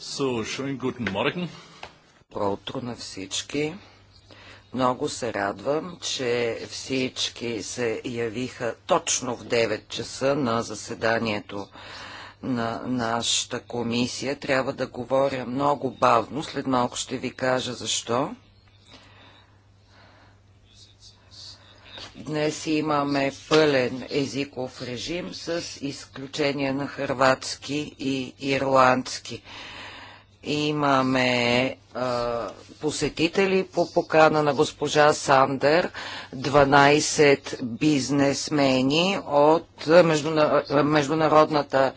So, schönen guten Morgen. Добро утро на всички. Много се радвам, че всички се явиха точно в 9 часа на заседанието на нашата комисия. Трябва да говоря много бавно. След малко ще ви кажа защо. Днес имаме пълен езиков режим с изключение на хрватски и ирландски имаме а, посетители по покана на госпожа Сандер, 12 бизнесмени от междуна... Международната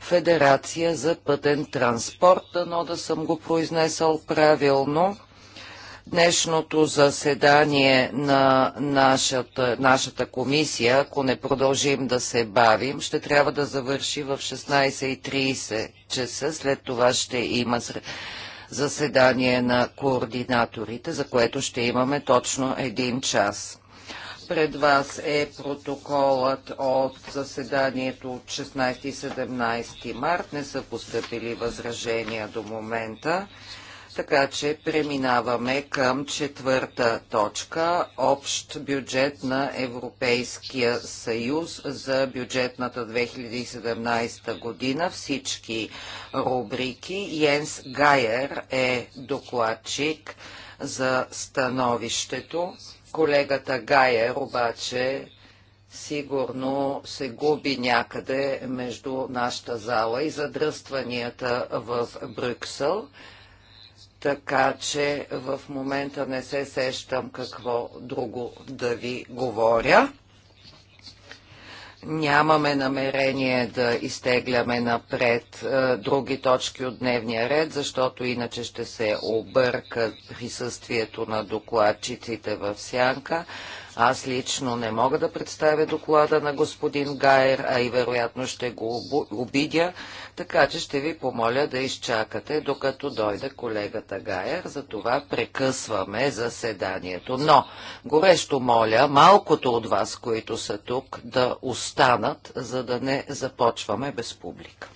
федерация за пътен транспорт. Дано да съм го произнесъл правилно днешното заседание на нашата, нашата комисия, ако не продължим да се бавим, ще трябва да завърши в 16.30 часа. След това ще има заседание на координаторите, за което ще имаме точно един час. Пред вас е протоколът от заседанието от 16 и 17 март. Не са поступили възражения до момента. Така че преминаваме към четвърта точка – общ бюджет на Европейския съюз за бюджетната 2017 година. Всички рубрики. Йенс Гайер е докладчик за становището. Колегата Гайер обаче сигурно се губи някъде между нашата зала и задръстванията в Брюксел така че в момента не се сещам какво друго да ви говоря. Нямаме намерение да изтегляме напред е, други точки от дневния ред, защото иначе ще се обърка присъствието на докладчиците в сянка. Аз лично не мога да представя доклада на господин Гайер, а и вероятно ще го обидя, така че ще ви помоля да изчакате, докато дойде колегата Гайер. За това прекъсваме заседанието. Но горещо моля малкото от вас, които са тук, да останат, за да не започваме без публика.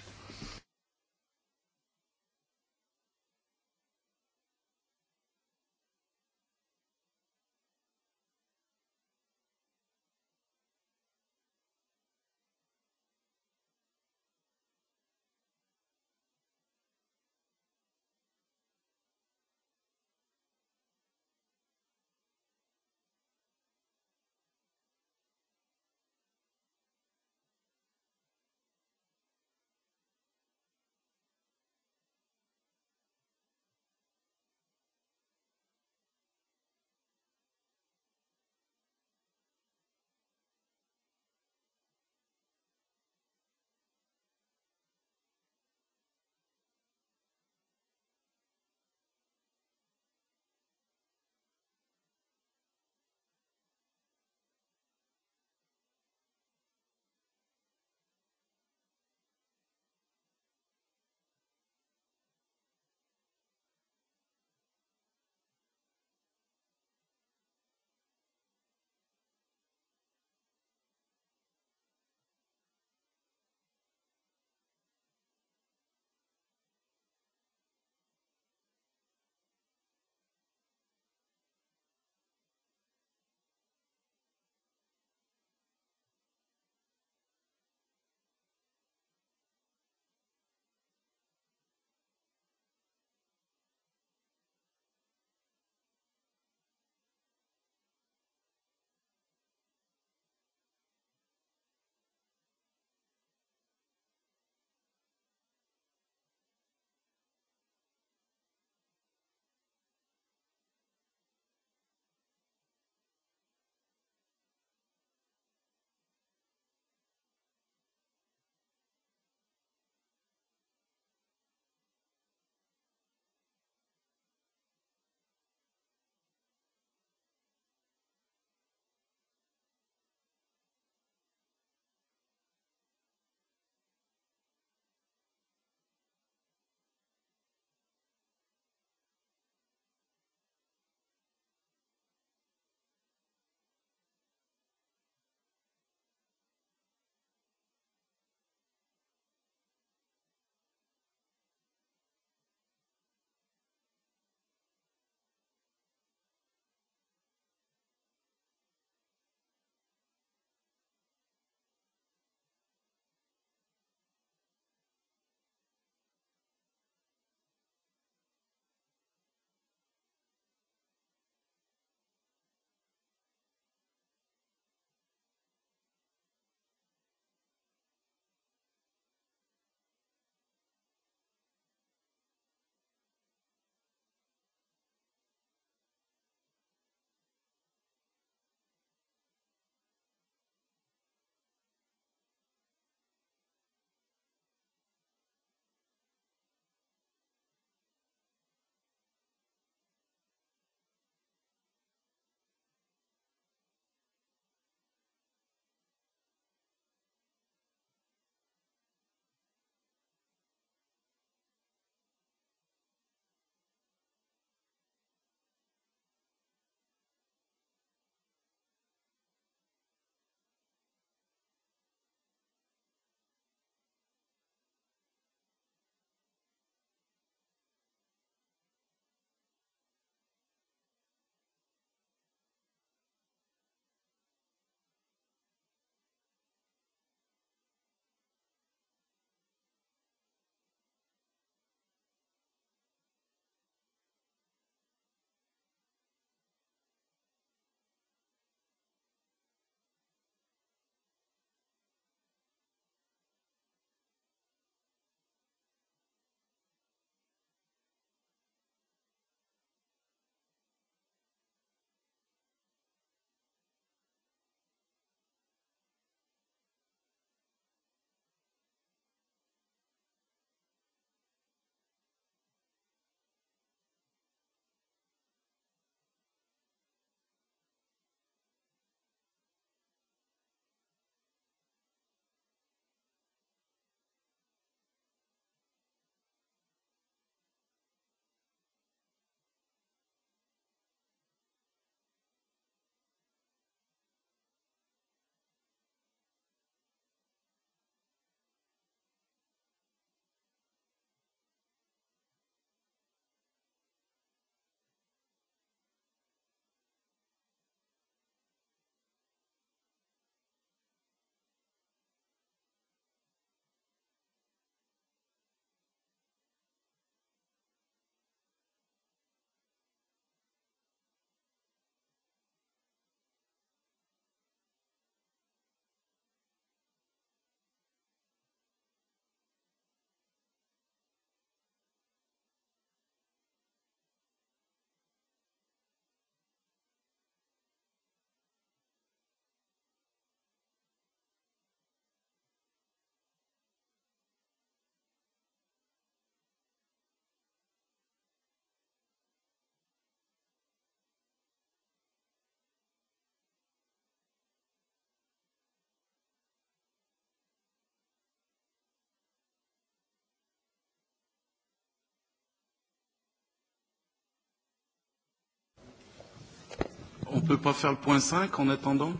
on ne peut pas faire le point 5 en attendant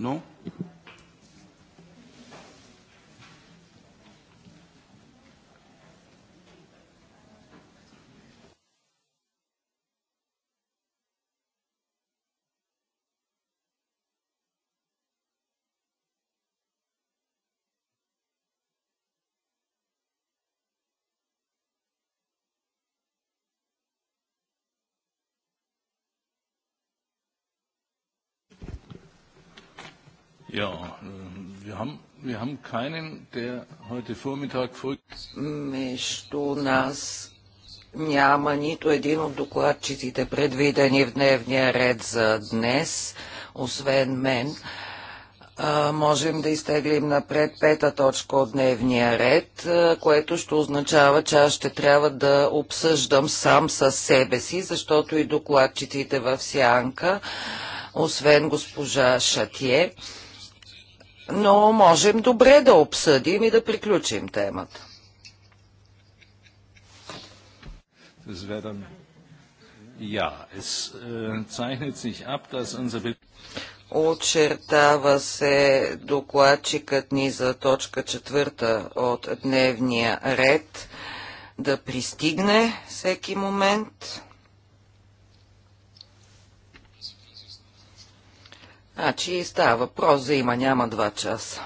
Non Ja, äh, wir haben, wir haben keinen, der heute Vormittag folgt. Между нас няма нито един от докладчиците, предвидени в дневния ред за днес, освен мен. А, можем да изтеглим напред пета точка от дневния ред, което ще означава, че аз ще трябва да обсъждам сам със себе си, защото и докладчиците в Сянка, освен госпожа Шатие, но можем добре да обсъдим и да приключим темата. Äh, Очертава се докладчикът ни за точка четвърта от дневния ред да пристигне всеки момент. Значи става въпрос за има няма два часа.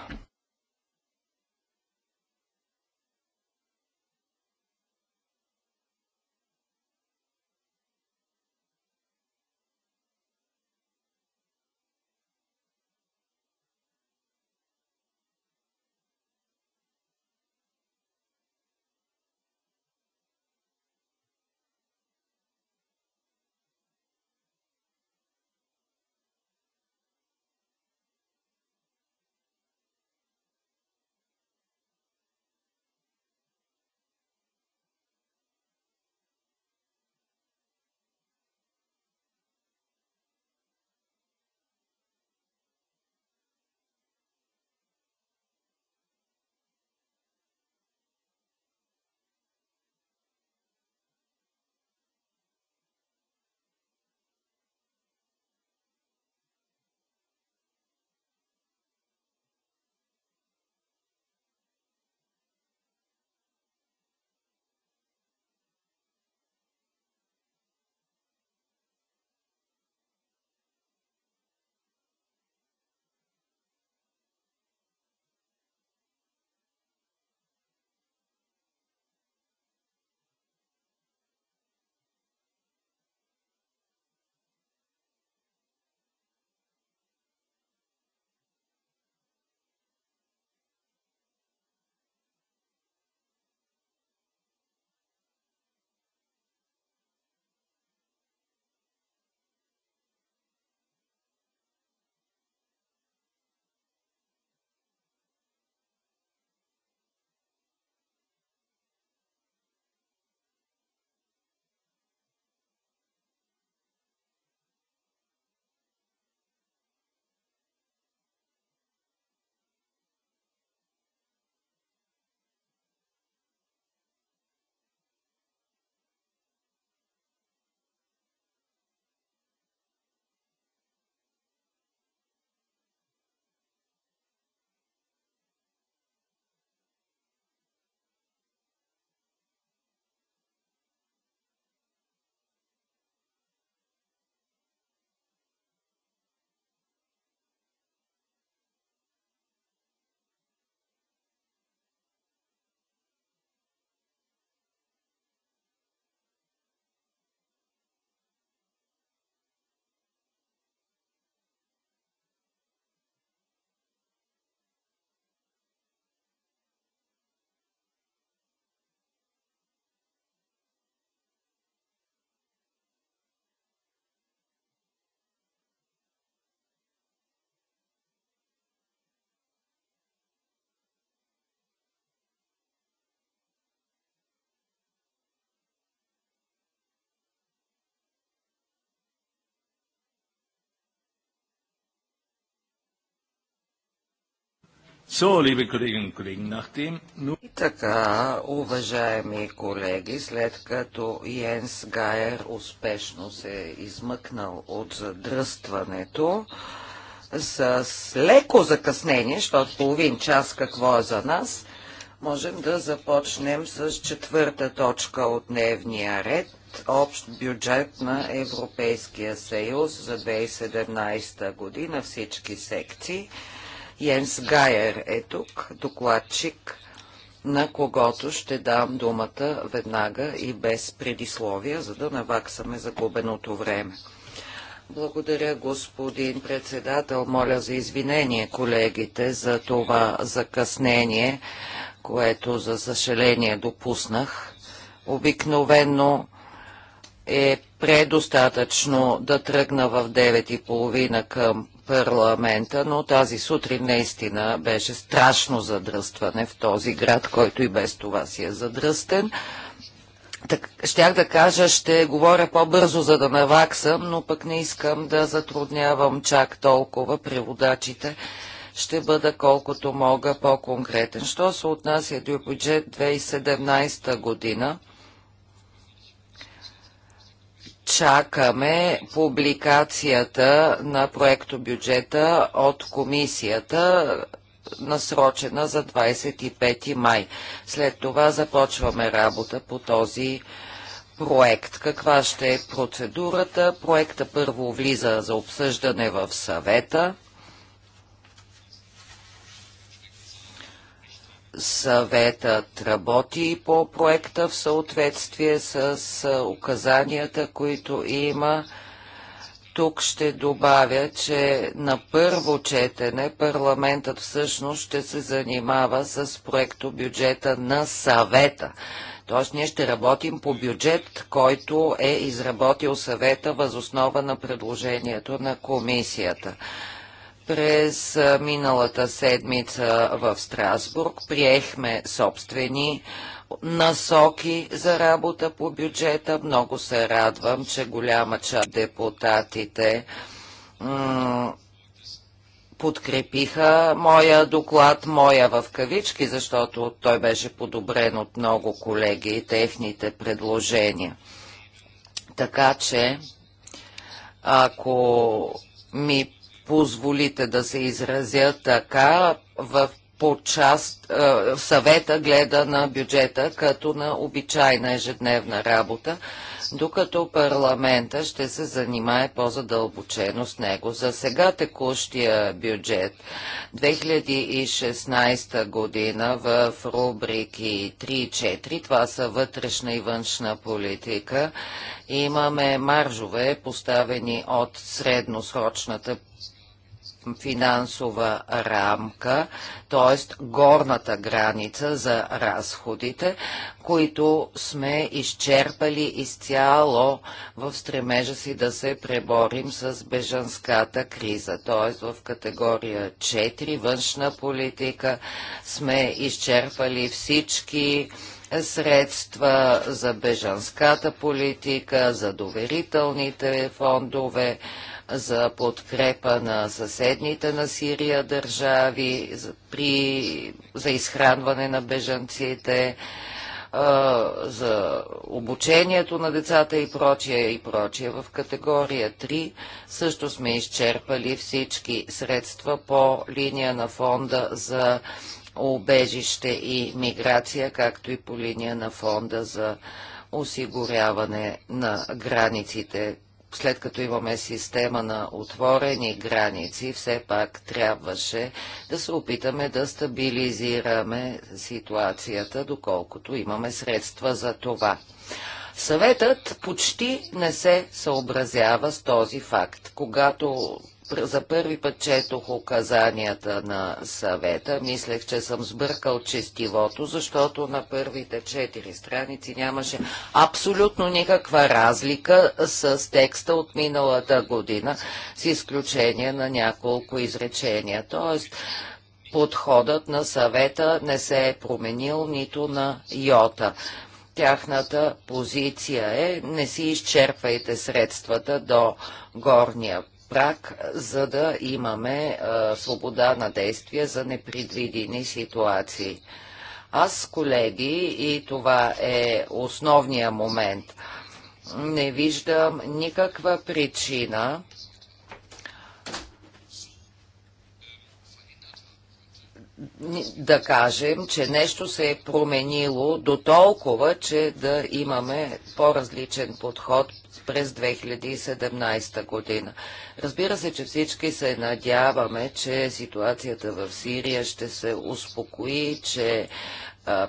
И така, уважаеми колеги, след като Йенс Гайер успешно се е измъкнал от задръстването, с леко закъснение, защото половин час какво е за нас, можем да започнем с четвърта точка от дневния ред общ бюджет на Европейския съюз за 2017 година, всички секции. Йенс Гайер е тук, докладчик, на когото ще дам думата веднага и без предисловия, за да наваксаме загубеното време. Благодаря, господин председател. Моля за извинение колегите за това закъснение, което за съжаление допуснах. Обикновено е предостатъчно да тръгна в 9.30 към парламента, но тази сутрин наистина беше страшно задръстване в този град, който и без това си е задръстен. Так, щях да кажа, ще говоря по-бързо, за да наваксам, но пък не искам да затруднявам чак толкова преводачите. Ще бъда колкото мога по-конкретен. Що се отнася до бюджет 2017 година? чакаме публикацията на проекто бюджета от комисията, насрочена за 25 май. След това започваме работа по този проект. Каква ще е процедурата? Проекта първо влиза за обсъждане в съвета. Съветът работи по проекта в съответствие с указанията, които има. Тук ще добавя, че на първо четене парламентът всъщност ще се занимава с проекто бюджета на съвета. Тоест ние ще работим по бюджет, който е изработил съвета възоснова на предложението на комисията. През миналата седмица в Страсбург приехме собствени насоки за работа по бюджета. Много се радвам, че голяма част депутатите подкрепиха моя доклад, моя в кавички, защото той беше подобрен от много колеги и техните предложения. Така че, ако ми позволите да се изразя така, в по част е, съвета гледа на бюджета като на обичайна ежедневна работа, докато парламента ще се занимае по-задълбочено с него. За сега текущия бюджет 2016 година в рубрики 3 и 4, това са вътрешна и външна политика, имаме маржове поставени от средносрочната финансова рамка, т.е. горната граница за разходите, които сме изчерпали изцяло в стремежа си да се преборим с бежанската криза. Т.е. в категория 4 външна политика сме изчерпали всички средства за бежанската политика, за доверителните фондове, за подкрепа на съседните на Сирия държави, за, при, за изхранване на бежанците, а, за обучението на децата и прочие и прочие. В категория 3 също сме изчерпали всички средства по линия на фонда за обежище и миграция, както и по линия на фонда за осигуряване на границите, след като имаме система на отворени граници, все пак трябваше да се опитаме да стабилизираме ситуацията, доколкото имаме средства за това. Съветът почти не се съобразява с този факт. Когато за първи път четох указанията на съвета. Мислех, че съм сбъркал честивото, защото на първите четири страници нямаше абсолютно никаква разлика с текста от миналата година, с изключение на няколко изречения. Тоест, подходът на съвета не се е променил нито на йота тяхната позиция е не си изчерпвайте средствата до горния прак, за да имаме свобода на действие за непредвидени ситуации. Аз, колеги, и това е основния момент, не виждам никаква причина да кажем, че нещо се е променило до толкова, че да имаме по-различен подход през 2017 година. Разбира се, че всички се надяваме, че ситуацията в Сирия ще се успокои, че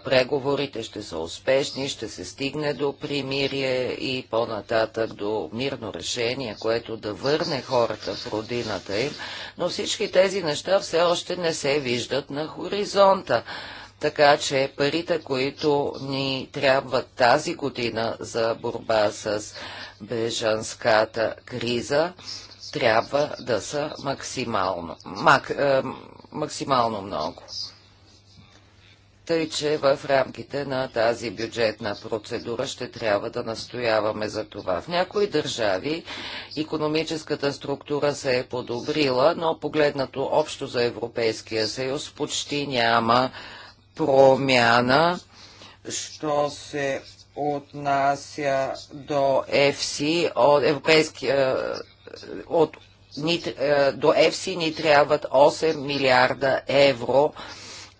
преговорите ще са успешни, ще се стигне до примирие и по-нататък до мирно решение, което да върне хората в родината им, но всички тези неща все още не се виждат на хоризонта. Така че парите, които ни трябват тази година за борба с бежанската криза, трябва да са максимално, мак, е, максимално много. Тъй, че в рамките на тази бюджетна процедура ще трябва да настояваме за това. В някои държави економическата структура се е подобрила, но погледнато общо за Европейския съюз почти няма промяна, що се отнася до ЕФСИ, от Европейския е, от ни, е, до ЕФСИ ни трябват 8 милиарда евро,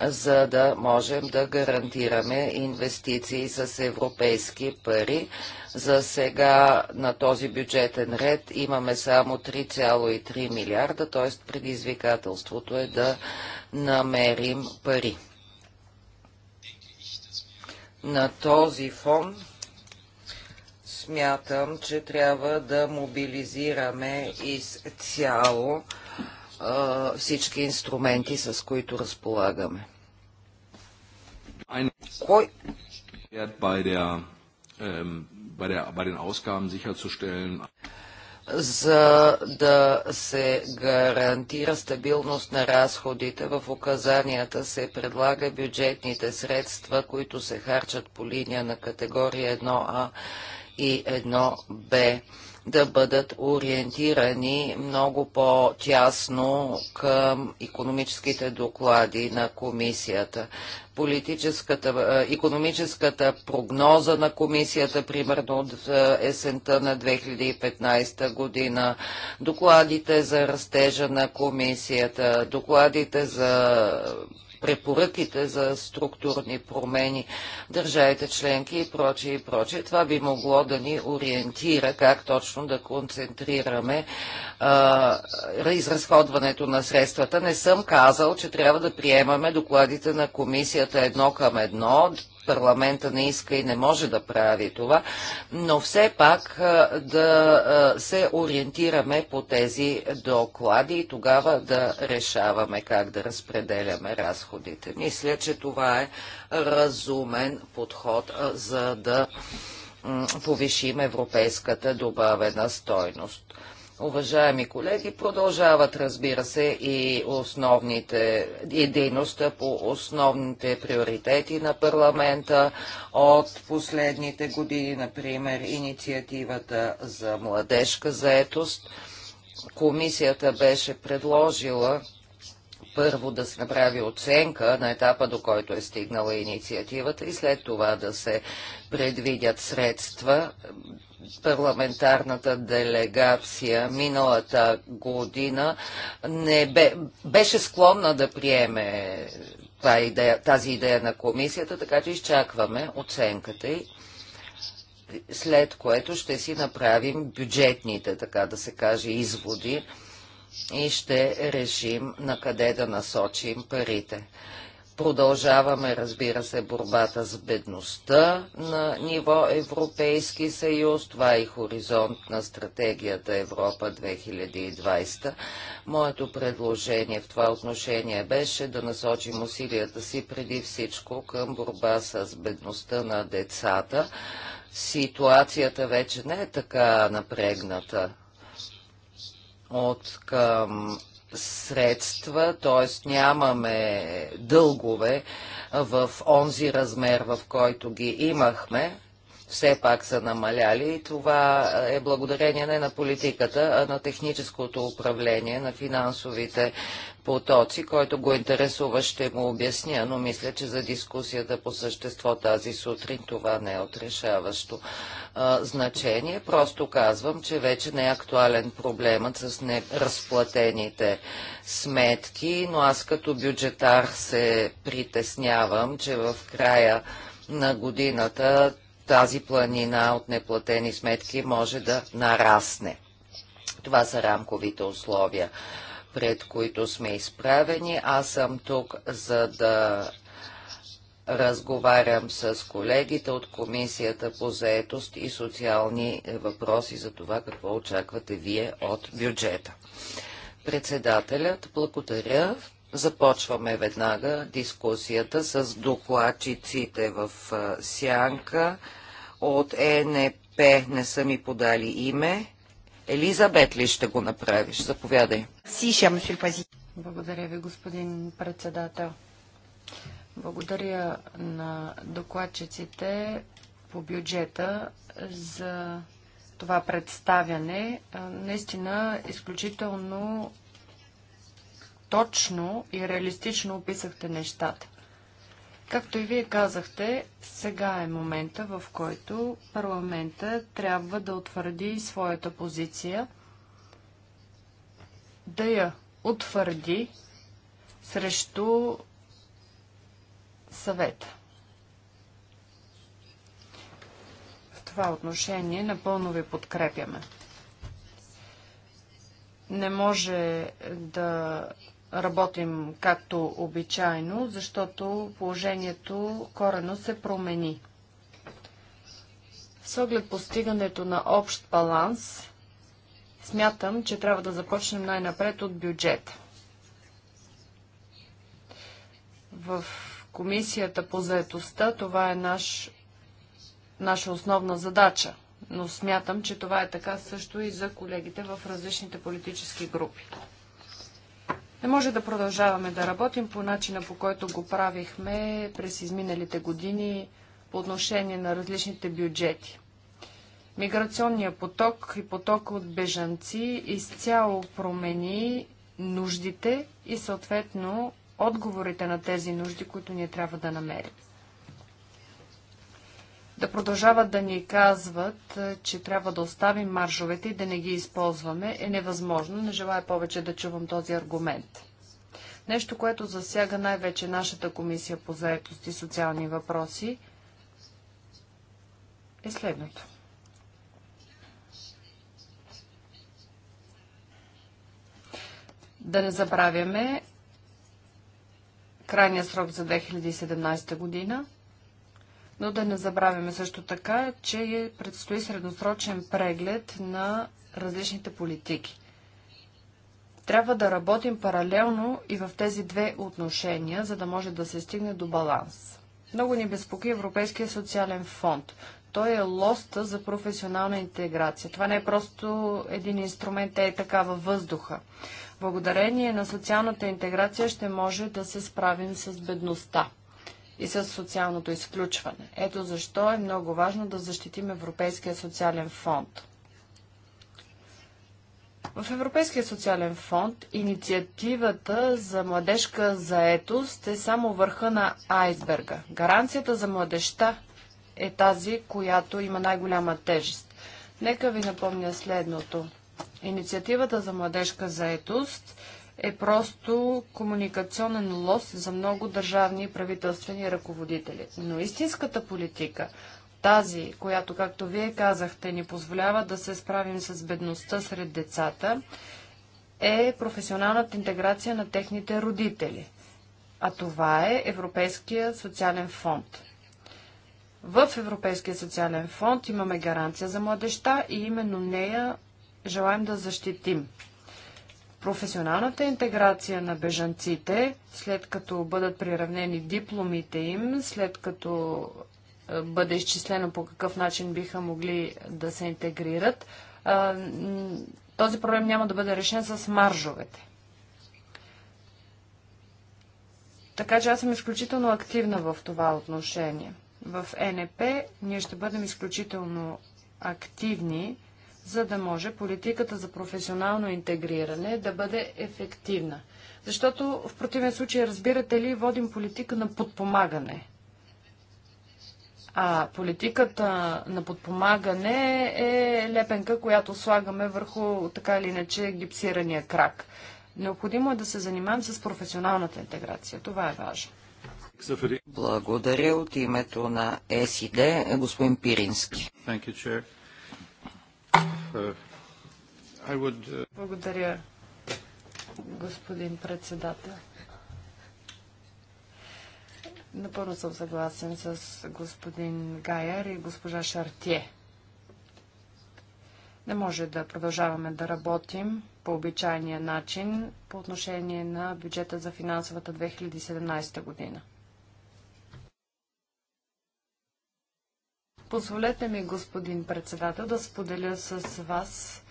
за да можем да гарантираме инвестиции с европейски пари. За сега на този бюджетен ред имаме само 3,3 милиарда, т.е. предизвикателството е да намерим пари на този фон смятам, че трябва да мобилизираме изцяло всички инструменти, с които разполагаме. Кой? Bei ähm, den Ausgaben sicherzustellen за да се гарантира стабилност на разходите. В указанията се предлага бюджетните средства, които се харчат по линия на категория 1А и 1Б да бъдат ориентирани много по-тясно към економическите доклади на комисията политическата, економическата прогноза на комисията, примерно от есента на 2015 година, докладите за растежа на комисията, докладите за препоръките за структурни промени, държавите членки и прочие и прочие. Това би могло да ни ориентира как точно да концентрираме а, изразходването на средствата. Не съм казал, че трябва да приемаме докладите на комисията едно към едно, парламента не иска и не може да прави това, но все пак да се ориентираме по тези доклади и тогава да решаваме как да разпределяме разходите. Мисля, че това е разумен подход за да повишим европейската добавена стойност. Уважаеми колеги, продължават, разбира се, и, основните, и дейността по основните приоритети на парламента от последните години, например, инициативата за младежка заетост. Комисията беше предложила първо да се направи оценка на етапа, до който е стигнала инициативата и след това да се предвидят средства парламентарната делегация миналата година не бе, беше склонна да приеме идея, тази идея на комисията, така че изчакваме оценката й, след което ще си направим бюджетните, така да се каже, изводи и ще решим на къде да насочим парите. Продължаваме, разбира се, борбата с бедността на ниво Европейски съюз. Това е и хоризонт на стратегията Европа 2020. Моето предложение в това отношение беше да насочим усилията си преди всичко към борба с бедността на децата. Ситуацията вече не е така напрегната от към средства, т.е. нямаме дългове в онзи размер, в който ги имахме, все пак са намаляли и това е благодарение не на политиката, а на техническото управление на финансовите потоци. Който го интересува ще му обясня, но мисля, че за дискусията по същество тази сутрин това не е отрешаващо а, значение. Просто казвам, че вече не е актуален проблемът с неразплатените сметки, но аз като бюджетар се притеснявам, че в края на годината тази планина от неплатени сметки може да нарасне. Това са рамковите условия, пред които сме изправени. Аз съм тук, за да разговарям с колегите от Комисията по заетост и социални въпроси за това какво очаквате вие от бюджета. Председателят, благодаря. Започваме веднага дискусията с докладчиците в Сянка. От ЕНП не са ми подали име. Елизабет ли ще го направиш? Заповядай. Благодаря ви, господин председател. Благодаря на докладчиците по бюджета за това представяне. Наистина, изключително точно и реалистично описахте нещата. Както и вие казахте, сега е момента, в който парламента трябва да утвърди своята позиция, да я утвърди срещу съвета. В това отношение напълно ви подкрепяме. Не може да работим както обичайно, защото положението корено се промени. С оглед постигането на общ баланс, смятам, че трябва да започнем най-напред от бюджета. В Комисията по заетостта това е наш, наша основна задача, но смятам, че това е така също и за колегите в различните политически групи. Не може да продължаваме да работим по начина, по който го правихме през изминалите години по отношение на различните бюджети. Миграционният поток и поток от бежанци изцяло промени нуждите и съответно отговорите на тези нужди, които ние трябва да намерим да продължават да ни казват, е, че трябва да оставим маржовете и да не ги използваме, е невъзможно. Не желая повече да чувам този аргумент. Нещо, което засяга най-вече нашата комисия по заетост и социални въпроси, е следното. Да не забравяме крайния срок за 2017 година – но да не забравяме също така, че е, предстои средносрочен преглед на различните политики. Трябва да работим паралелно и в тези две отношения, за да може да се стигне до баланс. Много ни безпоки Европейския социален фонд. Той е лоста за професионална интеграция. Това не е просто един инструмент, е така във въздуха. Благодарение на социалната интеграция ще може да се справим с бедността и с социалното изключване. Ето защо е много важно да защитим Европейския социален фонд. В Европейския социален фонд инициативата за младежка заетост е само върха на айсберга. Гаранцията за младеща е тази, която има най-голяма тежест. Нека ви напомня следното. Инициативата за младежка заетост е просто комуникационен лос за много държавни и правителствени ръководители. Но истинската политика, тази, която, както вие казахте, ни позволява да се справим с бедността сред децата, е професионалната интеграция на техните родители. А това е Европейския социален фонд. В Европейския социален фонд имаме гаранция за младеща и именно нея желаем да защитим професионалната интеграция на бежанците, след като бъдат приравнени дипломите им, след като е, бъде изчислено по какъв начин биха могли да се интегрират, този проблем няма да бъде решен с маржовете. Така че аз съм изключително активна в това отношение. В НП ние ще бъдем изключително активни за да може политиката за професионално интегриране да бъде ефективна. Защото в противен случай, разбирате ли, водим политика на подпомагане. А политиката на подпомагане е лепенка, която слагаме върху така или иначе гипсирания крак. Необходимо е да се занимаем с професионалната интеграция. Това е важно. Благодаря от името на СИД, господин Пирински. Thank you, Uh, Благодаря, господин председател. Напълно съм съгласен с господин Гайер и госпожа Шартие. Не може да продължаваме да работим по обичайния начин по отношение на бюджета за финансовата 2017 година. Позволете ми, господин председател, да споделя с вас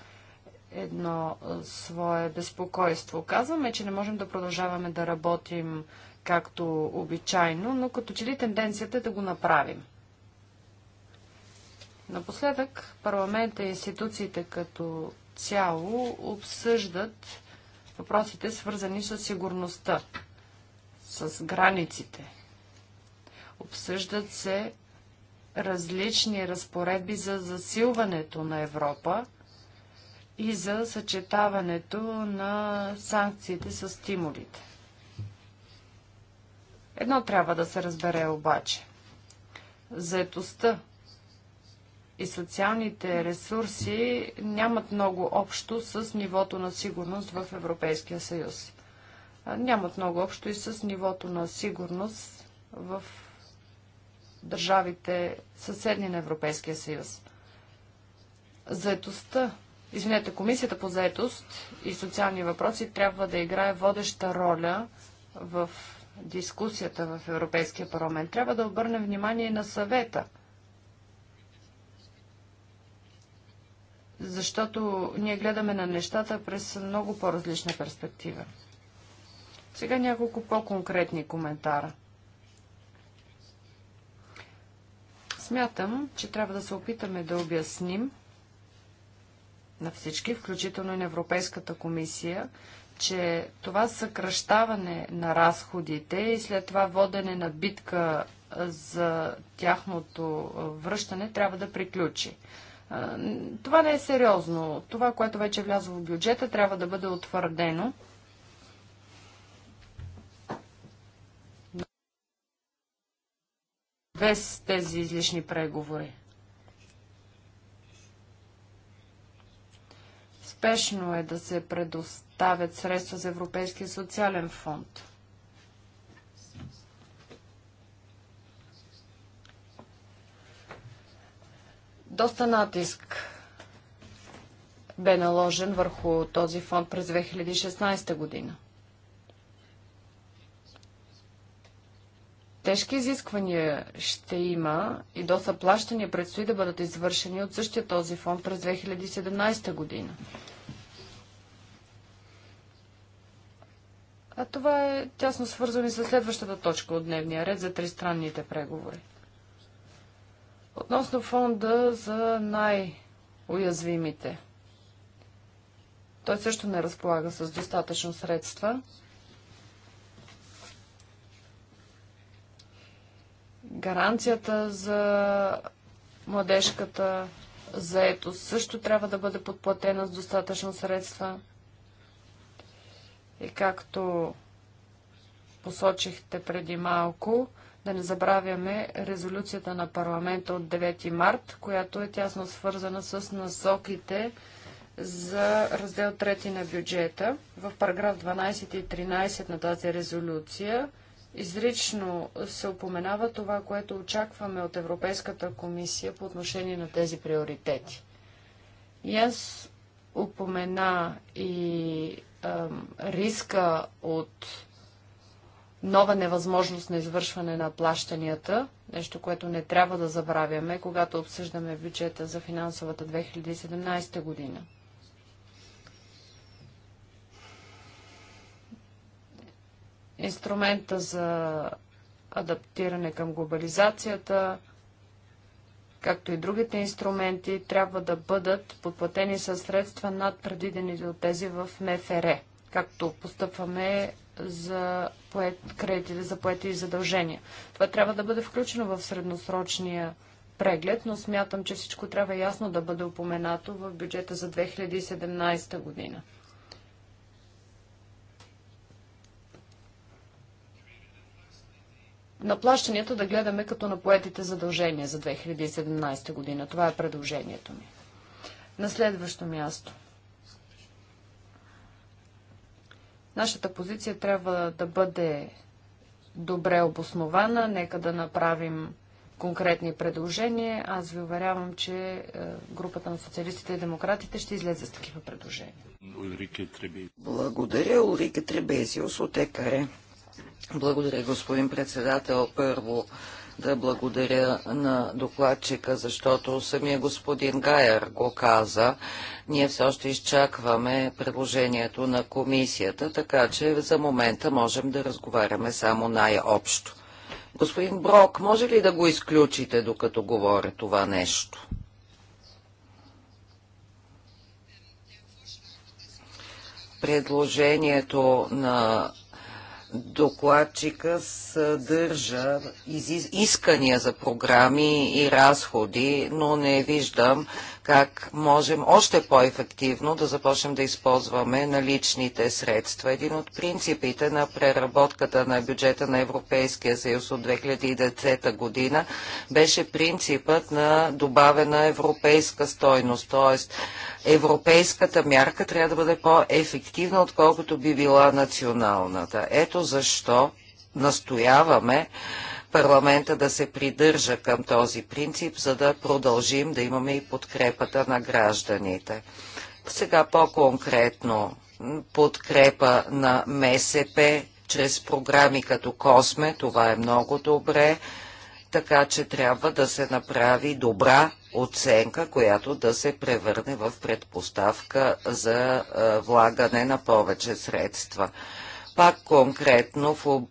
едно е, свое безпокойство. Казваме, че не можем да продължаваме да работим както обичайно, но като че ли тенденцията е да го направим. Напоследък парламента и институциите като цяло обсъждат въпросите, свързани с сигурността, с границите. Обсъждат се различни разпоредби за засилването на Европа и за съчетаването на санкциите с стимулите. Едно трябва да се разбере обаче. Заетостта и социалните ресурси нямат много общо с нивото на сигурност в Европейския съюз. Нямат много общо и с нивото на сигурност в държавите съседни на Европейския съюз. Заетостта, извинете, Комисията по заетост и социални въпроси трябва да играе водеща роля в дискусията в Европейския парламент. Трябва да обърнем внимание и на съвета – защото ние гледаме на нещата през много по-различна перспектива. Сега няколко по-конкретни коментара. Смятам, че трябва да се опитаме да обясним на всички, включително и на Европейската комисия, че това съкръщаване на разходите и след това водене на битка за тяхното връщане трябва да приключи. Това не е сериозно. Това, което вече е влязло в бюджета, трябва да бъде утвърдено без тези излишни преговори. Спешно е да се предоставят средства за Европейския социален фонд. Доста натиск бе наложен върху този фонд през 2016 година. Тежки изисквания ще има и доста плащания предстои да бъдат извършени от същия този фонд през 2017 година. А това е тясно свързано и с следващата точка от дневния ред за тристранните преговори. Относно фонда за най-уязвимите. Той също не разполага с достатъчно средства гаранцията за младежката заетост също трябва да бъде подплатена с достатъчно средства. И както посочихте преди малко, да не забравяме резолюцията на парламента от 9 март, която е тясно свързана с насоките за раздел 3 на бюджета. В параграф 12 и 13 на тази резолюция Изрично се упоменава това, което очакваме от Европейската комисия по отношение на тези приоритети. И аз упомена и ем, риска от нова невъзможност на извършване на плащанията, нещо, което не трябва да забравяме, когато обсъждаме бюджета за финансовата 2017 година. инструмента за адаптиране към глобализацията, както и другите инструменти, трябва да бъдат подплатени със средства над предвидените от тези в МФР, както постъпваме за поет, кредитите за поети и задължения. Това трябва да бъде включено в средносрочния преглед, но смятам, че всичко трябва ясно да бъде упоменато в бюджета за 2017 година. на плащанията да гледаме като на поетите задължения за 2017 година. Това е предложението ми. На следващо място. Нашата позиция трябва да бъде добре обоснована. Нека да направим конкретни предложения. Аз ви уверявам, че е, групата на социалистите и демократите ще излезе с такива предложения. Благодаря, Улрика Требезиус от ЕКАРЕ. Благодаря, господин председател. Първо да благодаря на докладчика, защото самия господин Гайер го каза. Ние все още изчакваме предложението на комисията, така че за момента можем да разговаряме само най-общо. Господин Брок, може ли да го изключите, докато говоря това нещо? Предложението на докладчика съдържа искания за програми и разходи, но не виждам как можем още по-ефективно да започнем да използваме наличните средства. Един от принципите на преработката на бюджета на Европейския съюз от 2010 година беше принципът на добавена европейска стойност, т.е. европейската мярка трябва да бъде по-ефективна, отколкото би била националната. Ето защо настояваме парламента да се придържа към този принцип, за да продължим да имаме и подкрепата на гражданите. Сега по-конкретно подкрепа на МСП чрез програми като Косме, това е много добре, така че трябва да се направи добра оценка, която да се превърне в предпоставка за влагане на повече средства. Пак конкретно в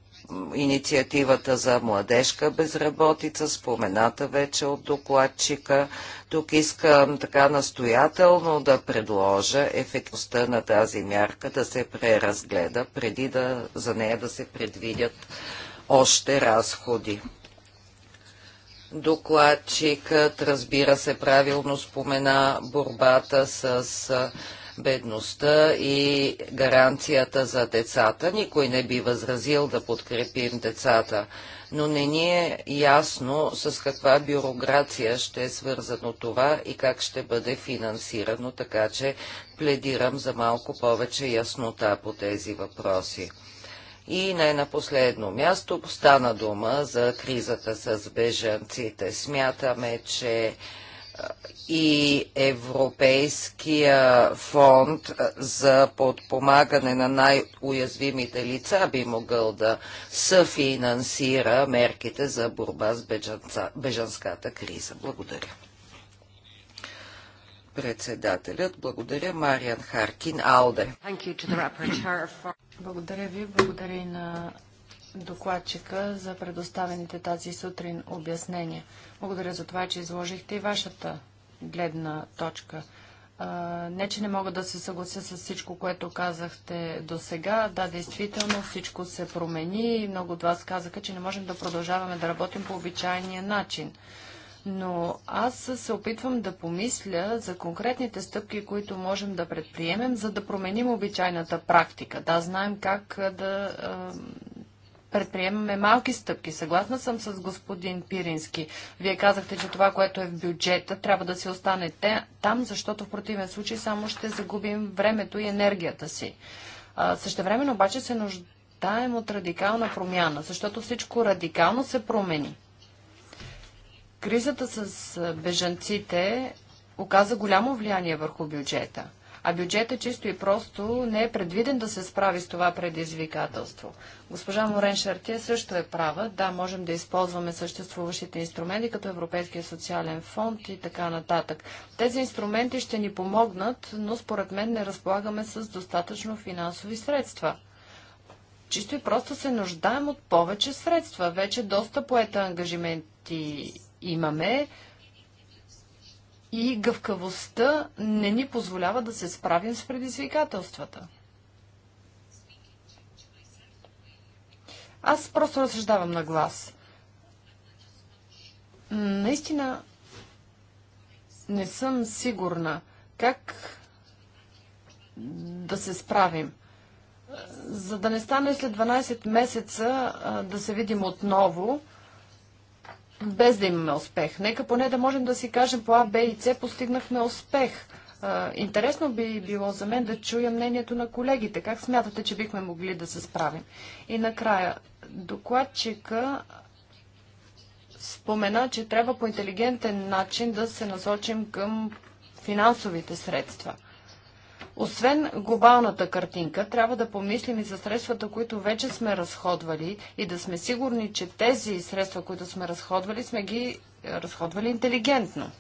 инициативата за младежка безработица, спомената вече от докладчика. Тук искам така настоятелно да предложа ефектността на тази мярка да се преразгледа, преди да, за нея да се предвидят още разходи. Докладчикът, разбира се, правилно спомена борбата с бедността и гаранцията за децата. Никой не би възразил да подкрепим децата, но не ни е ясно с каква бюрокрация ще е свързано това и как ще бъде финансирано, така че пледирам за малко повече яснота по тези въпроси. И не на последно място стана дума за кризата с бежанците. Смятаме, че и Европейския фонд за подпомагане на най-уязвимите лица би могъл да съфинансира мерките за борба с бежанската криза. Благодаря. Председателят, благодаря Мариан Харкин Алде. Благодаря ви, благодаря и на докладчика за предоставените тази сутрин обяснения. Благодаря за това, че изложихте и вашата гледна точка. Не, че не мога да се съглася с всичко, което казахте до сега. Да, действително всичко се промени и много от вас казаха, че не можем да продължаваме да работим по обичайния начин. Но аз се опитвам да помисля за конкретните стъпки, които можем да предприемем, за да променим обичайната практика. Да, знаем как да предприемаме малки стъпки. Съгласна съм с господин Пирински. Вие казахте, че това, което е в бюджета, трябва да се остане там, защото в противен случай само ще загубим времето и енергията си. Същевременно обаче се нуждаем от радикална промяна, защото всичко радикално се промени. Кризата с бежанците оказа голямо влияние върху бюджета – а бюджета е чисто и просто не е предвиден да се справи с това предизвикателство. Госпожа Морен Шартия също е права. Да, можем да използваме съществуващите инструменти, като Европейския социален фонд и така нататък. Тези инструменти ще ни помогнат, но според мен не разполагаме с достатъчно финансови средства. Чисто и просто се нуждаем от повече средства. Вече доста поета ангажименти имаме и гъвкавостта не ни позволява да се справим с предизвикателствата. Аз просто разсъждавам на глас. Наистина не съм сигурна как да се справим. За да не стане след 12 месеца да се видим отново, без да имаме успех. Нека поне да можем да си кажем по А, Б и С постигнахме успех. Интересно би било за мен да чуя мнението на колегите. Как смятате, че бихме могли да се справим? И накрая, докладчика спомена, че трябва по интелигентен начин да се насочим към финансовите средства – освен глобалната картинка, трябва да помислим и за средствата, които вече сме разходвали и да сме сигурни, че тези средства, които сме разходвали, сме ги е, разходвали интелигентно.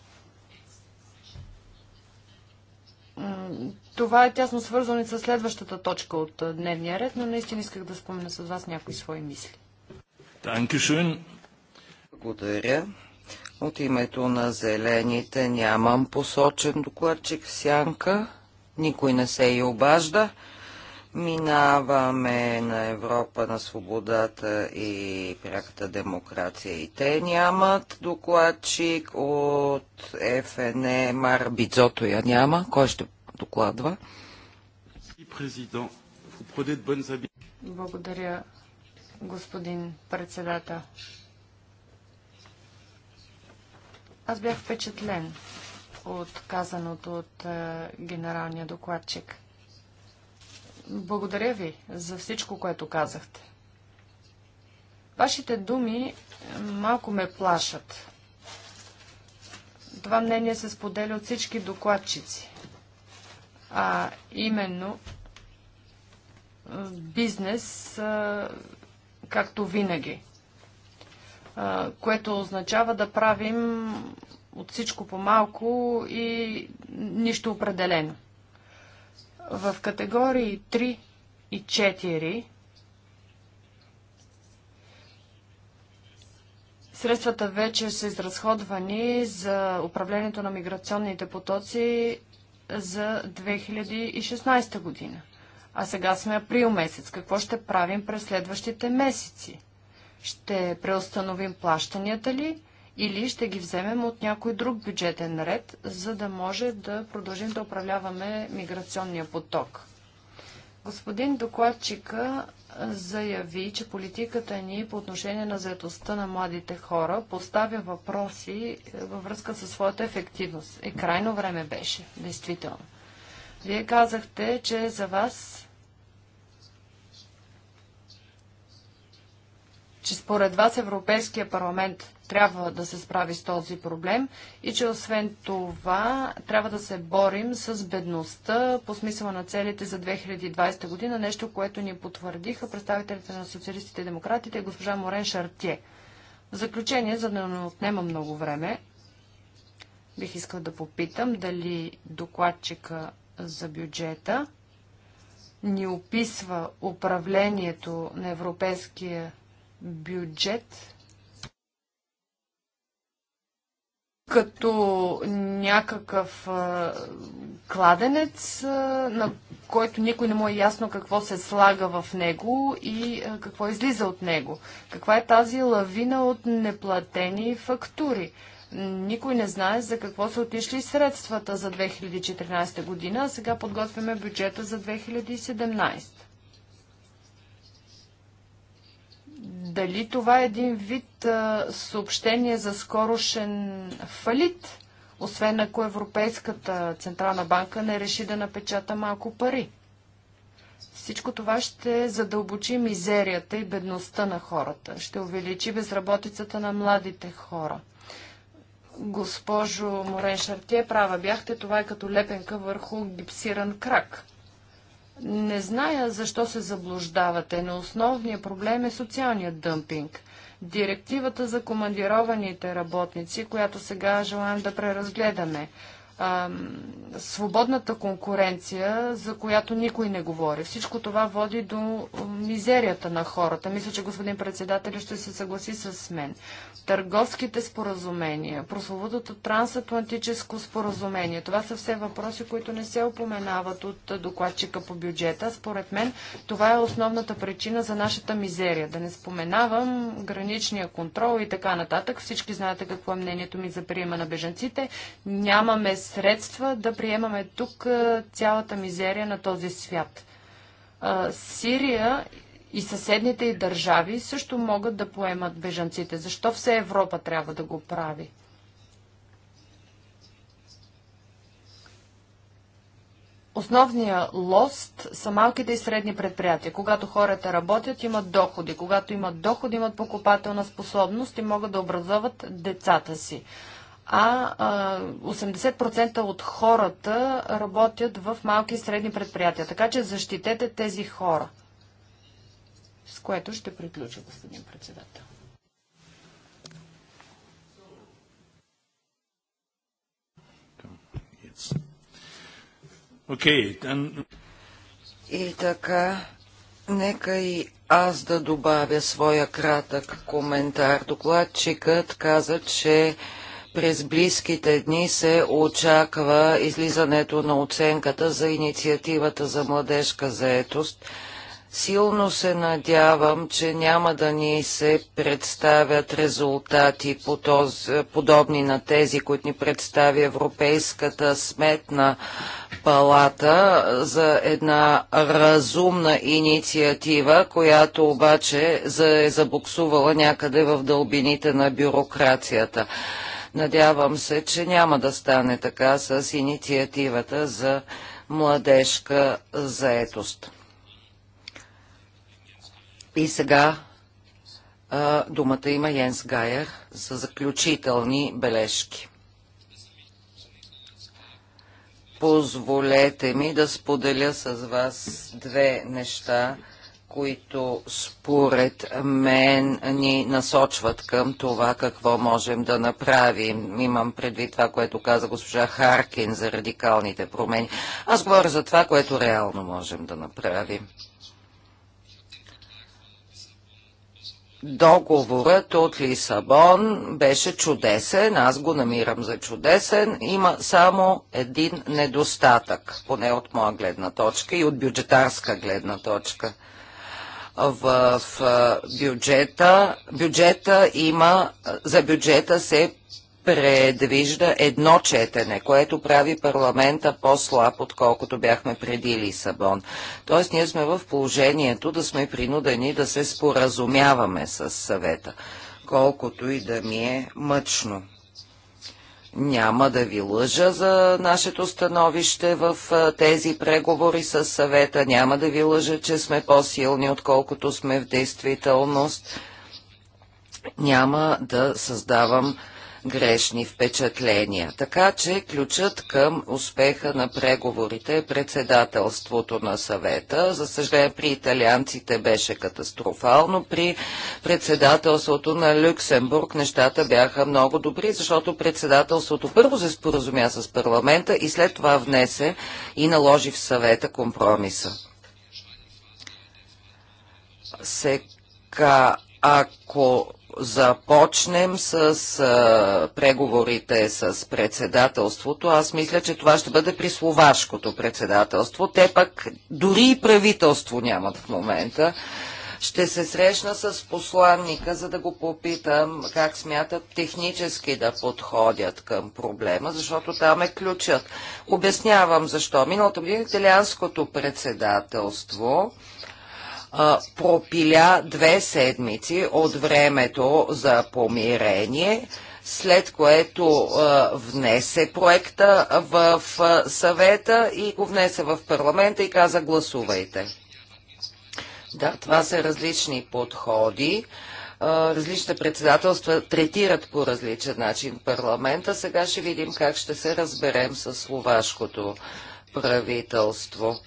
Това е тясно свързано и с следващата точка от е, дневния ред, но наистина исках да спомена с вас някои свои мисли. Благодаря. От името на зелените нямам посочен докладчик в сянка. Никой не се и обажда. Минаваме на Европа на свободата и пряката демокрация. И те нямат докладчик от ФНЕ Мар Бидзото я няма. Кой ще докладва? Благодаря, господин председател. Аз бях впечатлен от казаното от е, генералния докладчик. Благодаря ви за всичко, което казахте. Вашите думи е, малко ме плашат. Това мнение се споделя от всички докладчици. А именно бизнес, е, както винаги. което означава да правим от всичко по-малко и нищо определено. В категории 3 и 4 средствата вече са изразходвани за управлението на миграционните потоци за 2016 година. А сега сме април месец. Какво ще правим през следващите месеци? Ще преустановим плащанията ли? или ще ги вземем от някой друг бюджетен ред, за да може да продължим да управляваме миграционния поток. Господин докладчика заяви, че политиката ни по отношение на заедостта на младите хора поставя въпроси е, във връзка със своята ефективност. И е, крайно време беше, действително. Вие казахте, че за вас че според вас Европейския парламент трябва да се справи с този проблем и че освен това трябва да се борим с бедността по смисъла на целите за 2020 година, нещо, което ни потвърдиха представителите на социалистите и демократите госпожа Морен Шартие. В заключение, за да не отнема много време, бих искал да попитам дали докладчика за бюджета ни описва управлението на Европейския бюджет като някакъв а, кладенец, а, на който никой не му е ясно какво се слага в него и а, какво излиза от него. Каква е тази лавина от неплатени фактури? Никой не знае за какво са отишли средствата за 2014 година, а сега подготвяме бюджета за 2017. Дали това е един вид а, съобщение за скорошен фалит, освен ако Европейската Централна банка не реши да напечата малко пари? Всичко това ще задълбочи мизерията и бедността на хората, ще увеличи безработицата на младите хора. Госпожо Морен Шартие, права бяхте, това е като лепенка върху гипсиран крак. Не зная защо се заблуждавате, но основният проблем е социалният дъмпинг. Директивата за командированите работници, която сега желаем да преразгледаме свободната конкуренция, за която никой не говори. Всичко това води до мизерията на хората. Мисля, че господин председател ще се съгласи с мен. Търговските споразумения, прословутото трансатлантическо споразумение, това са все въпроси, които не се опоменават от докладчика по бюджета. Според мен това е основната причина за нашата мизерия. Да не споменавам граничния контрол и така нататък. Всички знаете какво е мнението ми за приема на бежанците. Нямаме средства да приемаме тук цялата мизерия на този свят. Сирия и съседните и държави също могат да поемат бежанците. Защо все Европа трябва да го прави? Основния лост са малките и средни предприятия. Когато хората работят, имат доходи. Когато имат доходи, имат покупателна способност и могат да образоват децата си а 80% от хората работят в малки и средни предприятия. Така че защитете тези хора. С което ще приключа, господин председател. Okay, then... И така, нека и аз да добавя своя кратък коментар. Докладчикът каза, че през близките дни се очаква излизането на оценката за инициативата за младежка заетост. Силно се надявам, че няма да ни се представят резултати по този, подобни на тези, които ни представи Европейската сметна палата за една разумна инициатива, която обаче е забуксувала някъде в дълбините на бюрокрацията. Надявам се, че няма да стане така с инициативата за младежка заетост. И сега а, думата има Йенс Гайер за заключителни бележки. Позволете ми да споделя с вас две неща, които според мен ни насочват към това какво можем да направим. Имам предвид това, което каза госпожа Харкин за радикалните промени. Аз говоря за това, което реално можем да направим. Договорът от Лисабон беше чудесен, аз го намирам за чудесен. Има само един недостатък, поне от моя гледна точка и от бюджетарска гледна точка – в бюджета. бюджета има, за бюджета се предвижда едно четене, което прави парламента по-слаб, отколкото бяхме преди Лисабон. Тоест ние сме в положението да сме принудени да се споразумяваме с съвета, колкото и да ми е мъчно. Няма да ви лъжа за нашето становище в тези преговори с съвета. Няма да ви лъжа, че сме по-силни, отколкото сме в действителност. Няма да създавам грешни впечатления. Така че ключът към успеха на преговорите е председателството на съвета. За съжаление при италианците беше катастрофално. При председателството на Люксембург нещата бяха много добри, защото председателството първо се споразумя с парламента и след това внесе и наложи в съвета компромиса. Сега, ако започнем с а, преговорите с председателството. Аз мисля, че това ще бъде при словашкото председателство. Те пък дори и правителство нямат в момента. Ще се срещна с посланника, за да го попитам как смятат технически да подходят към проблема, защото там е ключът. Обяснявам защо. Миналото година италианското председателство пропиля две седмици от времето за помирение, след което внесе проекта в съвета и го внесе в парламента и каза гласувайте. Да, това са различни подходи различните председателства третират по различен начин парламента. Сега ще видим как ще се разберем с словашкото правителство.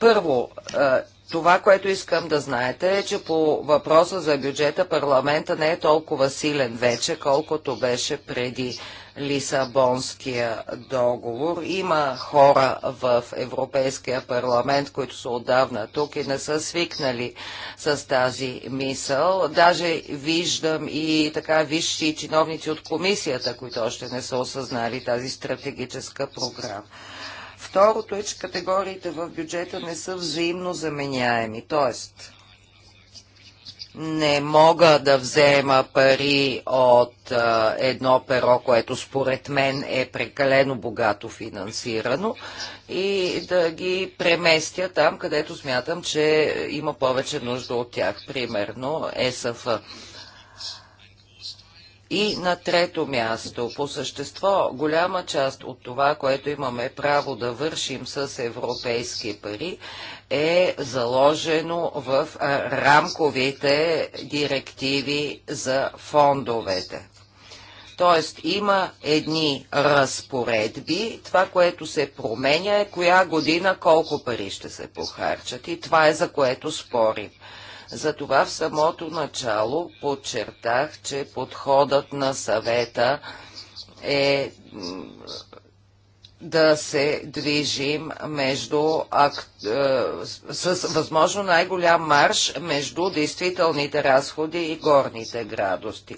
първо, това, което искам да знаете е, че по въпроса за бюджета парламента не е толкова силен вече, колкото беше преди Лисабонския договор. Има хора в Европейския парламент, които са отдавна тук и не са свикнали с тази мисъл. Даже виждам и така висши чиновници от комисията, които още не са осъзнали тази стратегическа програма. Второто е, че категориите в бюджета не са взаимно заменяеми, т.е. не мога да взема пари от а, едно перо, което според мен е прекалено богато финансирано и да ги преместя там, където смятам, че има повече нужда от тях, примерно ЕСФ. И на трето място, по същество, голяма част от това, което имаме право да вършим с европейски пари, е заложено в рамковите директиви за фондовете. Тоест има едни разпоредби, това, което се променя е коя година колко пари ще се похарчат и това е за което спорим. Затова в самото начало подчертах, че подходът на съвета е да се движим между, ак, е, с възможно най-голям марш между действителните разходи и горните градости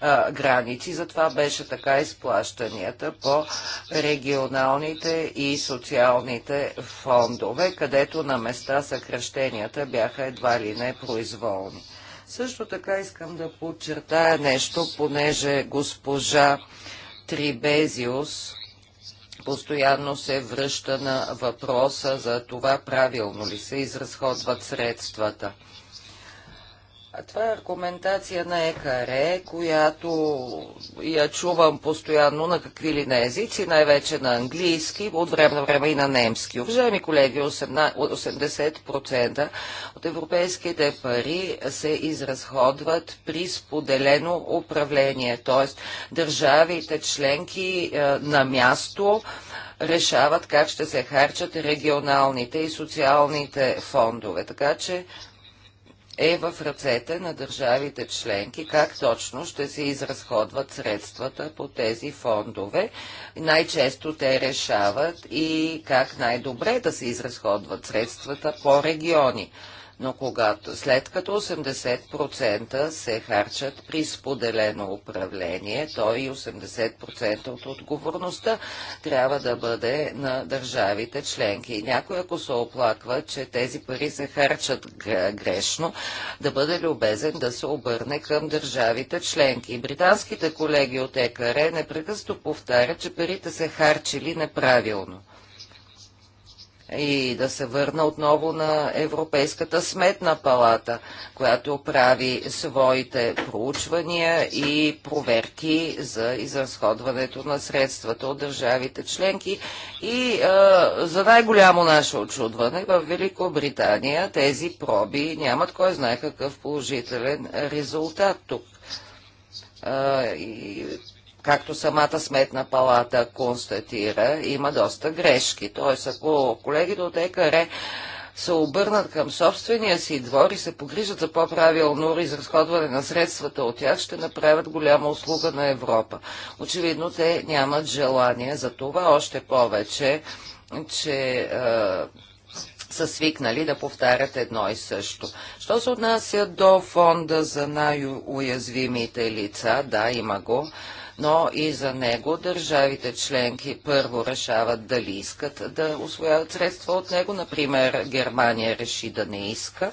а, граници. Затова беше така изплащанията по регионалните и социалните фондове, където на места съкръщенията бяха едва ли не произволни. Също така искам да подчертая нещо, понеже госпожа Трибезиус постоянно се връща на въпроса за това правилно ли се изразходват средствата това е аргументация на ЕКАРЕ, която я чувам постоянно на какви ли не езици, най-вече на английски, от време на време и на немски. Уважаеми колеги, 80% от европейските пари се изразходват при споделено управление, т.е. държавите членки е, на място решават как ще се харчат регионалните и социалните фондове. Така че е в ръцете на държавите членки, как точно ще се изразходват средствата по тези фондове. Най-често те решават и как най-добре да се изразходват средствата по региони. Но когато, след като 80% се харчат при споделено управление, то и 80% от отговорността трябва да бъде на държавите членки. И някой, ако се оплаква, че тези пари се харчат грешно, да бъде любезен да се обърне към държавите членки. Британските колеги от ЕКР непрекъснато повтарят, че парите се харчили неправилно и да се върна отново на Европейската сметна палата, която прави своите проучвания и проверки за изразходването на средствата от държавите членки. И а, за най-голямо наше очудване в Великобритания тези проби нямат кой знае какъв положителен резултат тук. А, и както самата сметна палата констатира, има доста грешки. Тоест, ако колегите от ЕКР се обърнат към собствения си двор и се погрижат за по-правилно изразходване на средствата от тях, ще направят голяма услуга на Европа. Очевидно, те нямат желание за това, още повече, че е, са свикнали да повтарят едно и също. Що се отнася до фонда за най-уязвимите лица, да, има го, но и за него държавите членки първо решават дали искат да освояват средства от него. Например, Германия реши да не иска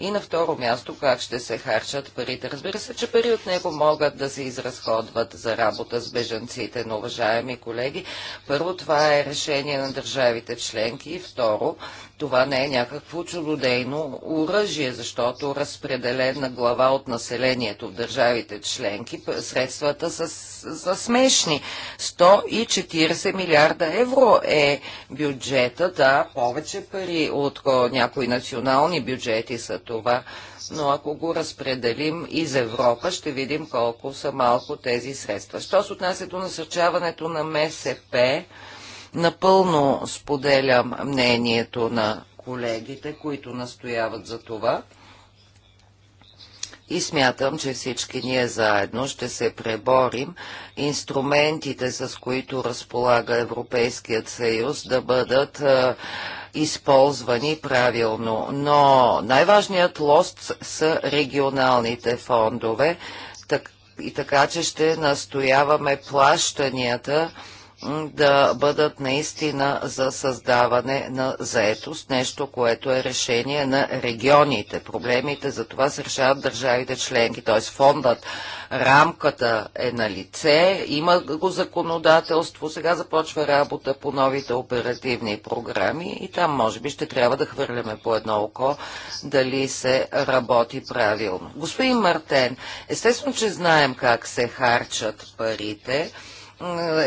и на второ място, как ще се харчат парите. Разбира се, че пари от него могат да се изразходват за работа с бежанците, но, уважаеми колеги, първо това е решение на държавите членки и второ, това не е някакво чудодейно оръжие, защото разпределена глава от населението в държавите членки, средствата са, са смешни. 140 милиарда евро е бюджета, да, повече пари от някои национални бюджети са това, но ако го разпределим из Европа, ще видим колко са малко тези средства. Що се отнася до насърчаването на МСП, напълно споделям мнението на колегите, които настояват за това. И смятам, че всички ние заедно ще се преборим инструментите, с които разполага Европейският съюз, да бъдат използвани правилно. Но най-важният лост са регионалните фондове так, и така, че ще настояваме плащанията да бъдат наистина за създаване на заетост, нещо, което е решение на регионите. Проблемите за това се решават държавите членки, т.е. фондът, рамката е на лице, има го законодателство, сега започва работа по новите оперативни програми и там може би ще трябва да хвърляме по едно око дали се работи правилно. Господин Мартен, естествено, че знаем как се харчат парите,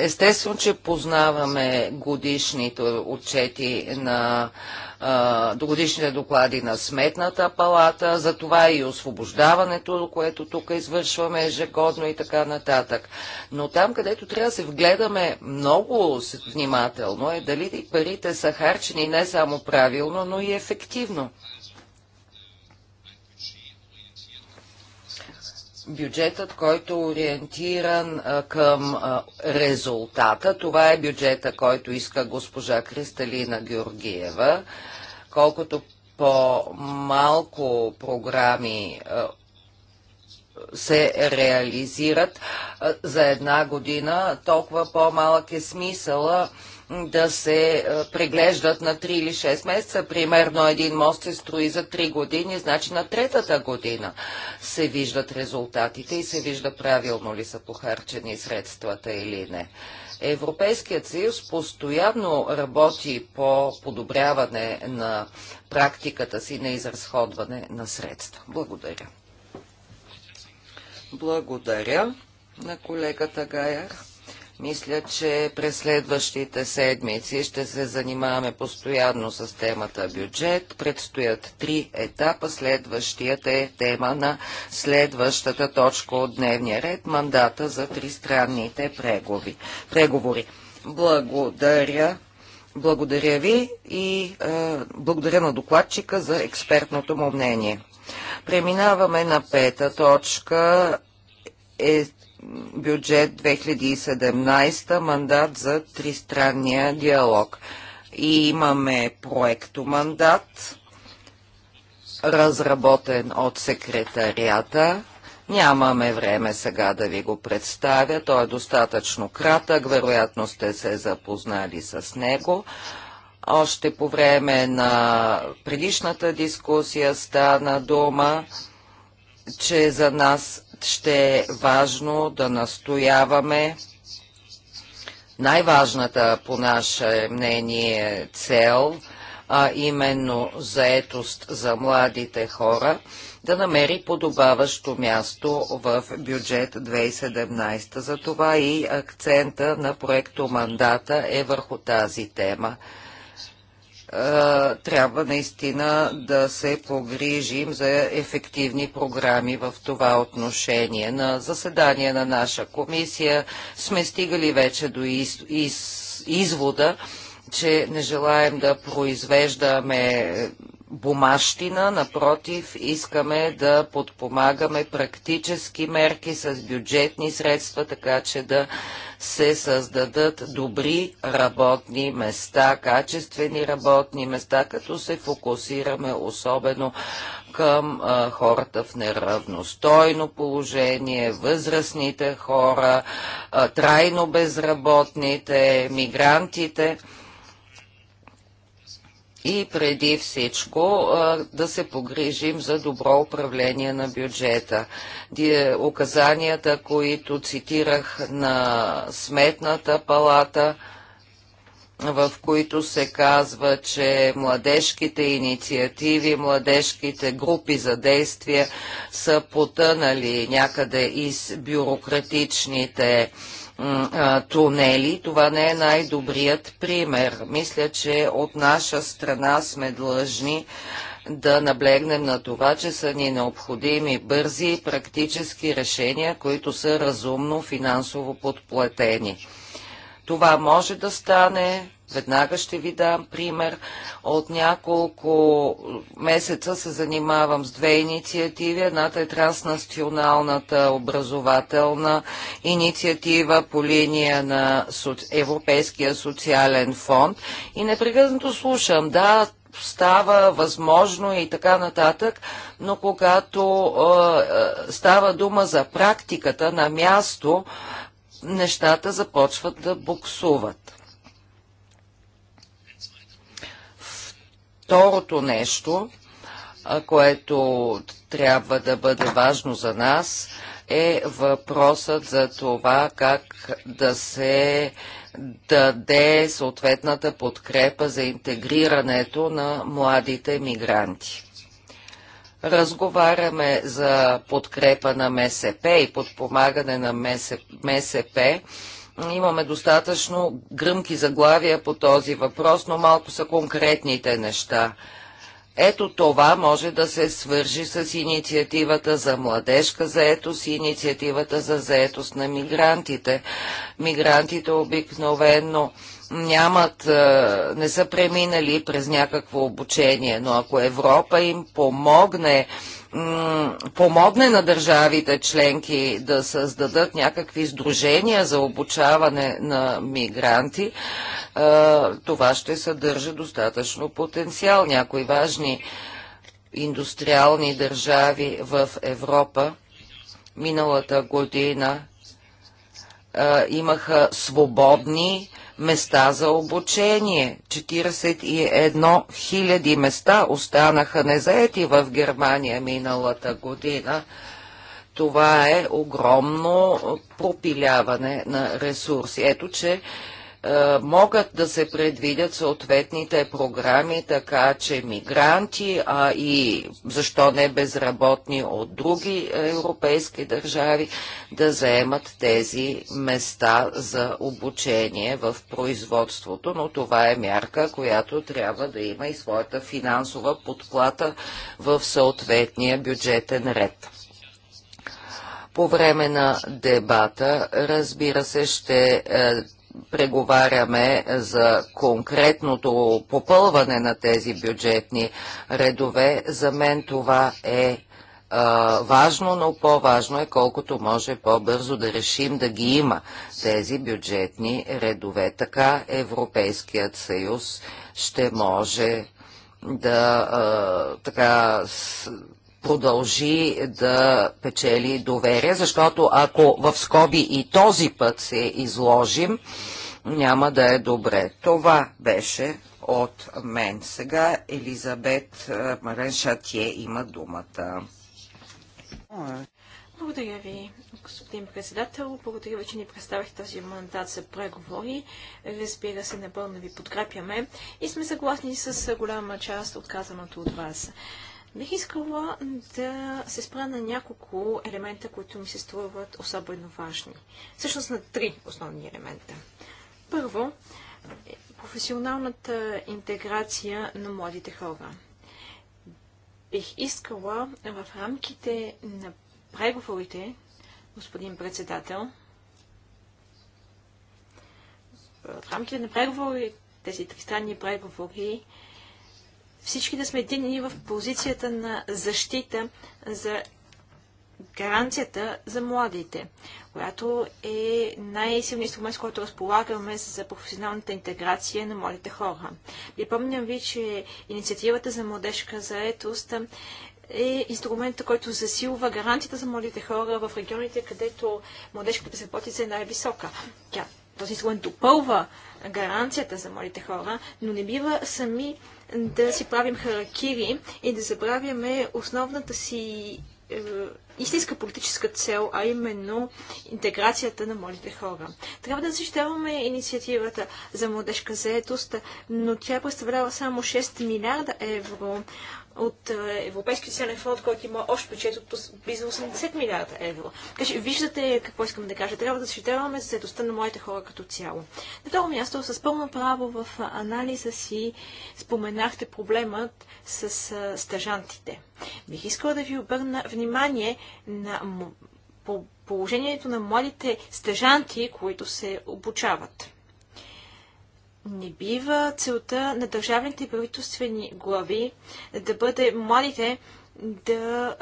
Естествено, че познаваме годишните отчети на до годишните доклади на Сметната палата, за това и освобождаването, което тук извършваме ежегодно и така нататък. Но там, където трябва да се вгледаме много внимателно е дали парите са харчени не само правилно, но и ефективно. бюджетът, който е ориентиран към резултата. Това е бюджета, който иска госпожа Кристалина Георгиева. Колкото по-малко програми се реализират за една година, толкова по-малък е смисъла да се е, преглеждат на 3 или 6 месеца. Примерно един мост се строи за 3 години, значи на третата година се виждат резултатите и се вижда правилно ли са похарчени средствата или не. Европейският съюз постоянно работи по подобряване на практиката си на изразходване на средства. Благодаря. Благодаря на колегата Гаяр. Мисля, че през следващите седмици ще се занимаваме постоянно с темата бюджет. Предстоят три етапа. Следващият е тема на следващата точка от дневния ред – мандата за тристранните преговори. Благодаря. Благодаря ви и е, благодаря на докладчика за експертното му мнение. Преминаваме на пета точка е бюджет 2017 мандат за тристранния диалог. И имаме проекто мандат, разработен от секретарията. Нямаме време сега да ви го представя. Той е достатъчно кратък. Вероятно сте се запознали с него. Още по време на предишната дискусия стана дума, че за нас ще е важно да настояваме най-важната по наше мнение цел, а именно заетост за младите хора, да намери подобаващо място в бюджет 2017. Затова и акцента на проекто мандата е върху тази тема. Е, трябва наистина да се погрижим за ефективни програми в това отношение. На заседание на наша комисия сме стигали вече до из, из, извода, че не желаем да произвеждаме бумащина, напротив, искаме да подпомагаме практически мерки с бюджетни средства, така че да се създадат добри работни места, качествени работни места, като се фокусираме особено към а, хората в неравностойно положение, възрастните хора, а, трайно безработните, мигрантите – и преди всичко да се погрижим за добро управление на бюджета. Указанията, които цитирах на Сметната палата, в които се казва, че младежките инициативи, младежките групи за действие са потънали някъде из бюрократичните тунели, това не е най-добрият пример. Мисля, че от наша страна сме длъжни да наблегнем на това, че са ни необходими бързи практически решения, които са разумно финансово подплатени. Това може да стане Веднага ще ви дам пример. От няколко месеца се занимавам с две инициативи. Едната е транснационалната образователна инициатива по линия на Европейския социален фонд. И непрекъснато слушам, да, става възможно и така нататък, но когато е, става дума за практиката на място, нещата започват да буксуват. Второто нещо, което трябва да бъде важно за нас, е въпросът за това как да се даде съответната подкрепа за интегрирането на младите мигранти. Разговаряме за подкрепа на МСП и подпомагане на МСП Имаме достатъчно гръмки заглавия по този въпрос, но малко са конкретните неща. Ето това може да се свържи с инициативата за младежка заетост и инициативата за заетост на мигрантите. Мигрантите обикновено нямат, е, не са преминали през някакво обучение, но ако Европа им помогне, помогне на държавите членки да създадат някакви сдружения за обучаване на мигранти, е, това ще съдържа достатъчно потенциал. Някои важни индустриални държави в Европа миналата година е, имаха свободни места за обучение. 41 000 места останаха незаети в Германия миналата година. Това е огромно пропиляване на ресурси. Ето, че е, могат да се предвидят съответните програми, така че мигранти, а и защо не безработни от други европейски държави да заемат тези места за обучение в производството, но това е мярка, която трябва да има и своята финансова подплата в съответния бюджетен ред. По време на дебата, разбира се, ще е, преговаряме за конкретното попълване на тези бюджетни редове, за мен това е а, важно, но по-важно е колкото може по-бързо да решим да ги има тези бюджетни редове. Така Европейският съюз ще може да а, така продължи да печели доверие, защото ако в скоби и този път се изложим, няма да е добре. Това беше от мен. Сега Елизабет е, Марен Шатие има думата. Благодаря ви, господин председател. Благодаря ви, че ни представих този мандат за преговори. Разбира се, напълно ви подкрепяме и сме съгласни с голяма част от казаното от вас. Бих искала да се спра на няколко елемента, които ми се струват особено важни. Всъщност на три основни елемента. Първо, професионалната интеграция на младите хора. Бих искала в рамките на преговорите, господин председател, в рамките на преговори, тези тристранни преговори, всички да сме единни в позицията на защита за гаранцията за младите, която е най-силният инструмент, с който разполагаме за професионалната интеграция на младите хора. Припомням ви, че инициативата за младежка заетост е инструментът, който засилва гарантията за младите хора в регионите, където младежката безработица е най-висока. Тя този инструмент допълва гаранцията за младите хора, но не бива сами да си правим харакири и да забравяме основната си е, истинска политическа цел, а именно интеграцията на младите хора. Трябва да защитаваме инициативата за младежка заетост, но тя представлява само 6 милиарда евро от е, Европейския социален фонд, който има още бюджет от близо 80 милиарда евро. Така че виждате какво искам да кажа. Трябва да защитаваме заедостта на моите хора като цяло. На второ място, с пълно право в анализа си споменахте проблемът с а, е, стажантите. Бих искала да ви обърна внимание на положението на младите стажанти, които се обучават. Не бива целта на държавните и правителствени глави да бъде младите да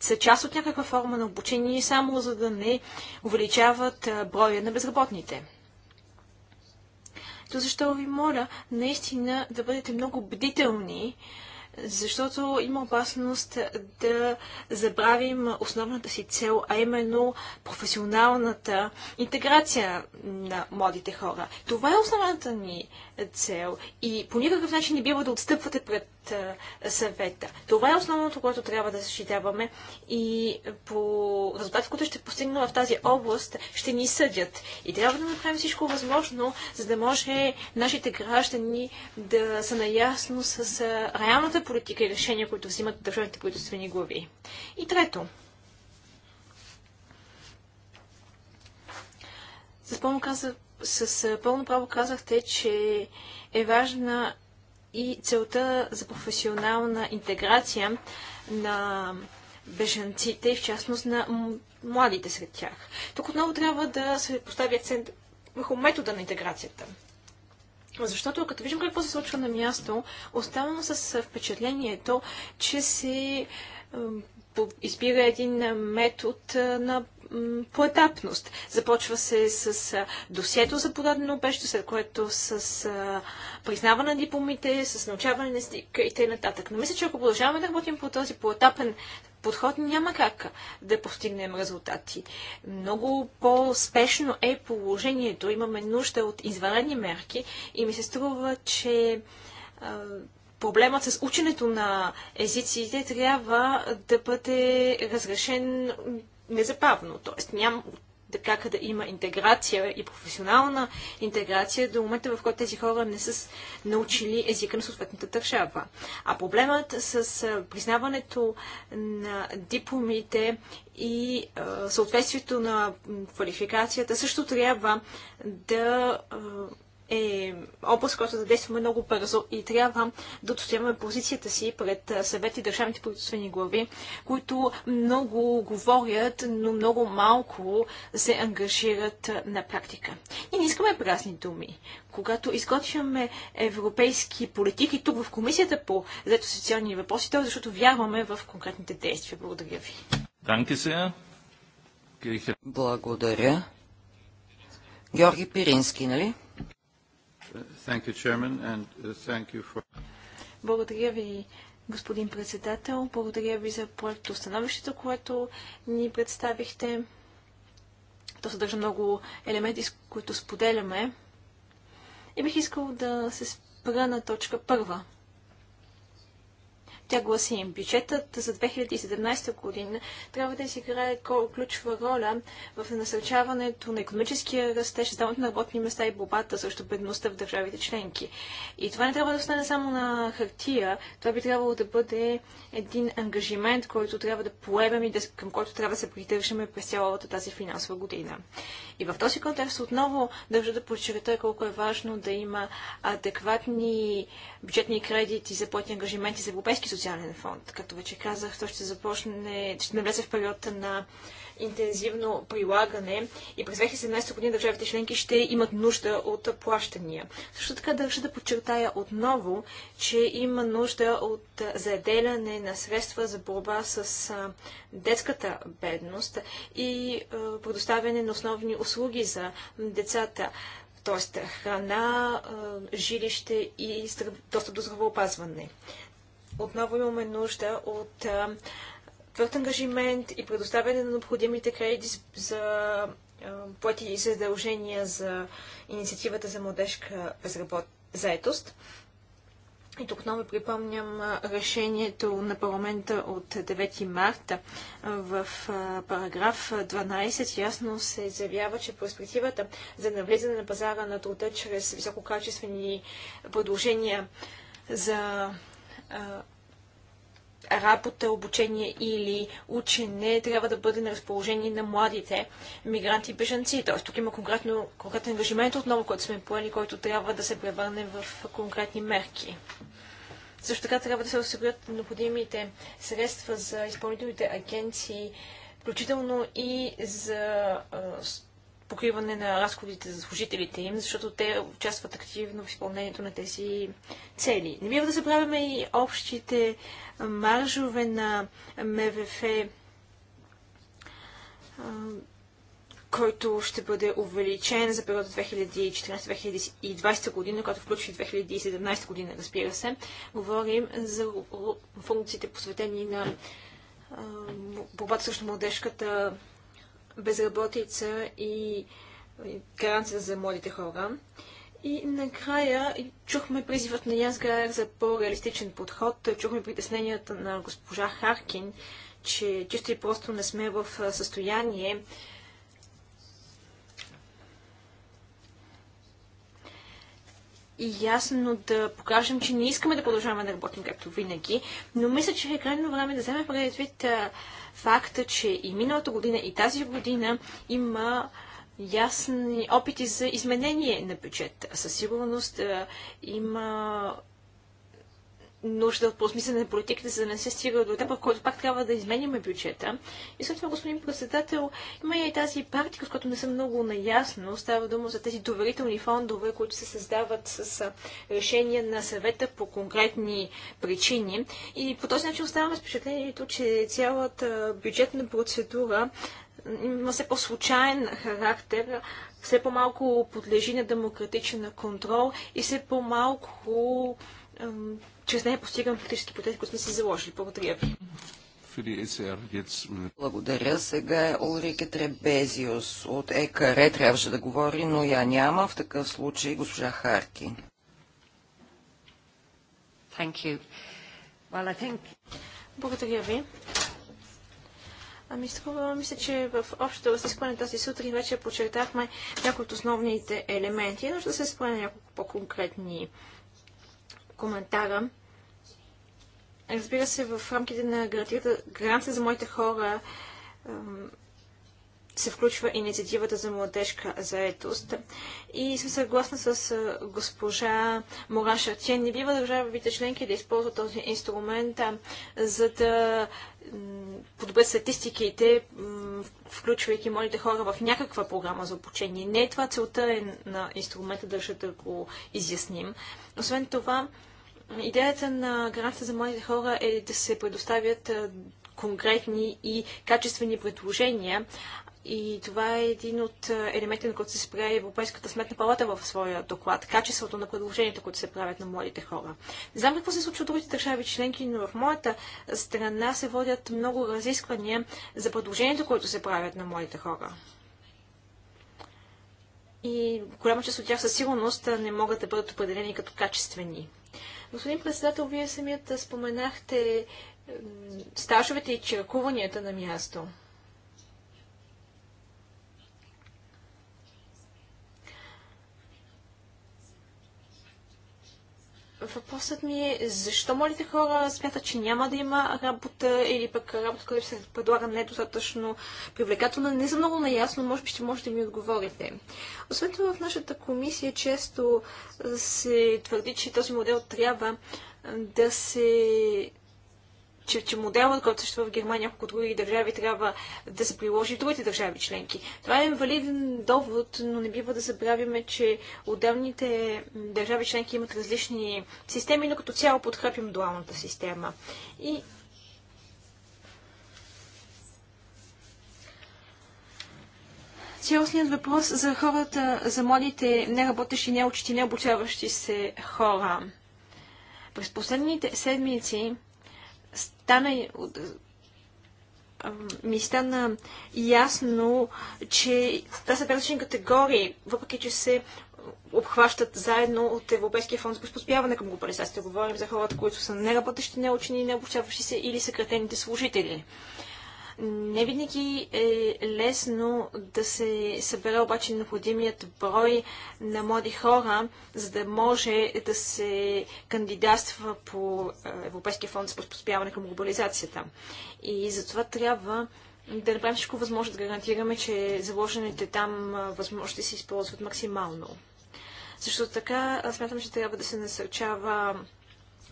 са част от някаква форма на обучение, само за да не увеличават броя на безработните. То защо ви моля наистина да бъдете много бдителни, защото има опасност да забравим основната си цел, а именно професионалната интеграция на младите хора. Това е основната ни цел и по никакъв начин не бива да отстъпвате пред съвета. Това е основното, което трябва да защитаваме и по резултати, които ще постигнем в тази област, ще ни съдят. И трябва да направим всичко възможно, за да може нашите граждани да са наясно с реалната политика и решения, които взимат държавните правителствени глави. И трето, с пълно каза с пълно право казахте, че е важна и целта за професионална интеграция на бежанците и в частност на младите сред тях. Тук отново трябва да се постави акцент върху метода на интеграцията. Защото като виждам какво се случва на място, оставам с впечатлението, че се избира един метод на поетапност. Започва се с досието за подадено обещо, след което с признаване на дипломите, с научаване на стика и т.н. Но мисля, че ако продължаваме да работим по този поетапен подход, няма как да постигнем резултати. Много по-спешно е положението. Имаме нужда от извънредни мерки и ми се струва, че проблемът с ученето на езиците трябва да бъде разрешен незабавно. Тоест няма така да има интеграция и професионална интеграция до момента, в който тези хора не са научили езика на съответната държава. А проблемът с признаването на дипломите и съответствието на квалификацията също трябва да е област, която да действаме много бързо и трябва да отстояваме позицията си пред съвети и държавните правителствени глави, които много говорят, но много малко се ангажират на практика. И не искаме празни думи. Когато изготвяме европейски политики тук в Комисията по заето социални въпроси, то е защото вярваме в конкретните действия. Благодаря ви. Благодаря. Георги Пирински, нали? Thank you, Chairman, and uh, thank you for... Благодаря ви, господин председател. Благодаря ви за проекто становището, което ни представихте. То съдържа много елементи, с които споделяме. И бих искал да се спра на точка първа – тя гласи, бюджетът за 2017 година трябва да изиграе ключова роля в насърчаването на економическия растеж, създаването на работни места и борбата срещу бедността в държавите членки. И това не трябва да остане само на хартия, това би трябвало да бъде един ангажимент, който трябва да поемем и да, към който трябва да се придържаме през цялата тази финансова година. И в този контекст отново държа да подчертая колко е важно да има адекватни бюджетни кредити за платни ангажименти за европейски социални социален фонд. Като вече казах, то ще започне, ще навлезе в периода на интензивно прилагане и през 2017 година държавите членки ще имат нужда от плащания. Също така държа да подчертая отново, че има нужда от заделяне на средства за борба с детската бедност и предоставяне на основни услуги за децата т.е. храна, жилище и достъп до здравоопазване отново имаме нужда от твърд ангажимент и предоставяне на необходимите кредити за плати и задължения за инициативата за младежка безработ... заетост. И тук отново припомням решението на парламента от 9 марта в параграф 12 ясно се заявява, че перспективата за навлизане на пазара на труда чрез висококачествени предложения за работа, обучение или учене трябва да бъде на разположение на младите мигранти и бежанци. Т.е. тук има конкретно, конкретен ангажимент отново, който сме поели, който трябва да се превърне в конкретни мерки. Също така трябва да се осигурят необходимите средства за изпълнителните агенции, включително и за покриване на разходите за служителите им, защото те участват активно в изпълнението на тези цели. Не бива да забравяме и общите маржове на МВФ, който ще бъде увеличен за периода 2014-2020 година, който включва и 2017 година, разбира се. Говорим за функциите посветени на борбата срещу младежката безработица и гаранция за младите хора. И накрая чухме призивът на Язгар за по-реалистичен подход, чухме притесненията на госпожа Харкин, че чисто и просто не сме в състояние и ясно да покажем, че не искаме да продължаваме да работим както винаги, но мисля, че е крайно време да вземем предвид факта, че и миналата година, и тази година има ясни опити за изменение на бюджет. Със сигурност е, има нужда от просмислене на политиките, за да не се стига до етапа, в който пак трябва да изменяме бюджета. И след това, господин председател, има и тази практика, с която не съм много наясно. Става дума за тези доверителни фондове, които се създават с решения на съвета по конкретни причини. И по този начин оставаме с впечатлението, че цялата бюджетна процедура има все по-случайен характер, все по-малко подлежи на демократичен контрол и все по-малко чрез нея постигаме политически потенци, които сме си заложили. Благодаря ви. E Благодаря. Сега е Олрике Требезиус от ЕКР. Трябваше да говори, но я няма. В такъв случай госпожа Харки. Well, think... Благодаря ви. Ами струва, мисля, че в общото разискване тази сутрин вече подчертахме някои от основните елементи. Е, но да се спомня няколко по-конкретни коментара Разбира се, в рамките на гаранция за моите хора се включва инициативата за младежка заетост. И съм съгласна с госпожа Мораша, Тя, Не бива държавите членки да използват този инструмент, за да подобрят статистиките, включвайки моите хора в някаква програма за обучение. Не е това целта е на инструмента, държа да го изясним. Освен това, Идеята на гаранцията за младите хора е да се предоставят конкретни и качествени предложения. И това е един от елементите, на които се спря Европейската сметна палата в своя доклад. Качеството на предложенията, които се правят на младите хора. Не знам какво се случва в другите държави членки, но в моята страна се водят много разисквания за предложенията, които се правят на младите хора. И голяма част от тях със сигурност не могат да бъдат определени като качествени. Господин председател, вие самият споменахте стажовете и чиракуванията на място. въпросът ми е защо младите хора смятат, че няма да има работа или пък работа, която се предлага недостатъчно привлекателна. Не съм много наясно, може би ще можете да ми отговорите. Освен това в нашата комисия често се твърди, че този модел трябва да се че, че моделът, който съществува в Германия, ако други държави, трябва да се приложи в другите държави членки. Това е валиден довод, но не бива да забравяме, че отделните държави членки имат различни системи, но като цяло подкрепим дуалната система. И цялостният въпрос за хората, за младите, неработещи, неучити, необучаващи се хора. През последните седмици стана ми стана ясно, че това са различни категории, въпреки че се обхващат заедно от Европейския фонд за приспособяване към глобализацията. Говорим за хората, които са неработещи, неучени, необучаващи се или съкратените служители. Не винаги е лесно да се събере обаче необходимият брой на млади хора, за да може да се кандидатства по е, Европейския фонд за подпоспяване към глобализацията. И затова трябва да направим всичко възможно да гарантираме, че заложените там е, възможности се използват максимално. Също така смятам, че трябва да се насърчава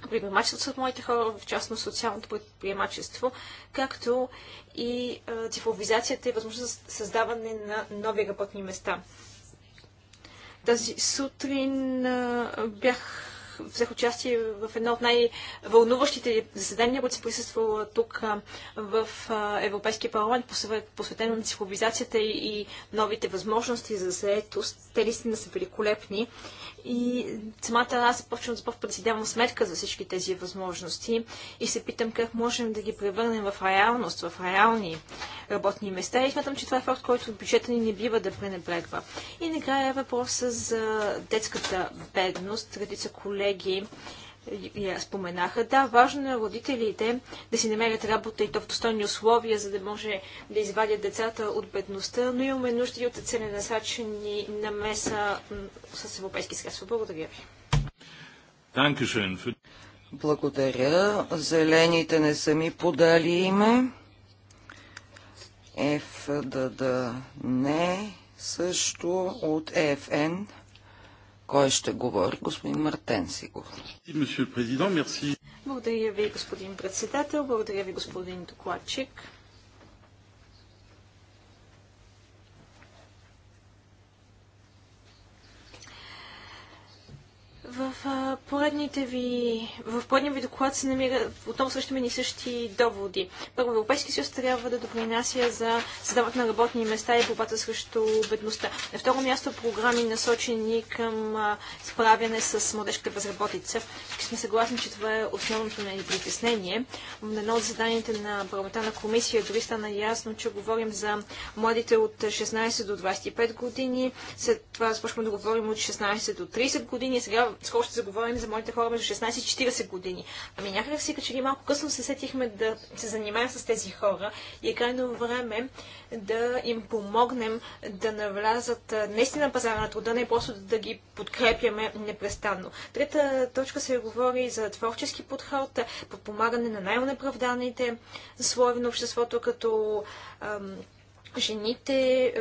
предприемачеството от моите хора, в частност социалното предприемачество, както и цифровизацията и възможност за създаване на нови работни места. Тази сутрин бях взех участие в едно от най-вълнуващите заседания, които се присъствала тук в Европейския парламент, посветено на цифровизацията и новите възможности за заетост. Те наистина са великолепни и самата аз започвам за път си давам сметка за всички тези възможности и се питам как можем да ги превърнем в реалност, в реални работни места и смятам, че това е факт, който бюджета ни не бива да пренебрегва. И накрая е въпроса за детската бедност. Редица колеги я споменаха. Да, важно е родителите да си намерят работа и то в достойни условия, за да може да извадят децата от бедността, но имаме нужда и от целенасачени намеса с европейски средства. Благодаря ви. Благодаря. Зелените не са ми подали име. ФДД не. Също от ЕФН. Кой ще говори? Господин Мартен си говори. Благодаря ви, господин председател. Благодаря ви, господин докладчик. В поредните ви, в поредния ви доклад се намира, отново срещаме ни същи доводи. Първо, Европейски съюз трябва да допринася за създаването на работни места и борбата срещу бедността. На второ място, програми насочени към справяне с младежка безработица. Всички сме съгласни, че това е основното ни притеснение. На едно от заданията на парламентарна комисия дори стана ясно, че говорим за младите от 16 до 25 години. След това започваме да говорим от 16 до 30 години. Сега скоро ще заговорим за моите хора между 16 и 40 години. Ами някак си, като че малко късно се сетихме да се занимаем с тези хора и е крайно време да им помогнем да навлязат наистина на пазара на труда, не просто да ги подкрепяме непрестанно. Трета точка се говори за творчески подход, подпомагане на най унеправданите слоеве на обществото, като ам, жените, е,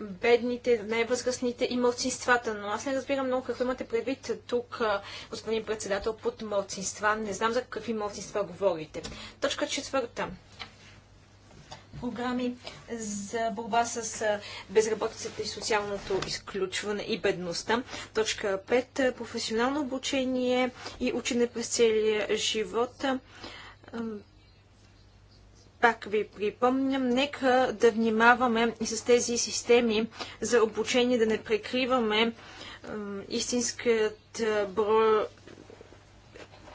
бедните, най-възрастните и мълцинствата. Но аз не разбирам много какво имате предвид тук, е, господин председател, под мълцинства. Не знам за какви мълцинства говорите. Точка четвърта. Програми за борба с е, безработицата и социалното изключване и бедността. Точка 5. Професионално обучение и учене през целия живот пак ви припомням, нека да внимаваме и с тези системи за обучение, да не прикриваме истинският брой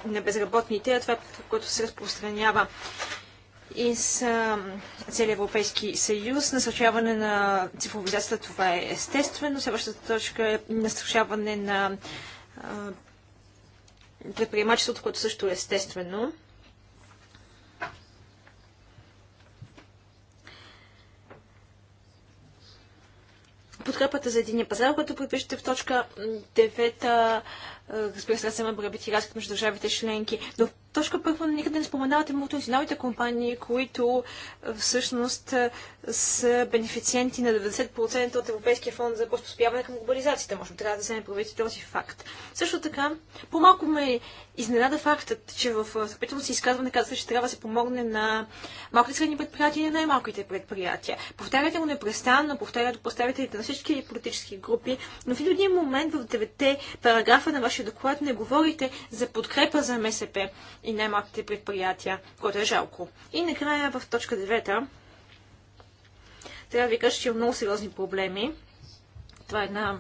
на безработните, а това, което се разпространява и с целия Европейски съюз. Насърчаване на цифровизацията, това е естествено. Следващата точка е насърчаване на предприемачеството, което също е естествено. подкрепата за единия пазар, който предвиждате в точка 9, разбира се, аз съм между държавите членки, но Точка първо, никъде не споменавате мултинационалните компании, които всъщност са бенефициенти на 90% от Европейския фонд за приспособяване към глобализацията. Може би трябва да се правите този факт. Също така, по-малко ме изненада фактът, че в встъпително си изказване казвате, че трябва да се помогне на малките средни предприятия и на най-малките предприятия. Повтаряте го непрестанно, повтарят представителите на всички политически групи, но в един момент в девете параграфа на вашия доклад не говорите за подкрепа за МСП и най-малките предприятия, което е жалко. И накрая в точка 9 трябва да ви кажа, че има много сериозни проблеми. Това е една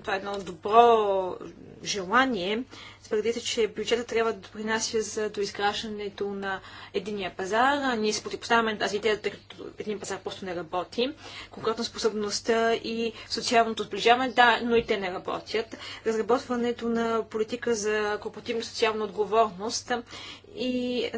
това е едно добро желание. Твърдите, че бюджета трябва да допринася за доизграждането на единия пазар. Ние се противопоставяме на тази идея, тъй като един пазар просто не работи. Конкретно способността и социалното сближаване, да, но и те не работят. Разработването на политика за корпоративна социална отговорност и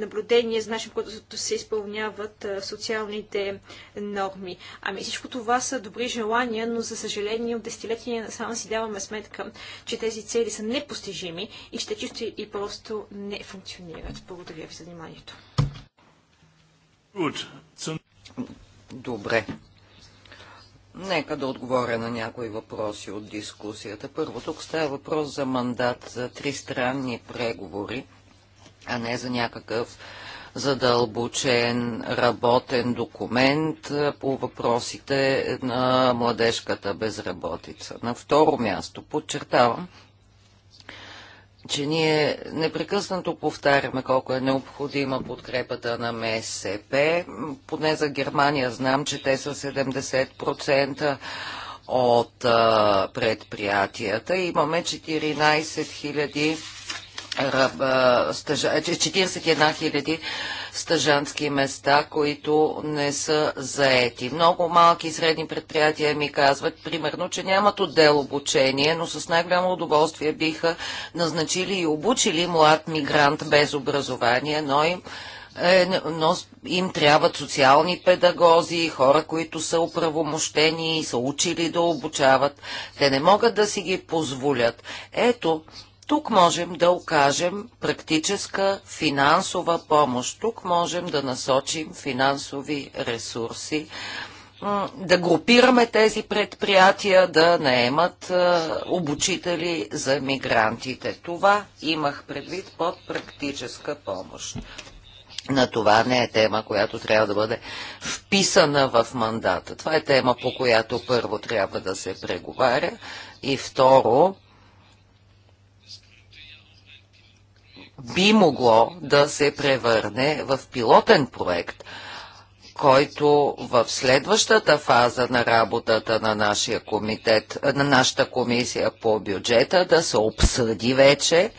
наблюдение за начин, който се изпълняват социалните норми. Ами всичко това са добри желания, но за съжаление от десетилетия насам си даваме сметка, че тези цели са непостижими и ще чисто и просто не функционират. Благодаря ви за вниманието. Добре. Нека да отговоря на някои въпроси от дискусията. Първо, тук става въпрос за мандат за тристранни преговори, а не за някакъв задълбочен работен документ по въпросите на младежката безработица. На второ място подчертавам, че ние непрекъснато повтаряме колко е необходима подкрепата на МСП. Поне за Германия знам, че те са 70% от а, предприятията. Имаме 14 000 41 е, хиляди стъжански места, които не са заети. Много малки и средни предприятия ми казват, примерно, че нямат отдел обучение, но с най-голямо удоволствие биха назначили и обучили млад мигрант без образование, но им е, но им трябват социални педагози, хора, които са оправомощени и са учили да обучават. Те не могат да си ги позволят. Ето тук можем да окажем практическа финансова помощ. Тук можем да насочим финансови ресурси, да групираме тези предприятия, да наемат обучители за мигрантите. Това имах предвид под практическа помощ. На това не е тема, която трябва да бъде вписана в мандата. Това е тема, по която първо трябва да се преговаря и второ би могло да се превърне в пилотен проект, който в следващата фаза на работата на нашия комитет, на нашата комисия по бюджета да се обсъди вече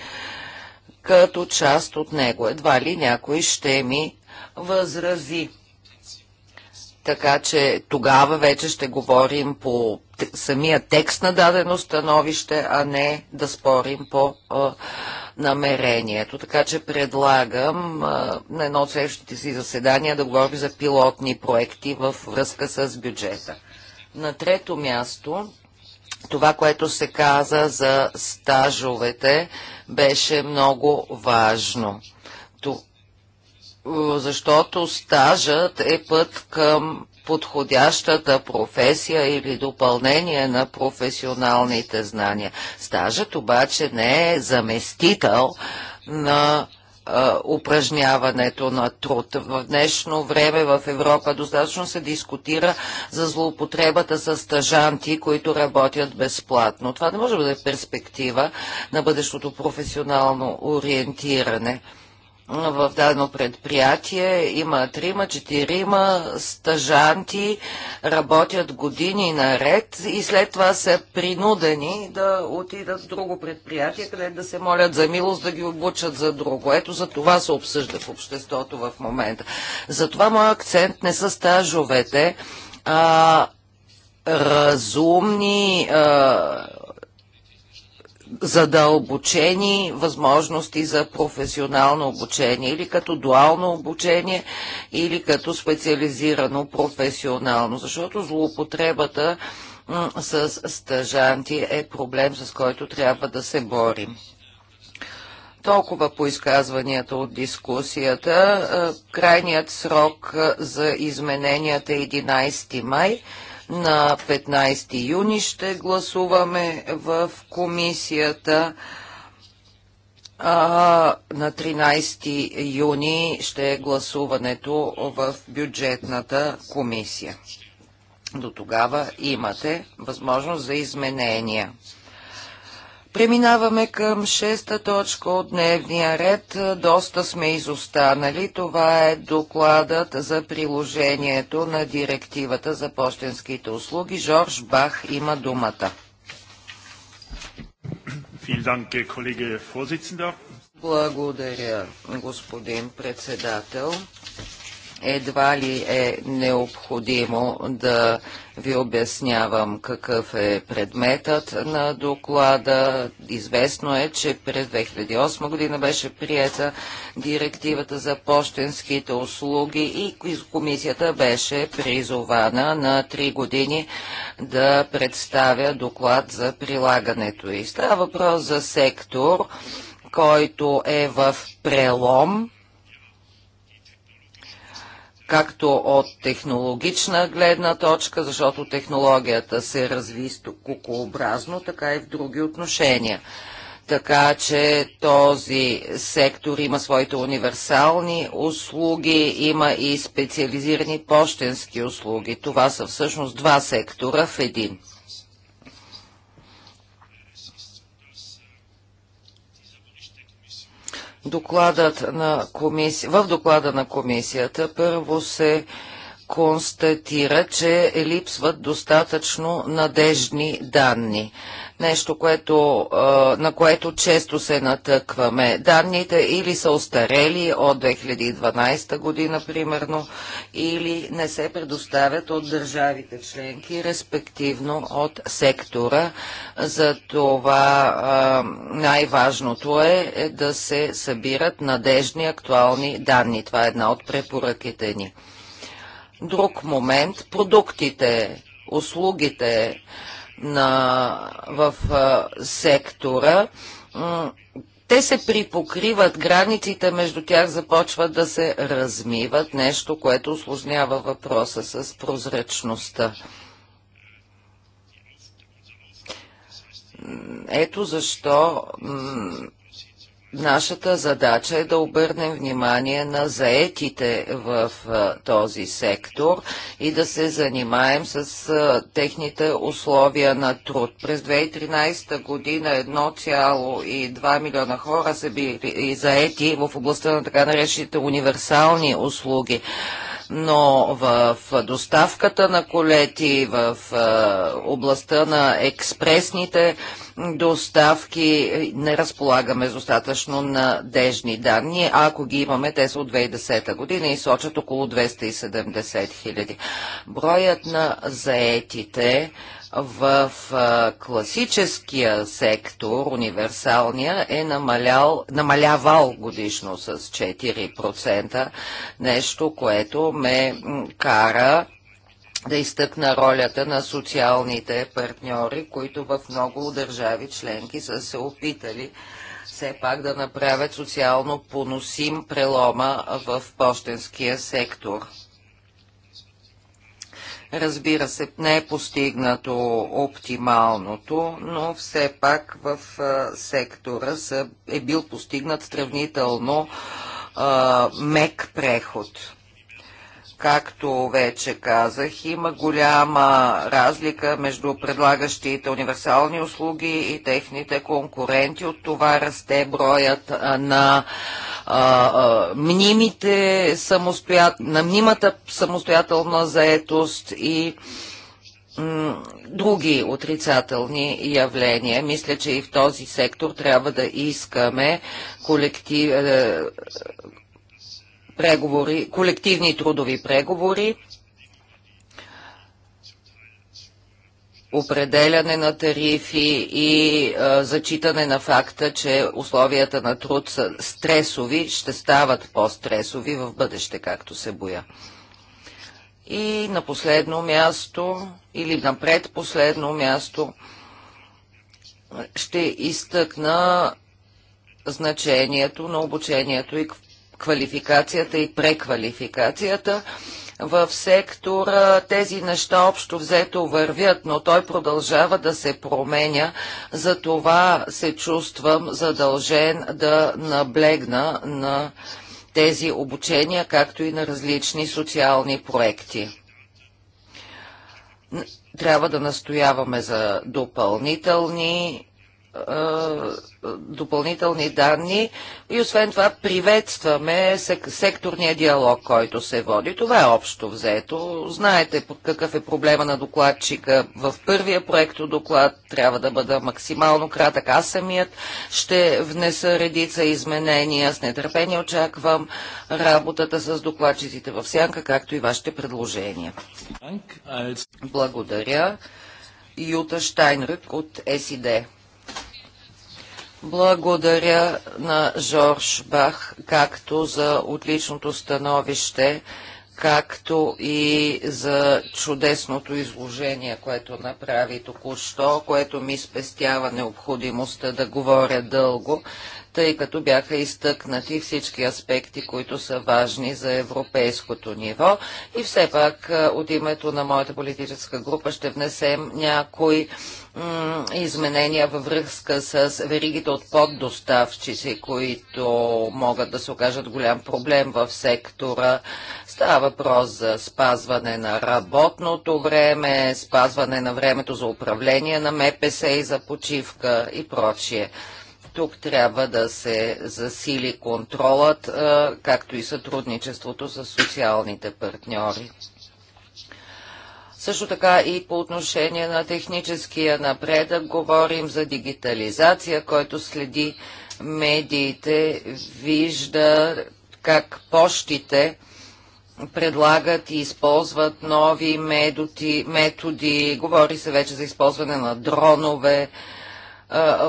като част от него. Едва ли някой ще ми възрази. Така че тогава вече ще говорим по самия текст на дадено становище, а не да спорим по а, намерението. Така че предлагам а, на едно от следващите си заседания да говори за пилотни проекти в връзка с бюджета. На трето място, това, което се каза за стажовете, беше много важно. защото стажът е път към подходящата професия или допълнение на професионалните знания. Стажът обаче не е заместител на упражняването на труд. В днешно време в Европа достатъчно се дискутира за злоупотребата с стажанти, които работят безплатно. Това не може да бъде перспектива на бъдещото професионално ориентиране в дадено предприятие има трима, четирима стъжанти, работят години наред и след това са принудени да отидат в друго предприятие, къде да се молят за милост да ги обучат за друго. Ето за това се обсъжда в обществото в момента. Затова моят акцент не са стажовете, а разумни а, задълбочени възможности за професионално обучение или като дуално обучение или като специализирано професионално, защото злоупотребата с стъжанти е проблем, с който трябва да се борим. Толкова по изказванията от дискусията. Е, крайният срок е, за измененията е 11 май. На 15 юни ще гласуваме в комисията. А, на 13 юни ще е гласуването в бюджетната комисия. До тогава имате възможност за изменения. Преминаваме към шеста точка от дневния ред. Доста сме изостанали. Това е докладът за приложението на директивата за почтенските услуги. Жорж Бах има думата. Благодаря, господин председател едва ли е необходимо да ви обяснявам какъв е предметът на доклада. Известно е, че през 2008 година беше приета директивата за почтенските услуги и комисията беше призована на 3 години да представя доклад за прилагането. И става въпрос за сектор, който е в прелом както от технологична гледна точка, защото технологията се разви кукообразно, така и в други отношения. Така че този сектор има своите универсални услуги, има и специализирани почтенски услуги. Това са всъщност два сектора в един. Докладът на комисия, в доклада на комисията първо се констатира, че липсват достатъчно надежни данни нещо, което, на което често се натъкваме. Данните или са остарели от 2012 година, примерно, или не се предоставят от държавите членки, респективно от сектора. За това най-важното е, е да се събират надежни актуални данни. Това е една от препоръките ни. Друг момент – продуктите, услугите, на, в а, сектора, те се припокриват, границите между тях започват да се размиват, нещо, което осложнява въпроса с прозрачността. Ето защо Нашата задача е да обърнем внимание на заетите в този сектор и да се занимаем с техните условия на труд. През 2013 година 1,2 милиона хора са били заети в областта на така наречените универсални услуги но в доставката на колети, в областта на експресните доставки е, не разполагаме с достатъчно надежни данни, ако ги имаме, те са от 2010 година и сочат около 270 хиляди. Броят на заетите в класическия сектор, универсалния, е намалял, намалявал годишно с 4%, нещо, което ме кара да изтъкна ролята на социалните партньори, които в много държави членки са се опитали все пак да направят социално поносим прелома в почтенския сектор. Разбира се, не е постигнато оптималното, но все пак в сектора е бил постигнат сравнително мек преход. Както вече казах, има голяма разлика между предлагащите универсални услуги и техните конкуренти. От това расте броят на мнимите самостоят... на мнимата самостоятелна заетост и други отрицателни явления. Мисля, че и в този сектор трябва да искаме колектив, е, преговори, колективни трудови преговори, определяне на тарифи и а, зачитане на факта, че условията на труд са стресови, ще стават по-стресови в бъдеще, както се боя. И на последно място, или на предпоследно място, ще изтъкна значението на обучението и квалификацията и преквалификацията. В сектора тези неща общо взето вървят, но той продължава да се променя. За това се чувствам задължен да наблегна на тези обучения, както и на различни социални проекти. Трябва да настояваме за допълнителни е, допълнителни данни и освен това приветстваме секторния диалог, който се води. Това е общо взето. Знаете под какъв е проблема на докладчика. В първия проект доклад трябва да бъда максимално кратък. Аз самият ще внеса редица изменения. С нетърпение очаквам работата с докладчиците в сянка, както и вашите предложения. Благодаря. Юта Штайнрък от СИД. Благодаря на Жорж Бах, както за отличното становище, както и за чудесното изложение, което направи току-що, което ми спестява необходимостта да говоря дълго тъй като бяха изтъкнати всички аспекти, които са важни за европейското ниво. И все пак от името на моята политическа група ще внесем някои изменения във връзка с веригите от поддоставчици, които могат да се окажат голям проблем в сектора. Става въпрос за спазване на работното време, спазване на времето за управление на МПС и за почивка и прочие. Тук трябва да се засили контролът, както и сътрудничеството с социалните партньори. Също така и по отношение на техническия напредък говорим за дигитализация, който следи медиите, вижда как почтите предлагат и използват нови методи, методи. Говори се вече за използване на дронове,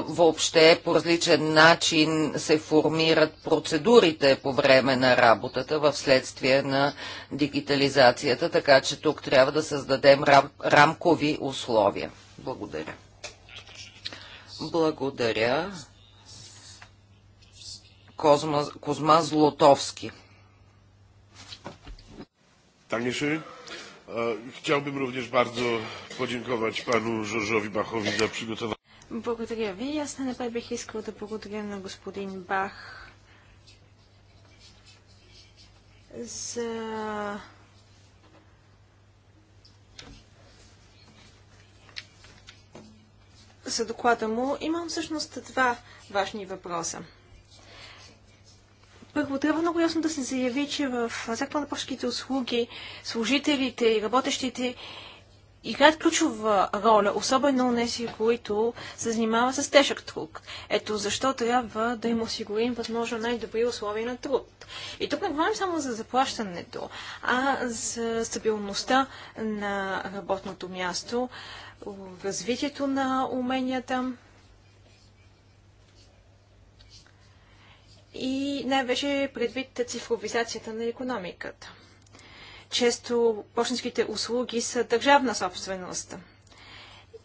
въобще по различен начин се формират процедурите по време на работата в следствие на дигитализацията, така че тук трябва да създадем рам, рамкови условия. Благодаря. Благодаря. Козма, Козма Злотовски. Tanieszy. Е, chciałbym również bardzo podziękować panu Żorżowi Bachowi za przygotowanie. Благодаря ви. Аз най-напред бих искала да благодаря на господин Бах за за доклада му. Имам всъщност два важни въпроса. Първо, трябва много ясно да се заяви, че в Закона на пощите услуги служителите и работещите играят ключова роля, особено у нези, които се занимават с тежък труд. Ето защо трябва да им осигурим възможно най-добри условия на труд. И тук не говорим само за заплащането, а за стабилността на работното място, развитието на уменията, и най-вече предвид цифровизацията на економиката. Често почтенските услуги са държавна собственост.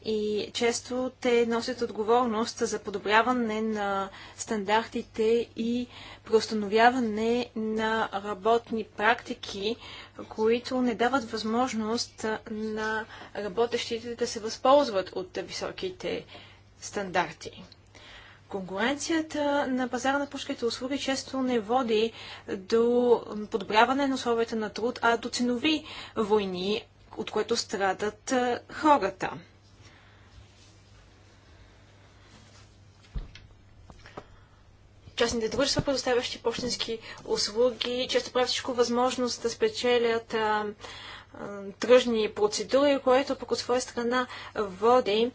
И често те носят отговорност за подобряване на стандартите и преустановяване на работни практики, които не дават възможност на работещите да се възползват от високите стандарти. Конкуренцията на пазара на пушките услуги често не води до подобряване на условията на труд, а до ценови войни, от което страдат хората. частните дружества, предоставящи почтенски услуги, често правят всичко възможност да спечелят а, а, тръжни процедури, което пък от своя страна води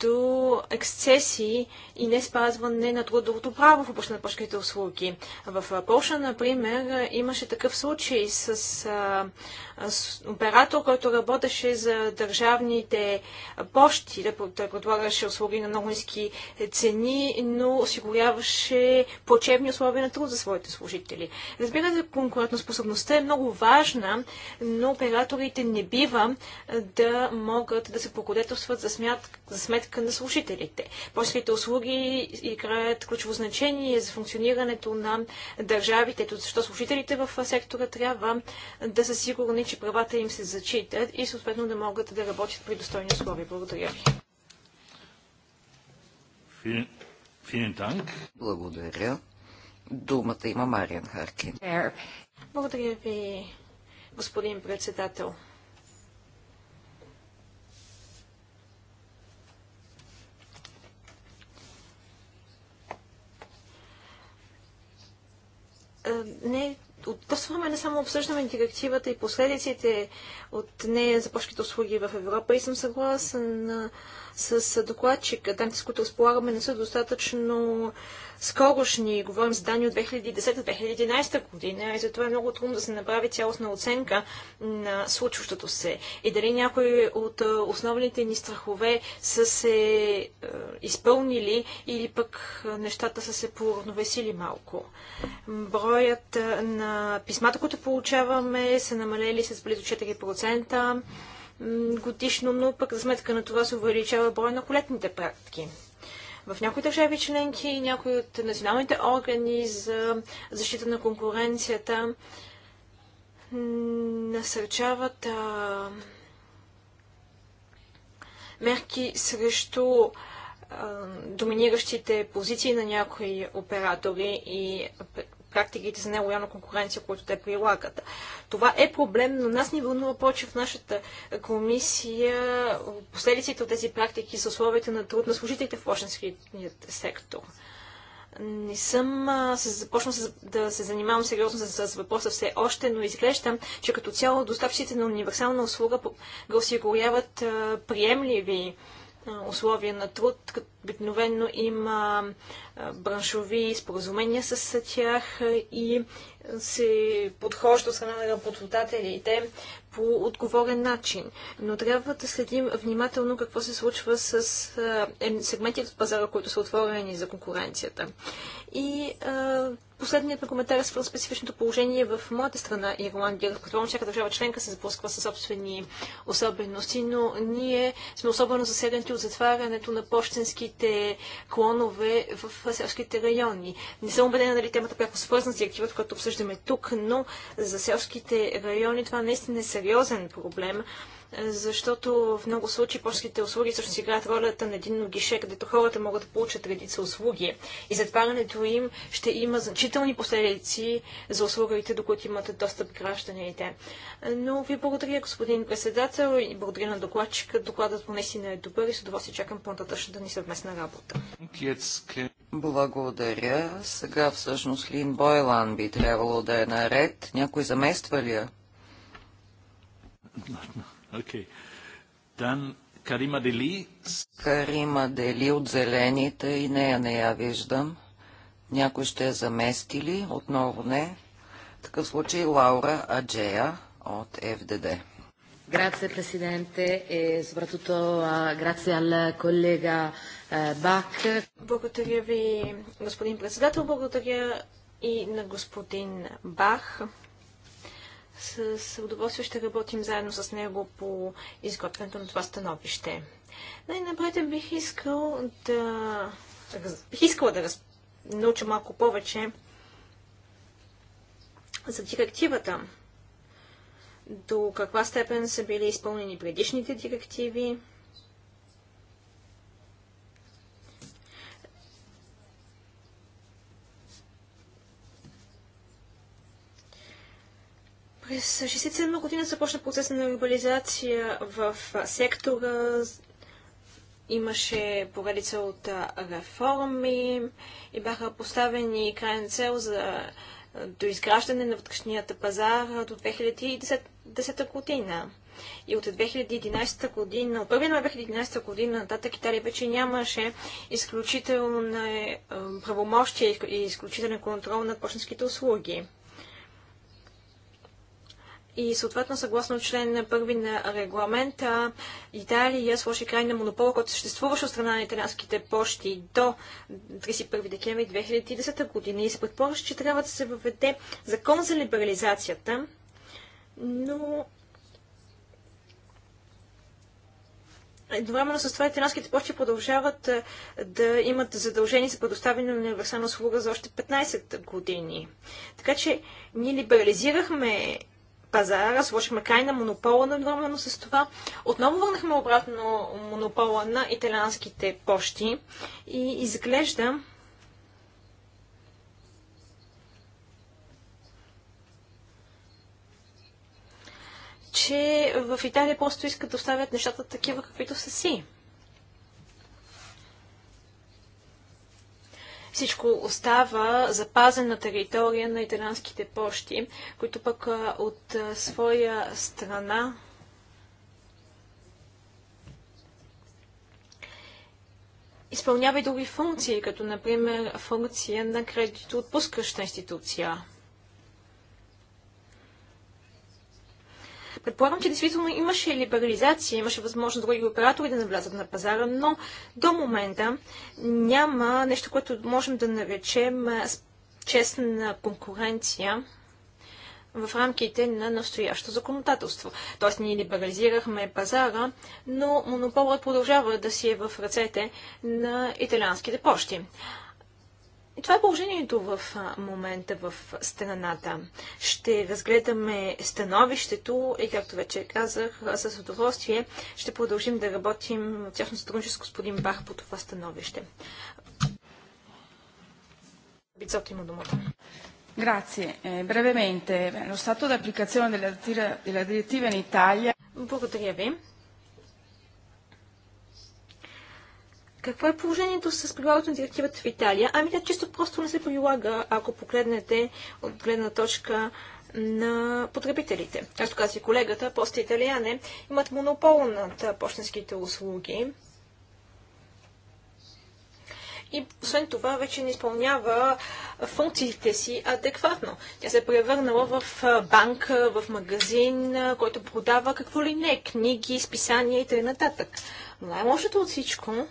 до ексцеси и не спазване на трудовото право в областта на почтените услуги. В Польша, например, имаше такъв случай с, а, с оператор, който работеше за държавните почти. да предлагаше услуги на много ниски цени, но осигуряваше почебни условия на труд за своите служители. Разбира се, конкурентоспособността е много важна, но операторите не бива да могат да се покодетелстват за смятка сметка на служителите. Почтовите услуги играят ключово значение за функционирането на държавите, защо служителите в сектора трябва да са сигурни, че правата им се зачитат и съответно да могат да работят при достойни условия. Благодаря ви. Благодаря. Думата има Мариан Харкин. Благодаря ви, господин председател. Е, не от не само обсъждаме директивата и последиците от нея за почтите услуги в Европа и съм съгласен с докладчик. Данните, с които разполагаме, не са достатъчно скорошни. Говорим за данни от 2010-2011 година и затова е много трудно да се направи цялостна оценка на случващото се. И дали някои от основните ни страхове са се изпълнили или пък нещата са се поравновесили малко. Броят на писмата, които получаваме, са намалели с близо 4% годишно, но пък за сметка на това се увеличава броя на колетните практики. В някои държави членки и някои от националните органи за защита на конкуренцията насърчават а, мерки срещу а, доминиращите позиции на някои оператори и практиките за нелоялна конкуренция, които те прилагат. Това е проблем, но нас ни вълнува повече в нашата комисия последиците от тези практики с условията на труд на служителите в почтенския сектор. Не съм започнал да се занимавам сериозно с, с въпроса все още, но изглежда, че като цяло доставчиците на универсална услуга го осигуряват приемливи условия на труд. Обикновено има браншови споразумения с тях и се подхожда от страна на работодателите по отговорен начин. Но трябва да следим внимателно какво се случва с сегментите от пазара, които са отворени за конкуренцията. И а, последният ми коментар е свързан специфичното положение в моята страна, Ирландия. Предполагам, всяка държава членка се сблъсква със собствени особености, но ние сме особено засегнати от затварянето на почтенските клонове в селските райони. Не съм убедена дали темата пряко свързана с директивата, която обсъждаме тук, но за селските райони това наистина е сериозен проблем защото в много случаи почтите услуги също си играят ролята на един гише, където хората могат да получат редица услуги. И затварянето им ще има значителни последици за услугите, до които имат достъп гражданите. Но ви благодаря, господин председател, и благодаря на докладчика. Докладът не е добър и с удоволствие чакам по-нататъчната ни съвместна работа. Благодаря. Сега всъщност Лин Бойлан би трябвало да е наред. Някой замества ли я? Карима Дели. от Зелените и нея не я виждам. Някой ще я замести ли? Отново не. В такъв случай Лаура Аджея от ФДД. Grazie Presidente e soprattutto uh, grazie al collega Благодаря ви, господин председател. Благодаря и на господин Бах. С, удоволствие ще работим заедно с него по изготвянето на това становище. Най-напред бих искал да... Бих искала да раз... науча малко повече за директивата. До каква степен са били изпълнени предишните директиви? През 1967 година започна процеса на глобализация в сектора. Имаше поредица от реформи и бяха поставени крайна цел за доизграждане на вътрешнията пазар до 2010, година. И от 2011 година, от 1 на 2011 година нататък Италия вече нямаше изключителни е, правомощия и изключителен контрол над почтенските услуги и съответно, съгласно член на първи на регламента, Италия сложи край на монопола, който съществуваше от страна на италианските почти до 31 декември 2010 година и се предполага, че трябва да се въведе закон за либерализацията, но Едновременно с това италианските почти продължават да имат задължение за предоставяне на универсална услуга за още 15 години. Така че ние либерализирахме пазара, сложихме край на монопола на едновременно с това. Отново върнахме обратно монопола на италианските почти и изглежда, че в Италия просто искат да оставят нещата такива, каквито са си. всичко остава запазена територия на италианските почти, които пък от своя страна изпълнява и други функции, като например функция на кредито отпускаща институция. Предполагам, че действително имаше либерализация, имаше възможност други оператори да навлязат на пазара, но до момента няма нещо, което можем да наречем честна конкуренция в рамките на настоящо законодателство. Тоест ние либерализирахме пазара, но монополът продължава да си е в ръцете на италианските почти това е положението в момента в стената. Ще разгледаме становището и, както вече казах, с удоволствие ще продължим да работим в тяхно сътрудничество с господин Бах по това становище. Бицото има думата. Grazie. Eh, brevemente, lo stato d'applicazione della, della direttiva in Italia. Благодаря ви. Какво е положението с прилагането на директивата в Италия? Ами тя чисто просто не се прилага, ако погледнете от гледна точка на потребителите. Както каза и колегата, просто италияне имат монопол над почтенските услуги. И освен това, вече не изпълнява функциите си адекватно. Тя се е превърнала в банк, в магазин, който продава какво ли не, книги, списания и т.н. Но най-лошото от всичко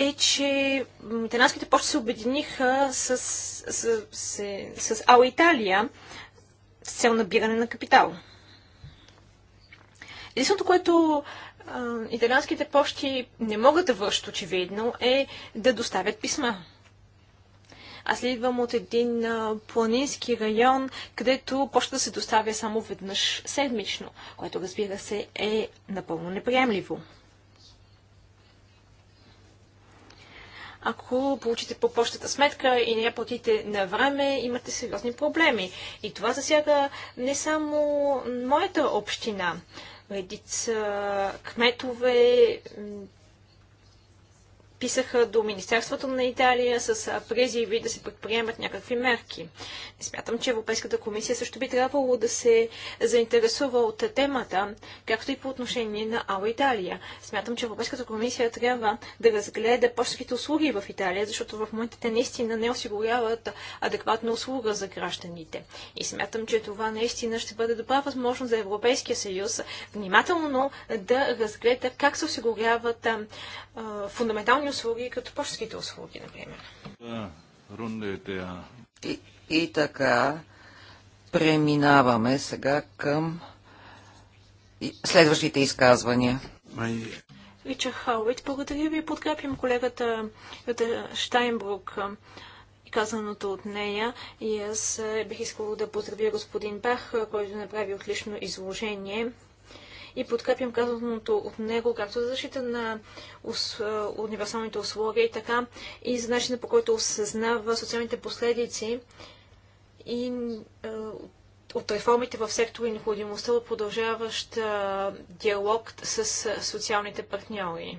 е, че италянските почти се обединиха с, с, с, с Ао Италия с цел набиране на капитал. Единственото, което а, италианските почти не могат да вършат очевидно, е да доставят писма. Аз идвам от един а, планински район, където почта се доставя само веднъж седмично, което разбира се е напълно неприемливо. Ако получите по почтата сметка и не я платите на време, имате сериозни проблеми. И това засяга не само моята община. Редица кметове писаха до Министерството на Италия с призиви да се предприемат някакви мерки. Смятам, че Европейската комисия също би трябвало да се заинтересува от темата, както и по отношение на АО Италия. Смятам, че Европейската комисия трябва да разгледа почтовите услуги в Италия, защото в момента те наистина не осигуряват адекватна услуга за гражданите. И смятам, че това наистина ще бъде добра възможност за Европейския съюз внимателно да разгледа как се осигуряват а, фундаментални услуги, като почтските услуги, например. И, и така, преминаваме сега към следващите изказвания. Ричард Хауит, благодаря ви. Подкрепям колегата Штайнбрук и казаното от нея. И аз е, бих искал да поздравя господин Бах, който направи отлично изложение и подкрепям казаното от него, както за защита на ус, универсалните условия, така и за начина по който осъзнава социалните последици и от реформите в сектора и необходимостта от продължаващ диалог с социалните партньори.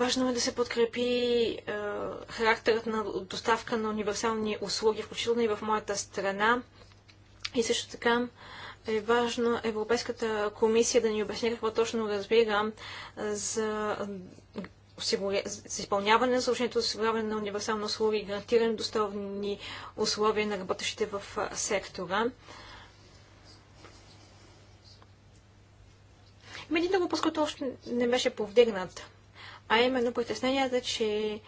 Важно е да се подкрепи е, характерът на доставка на универсални услуги, включително и в моята страна. И също така е важно Европейската комисия да ни обясни какво точно разбира за е, за изпълняване на служението за осигуряване на универсални услуги и гарантиране достовни условия на работещите в е, сектора. Има един въпрос, който още не беше повдигнат а именно притесненията, че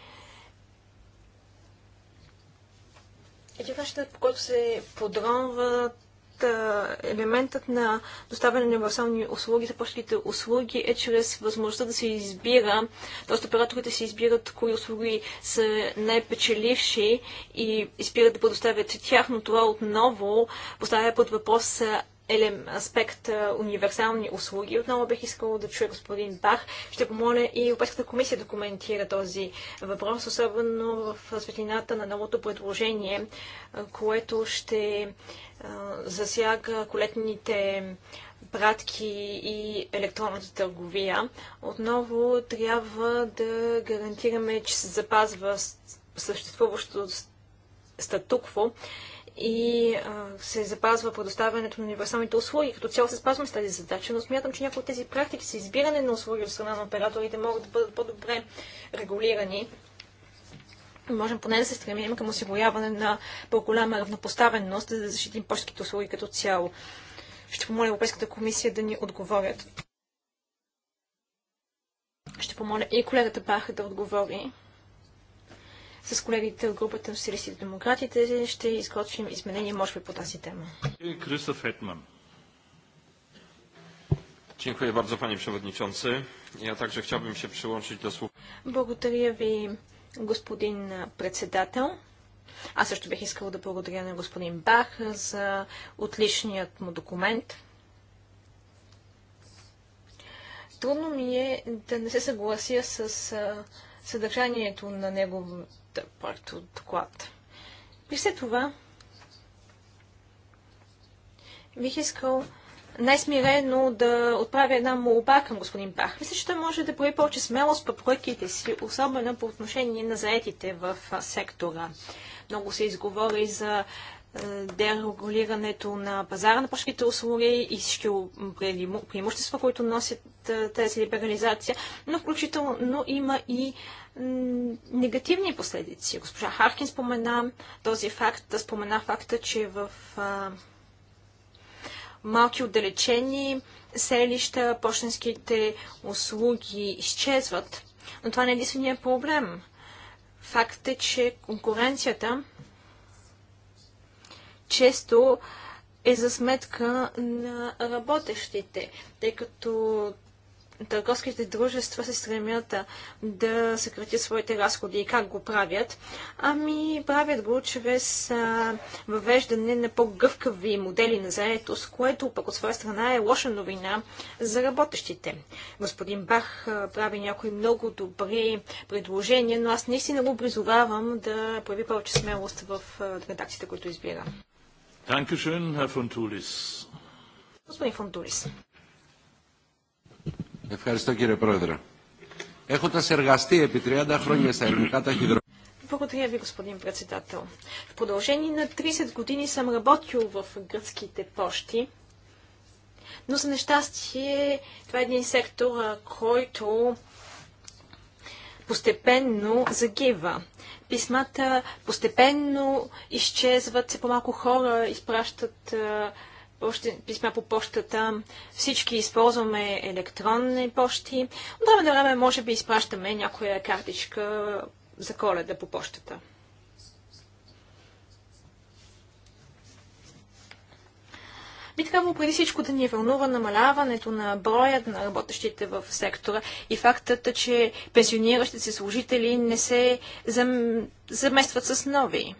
един начинът, по който се подронват елементът на доставяне на универсални услуги, за почтовите услуги е чрез възможността да се избира, т.е. операторите се избират кои услуги са най-печеливши и избират да предоставят тях, но това отново поставя под въпрос аспект универсални услуги. Отново бих искала да чуя господин Бах. Ще помоля и Европейската комисия да коментира този въпрос, особено в светлината на новото предложение, което ще засяга колетните пратки и електронната търговия. Отново трябва да гарантираме, че се запазва съществуващото статукво и а, се запазва предоставянето на универсалните услуги. Като цяло се спазваме с тази задача, но смятам, че някои от тези практики с избиране на услуги от страна на операторите могат да бъдат по-добре регулирани. Можем поне да се стремим към осигуряване на по-голяма равнопоставеност, за да защитим почтските услуги като цяло. Ще помоля Европейската комисия да ни отговорят. Ще помоля и колегата Баха да отговори с колегите от групата на социалистите демократите ще изготвим изменения, може би, по тази тема. Кристоф Хетман. Dziękuję bardzo, panie przewodniczący. Ja także chciałbym się przyłączyć do słów. Благодаря ви, господин председател. Аз също бих искал да благодаря на господин Бах за отличният му документ. Трудно ми е да не се съглася с съдържанието на неговото моят проект от доклад. И след това бих искал най-смирено да отправя една молба към господин Бах. Мисля, че той може да прояви повече смелост по проектите си, особено по отношение на заетите в сектора. Много се изговори за е, дерегулирането на пазара на почтите услуги и всички преимущества, които носят е, тази либерализация, но включително има и негативни последици. Госпожа Харкин спомена този факт, спомена факта, че в малки отдалечени селища почтенските услуги изчезват. Но това не е единствения проблем. Факт е, че конкуренцията често е за сметка на работещите, тъй като търговските дружества се стремят да съкратят своите разходи и как го правят? Ами, правят го чрез въвеждане на по-гъвкави модели на заетост, което пък от своя страна е лоша новина за работещите. Господин Бах прави някои много добри предложения, но аз наистина го призовавам да прави повече смелост в редакциите, които избирам. Dankeschön, Herr Господин Ευχαριστώ κύριε Πρόεδρε. Έχοντας εργαστεί επί 30 χρόνια στα ελληνικά ταχυδρομεία, благодаря ви, господин председател. В продължение на 30 години съм работил в гръцките пощи, но за нещастие това е един сектор, който постепенно загива. Писмата постепенно изчезват, все по-малко хора изпращат още писма по почтата. Всички използваме електронни почти. От време на време, може би, изпращаме някоя картичка за коледа по почтата. би трябвало преди всичко да ни е вълнува намаляването на броя на работещите в сектора и фактът, че пенсиониращите се служители не се зам... заместват с нови.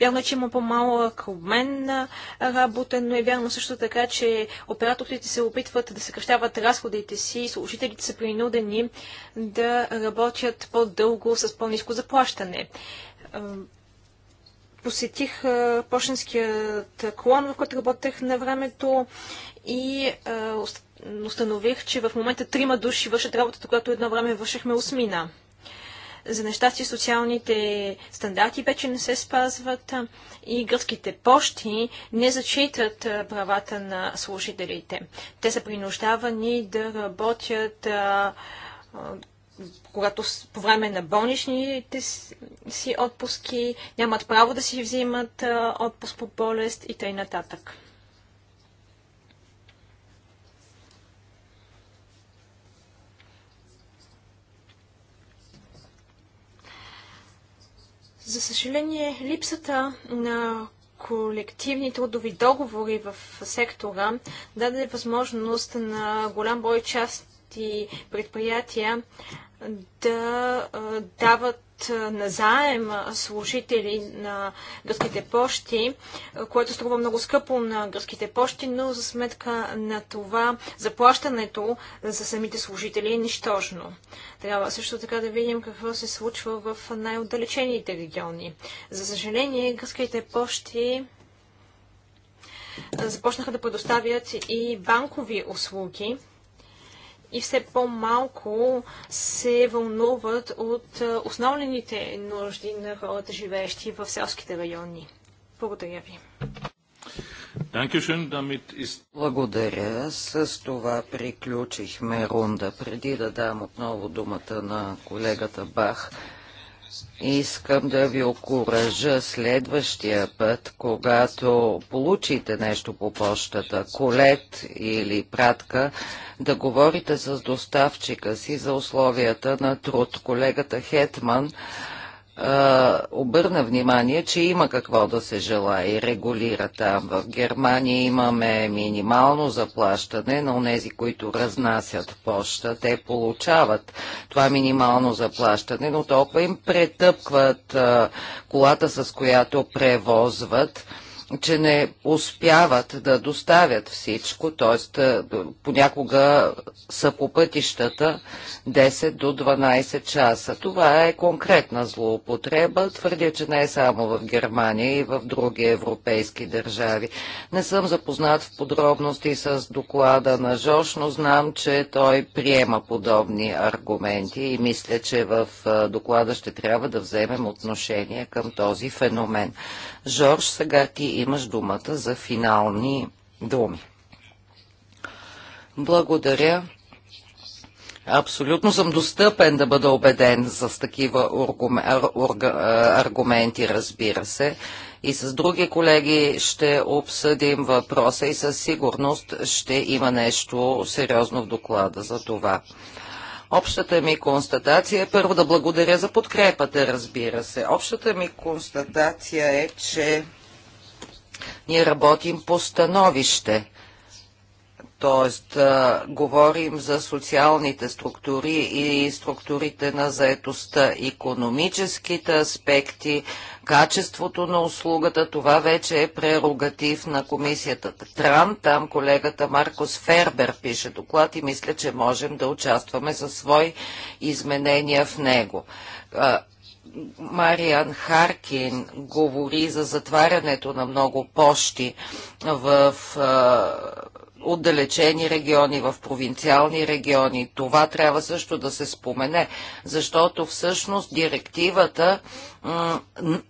Вярно е, че има по-малък обмен на работа, но е вярно също така, че операторите се опитват да съкръщават разходите си и служителите са принудени да работят по-дълго с по-низко заплащане посетих почтенският клон, в който работех на времето и установих, че в момента трима души вършат работата, която едно време вършихме осмина. За нещастие социалните стандарти вече не се спазват и гръцките почти не зачитат правата на служителите. Те са принуждавани да работят когато по време на болничните си отпуски нямат право да си взимат отпуск по болест и т.н. нататък. За съжаление, липсата на колективни трудови договори в сектора даде възможност на голям брой част и предприятия да дават назаем служители на гръцките почти, което струва много скъпо на гръцките почти, но за сметка на това заплащането за самите служители е нищожно. Трябва също така да видим какво се случва в най-отдалечените региони. За съжаление, гръцките почти започнаха да предоставят и банкови услуги, и все по-малко се вълнуват от основните нужди на хората, живеещи в селските райони. Благодаря ви. Благодаря. С това приключихме рунда. Преди да дам отново думата на колегата Бах, Искам да ви окоръжа следващия път, когато получите нещо по почтата, колет или пратка, да говорите с доставчика си за условията на труд. Колегата Хетман обърна внимание, че има какво да се жела и регулира там. В Германия имаме минимално заплащане на тези, които разнасят поща. Те получават това минимално заплащане, но толкова им претъпкват а, колата, с която превозват че не успяват да доставят всичко, т.е. Е, понякога са по пътищата 10 до 12 часа. Това е конкретна злоупотреба. Твърдя, че не е само в Германия и в други европейски държави. Не съм запознат в подробности с доклада на Жош, но знам, че той приема подобни аргументи и мисля, че в е, доклада ще трябва да вземем отношение към този феномен. Жорж, сега ти имаш думата за финални думи. Благодаря. Абсолютно съм достъпен да бъда убеден с такива аргументи, разбира се. И с други колеги ще обсъдим въпроса и със сигурност ще има нещо сериозно в доклада за това. Общата ми констатация е първо да благодаря за подкрепата, разбира се. Общата ми констатация е, че ние работим по становище, т.е. говорим за социалните структури и структурите на заетостта, економическите аспекти, качеството на услугата, това вече е прерогатив на комисията Тран. Там колегата Маркос Фербер пише доклад и мисля, че можем да участваме за свои изменения в него. Мариан Харкин говори за затварянето на много пощи в отдалечени региони, в провинциални региони. Това трябва също да се спомене, защото всъщност директивата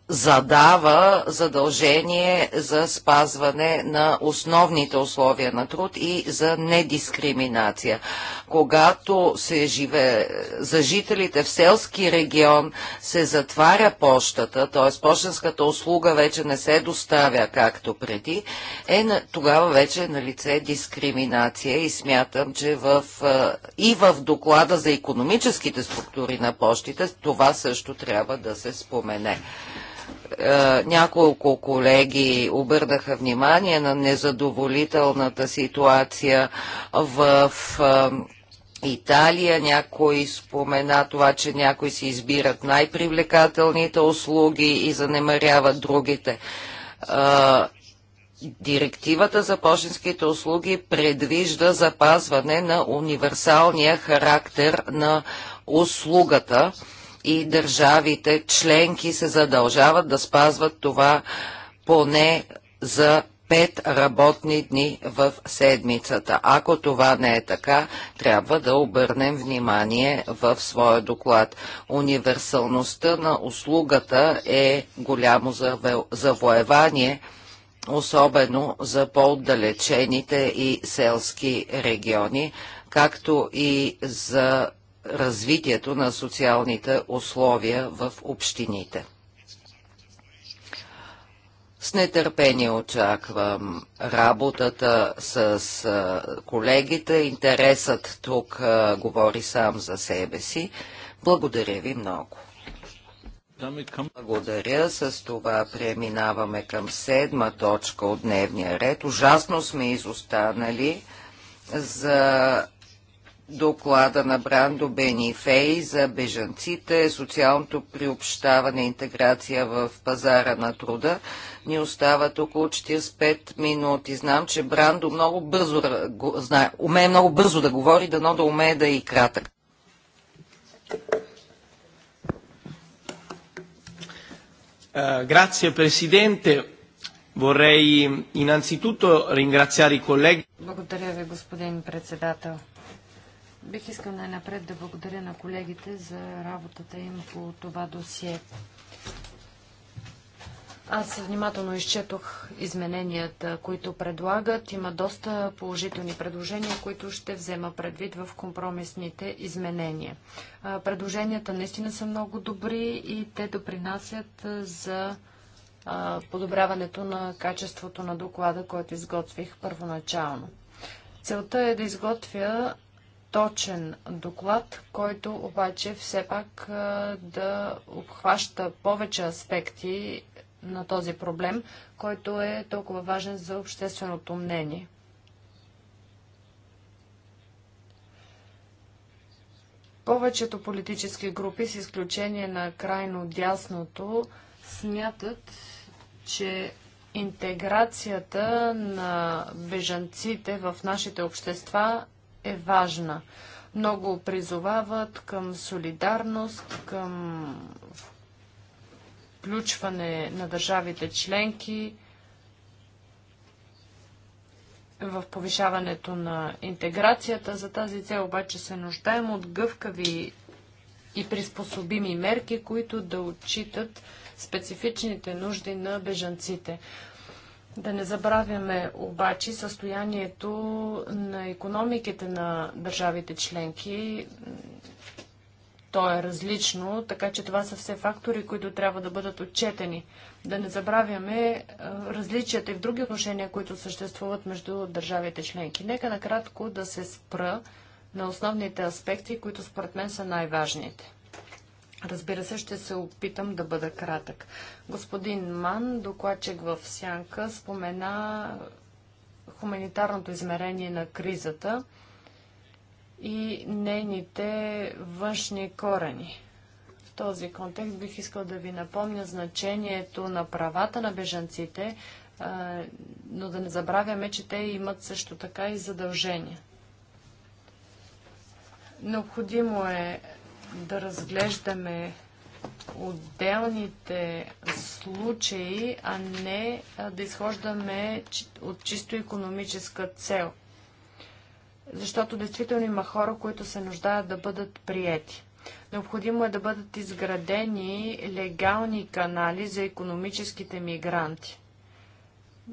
задава задължение за спазване на основните условия на труд и за недискриминация. Когато се живе, за жителите в селски регион се затваря почтата, т.е. почтенската услуга вече не се доставя както преди, е, тогава вече е на лице дискриминация и смятам, че в, и в доклада за економическите структури на почтите това също трябва да се спори спомене. Е, няколко колеги обърнаха внимание на незадоволителната ситуация в е, Италия. Някой спомена това, че някои си избират най-привлекателните услуги и занемаряват другите. Е, директивата за почтенските услуги предвижда запазване на универсалния характер на услугата и държавите членки се задължават да спазват това поне за 5 работни дни в седмицата. Ако това не е така, трябва да обърнем внимание в своя доклад. Универсалността на услугата е голямо завоевание, особено за по-отдалечените и селски региони, както и за развитието на социалните условия в общините. С нетърпение очаквам работата с колегите. Интересът тук говори сам за себе си. Благодаря ви много. Благодаря. С това преминаваме към седма точка от дневния ред. Ужасно сме изостанали за доклада на Брандо Бени Фей за бежанците, социалното приобщаване, интеграция в пазара на труда. Ни остават около 45 минути. Знам, че Брандо много бързо, знае, умее много бързо да говори, дано да умее да е и кратък. Uh, президенте. vorrei innanzitutto ringraziare i colleghi. Благодаря ви, господин председател. Бих искал най-напред да благодаря на колегите за работата им по това досие. Аз внимателно изчетох измененията, които предлагат. Има доста положителни предложения, които ще взема предвид в компромисните изменения. Предложенията наистина са много добри и те допринасят за подобряването на качеството на доклада, който изготвих първоначално. Целта е да изготвя точен доклад, който обаче все пак да обхваща повече аспекти на този проблем, който е толкова важен за общественото мнение. Повечето политически групи, с изключение на крайно дясното, смятат, че интеграцията на бежанците в нашите общества е важна. Много призовават към солидарност, към включване на държавите членки в повишаването на интеграцията. За тази цел обаче се нуждаем от гъвкави и приспособими мерки, които да отчитат специфичните нужди на бежанците. Да не забравяме обаче състоянието на економиките на държавите членки. То е различно, така че това са все фактори, които трябва да бъдат отчетени. Да не забравяме различията и в други отношения, които съществуват между държавите членки. Нека накратко да се спра на основните аспекти, които според мен са най-важните. Разбира се, ще се опитам да бъда кратък. Господин Ман, докладчик в Сянка, спомена хуманитарното измерение на кризата и нейните външни корени. В този контекст бих искал да ви напомня значението на правата на бежанците, но да не забравяме, че те имат също така и задължения. Необходимо е да разглеждаме отделните случаи, а не да изхождаме от чисто економическа цел. Защото действително има хора, които се нуждаят да бъдат приети. Необходимо е да бъдат изградени легални канали за економическите мигранти.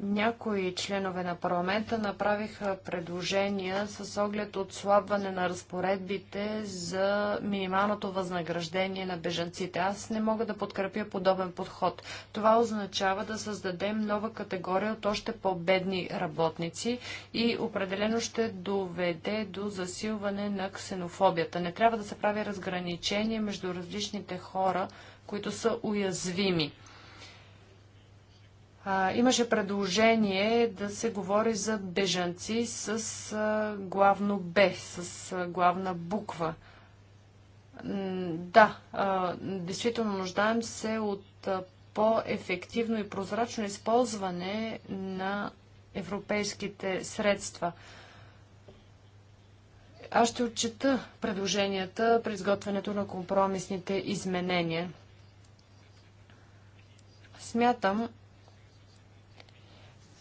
Някои членове на парламента направиха предложения с оглед отслабване на разпоредбите за минималното възнаграждение на бежанците. Аз не мога да подкрепя подобен подход. Това означава да създадем нова категория от още по-бедни работници и определено ще доведе до засилване на ксенофобията. Не трябва да се прави разграничение между различните хора, които са уязвими а, имаше предложение да се говори за бежанци с а, главно Б, с а, главна буква. да, а, действително нуждаем се от по-ефективно и прозрачно използване на европейските средства. Аз ще отчета предложенията при изготвянето на компромисните изменения. Смятам,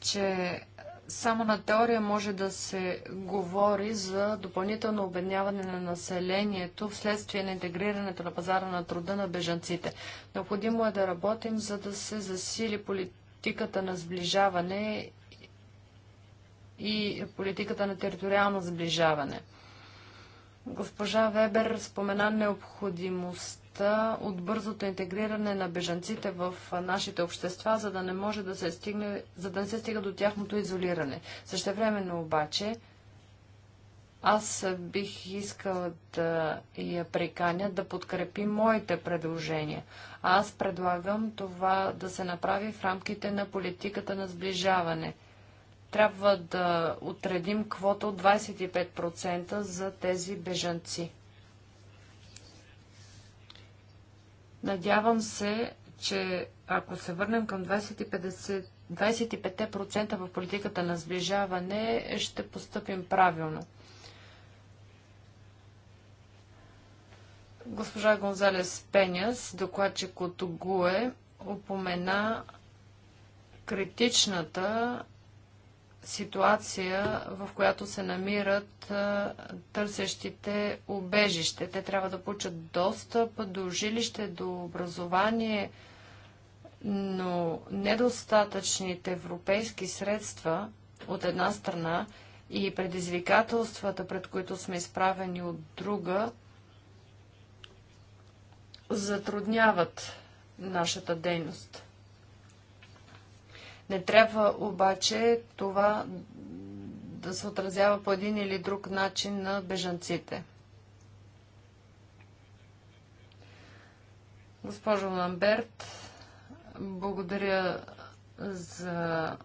че само на теория може да се говори за допълнително обедняване на населението вследствие на интегрирането на пазара на труда на бежанците. Необходимо е да работим, за да се засили политиката на сближаване и политиката на териториално сближаване. Госпожа Вебер спомена необходимост нуждата от бързото интегриране на бежанците в нашите общества, за да не може да се стигне, за да не се стига до тяхното изолиране. Същевременно обаче, аз бих искала да я приканя да подкрепи моите предложения. Аз предлагам това да се направи в рамките на политиката на сближаване – трябва да отредим квота от 25% за тези бежанци. Надявам се, че ако се върнем към 25% в политиката на сближаване, ще поступим правилно. Госпожа Гонзалес Пеняс, докладчик от ОГУЕ, упомена критичната ситуация, в която се намират търсещите убежище. Те трябва да получат достъп до жилище, до образование, но недостатъчните европейски средства от една страна и предизвикателствата, пред които сме изправени от друга, затрудняват нашата дейност. Не трябва обаче това да се отразява по един или друг начин на бежанците. Госпожо Ламберт, благодаря за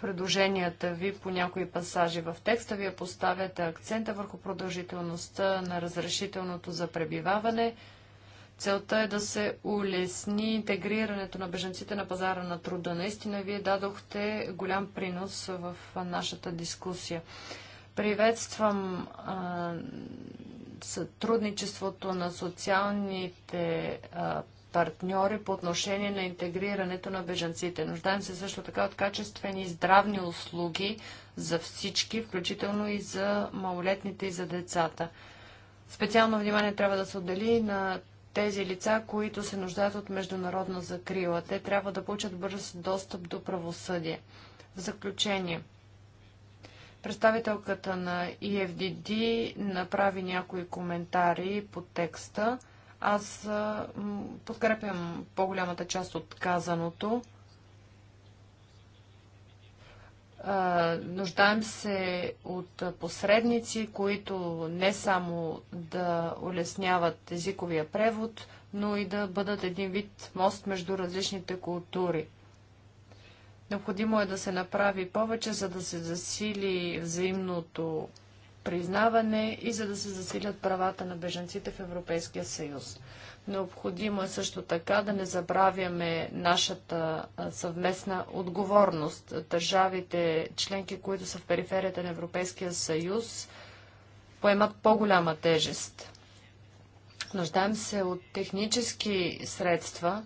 предложенията ви по някои пасажи в текста. Вие поставяте акцента върху продължителността на разрешителното за пребиваване – Целта е да се улесни интегрирането на беженците на пазара на труда. Наистина, вие дадохте голям принос в нашата дискусия. Приветствам а, сътрудничеството на социалните а, партньори по отношение на интегрирането на бежанците. Нуждаем се също така от качествени здравни услуги за всички, включително и за малолетните и за децата. Специално внимание трябва да се отдели на тези лица, които се нуждаят от международна закрила. Те трябва да получат бърз достъп до правосъдие. В заключение, представителката на EFDD направи някои коментари по текста. Аз подкрепям по-голямата част от казаното. Нуждаем се от посредници, които не само да улесняват езиковия превод, но и да бъдат един вид мост между различните култури. Необходимо е да се направи повече, за да се засили взаимното признаване и за да се засилят правата на беженците в Европейския съюз. Необходимо е също така да не забравяме нашата съвместна отговорност. Държавите, членки, които са в периферията на Европейския съюз, поемат по-голяма тежест. Нуждаем се от технически средства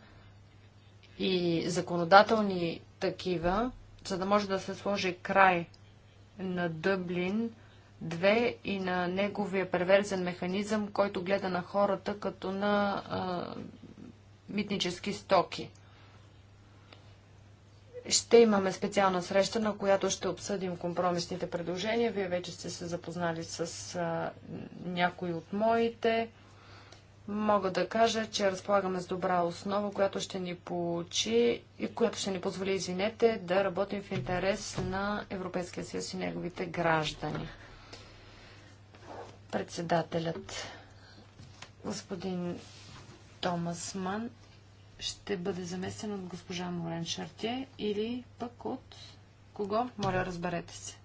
и законодателни такива, за да може да се сложи край на Дъблин – 2 и на неговия перверзен механизъм, който гледа на хората като на а, митнически стоки. Ще имаме специална среща, на която ще обсъдим компромисните предложения. Вие вече сте се запознали с а, някои от моите. Мога да кажа, че разполагаме с добра основа, която ще ни получи и която ще ни позволи, извинете, да работим в интерес на Европейския съюз и неговите граждани. Председателят господин Томас Ман ще бъде заместен от госпожа Морен Шартие или пък от кого? Моля, разберете се.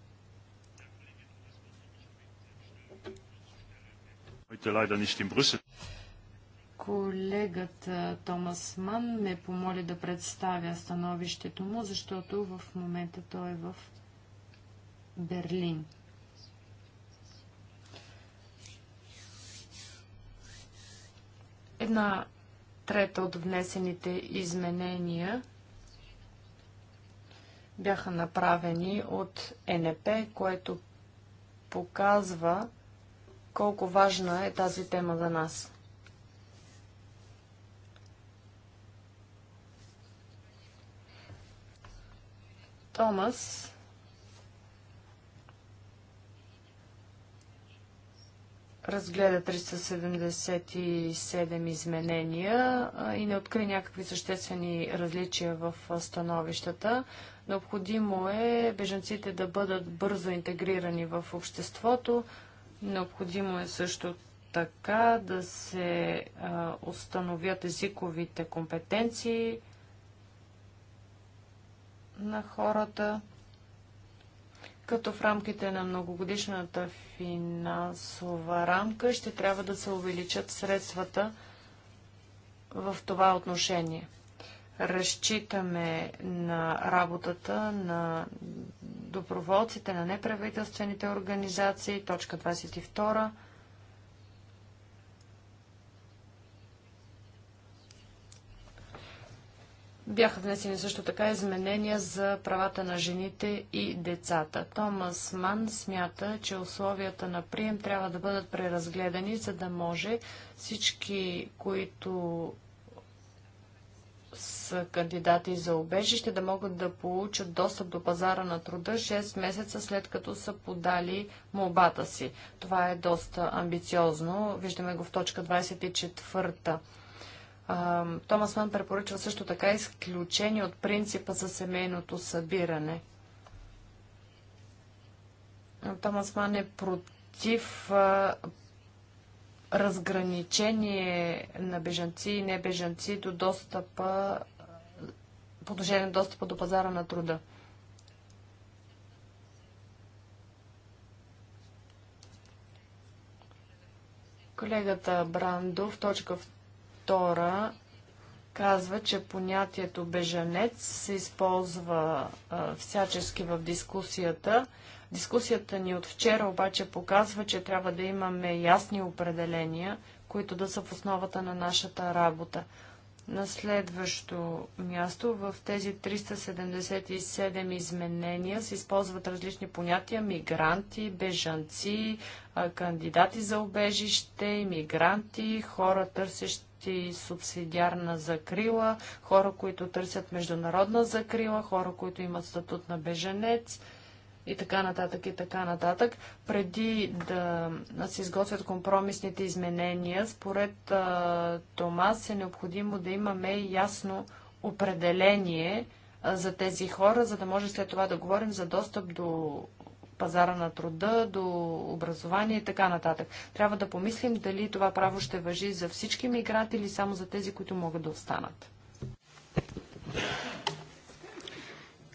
Колегата Томас Ман ме помоли да представя становището му, защото в момента той е в Берлин. Една трета от внесените изменения бяха направени от НП, което показва колко важна е тази тема за нас. Томас разгледа 377 изменения и не откри някакви съществени различия в становищата. Необходимо е беженците да бъдат бързо интегрирани в обществото. Необходимо е също така да се установят езиковите компетенции на хората като в рамките на многогодишната финансова рамка ще трябва да се увеличат средствата в това отношение. Разчитаме на работата на доброволците, на неправителствените организации, точка 22 Бяха внесени също така изменения за правата на жените и децата. Томас Ман смята, че условията на прием трябва да бъдат преразгледани, за да може всички, които са кандидати за обежище, да могат да получат достъп до пазара на труда 6 месеца след като са подали молбата си. Това е доста амбициозно. Виждаме го в точка 24. -та. Томас Ман препоръчва също така изключение от принципа за семейното събиране. Томас Ман е против а, разграничение на бежанци и небежанци до достъпа, по на достъпа до пазара на труда. Колегата точка в втора казва, че понятието бежанец се използва а, всячески в дискусията. Дискусията ни от вчера обаче показва, че трябва да имаме ясни определения, които да са в основата на нашата работа. На следващо място в тези 377 изменения се използват различни понятия мигранти, бежанци, кандидати за обежище, мигранти, хора търсещи търсещи субсидиарна закрила, хора, които търсят международна закрила, хора, които имат статут на беженец и така нататък и така нататък. Преди да се изготвят компромисните изменения, според а, Томас е необходимо да имаме ясно определение а, за тези хора, за да може след това да говорим за достъп до пазара на труда, до образование и така нататък. Трябва да помислим дали това право ще въжи за всички мигранти или само за тези, които могат да останат.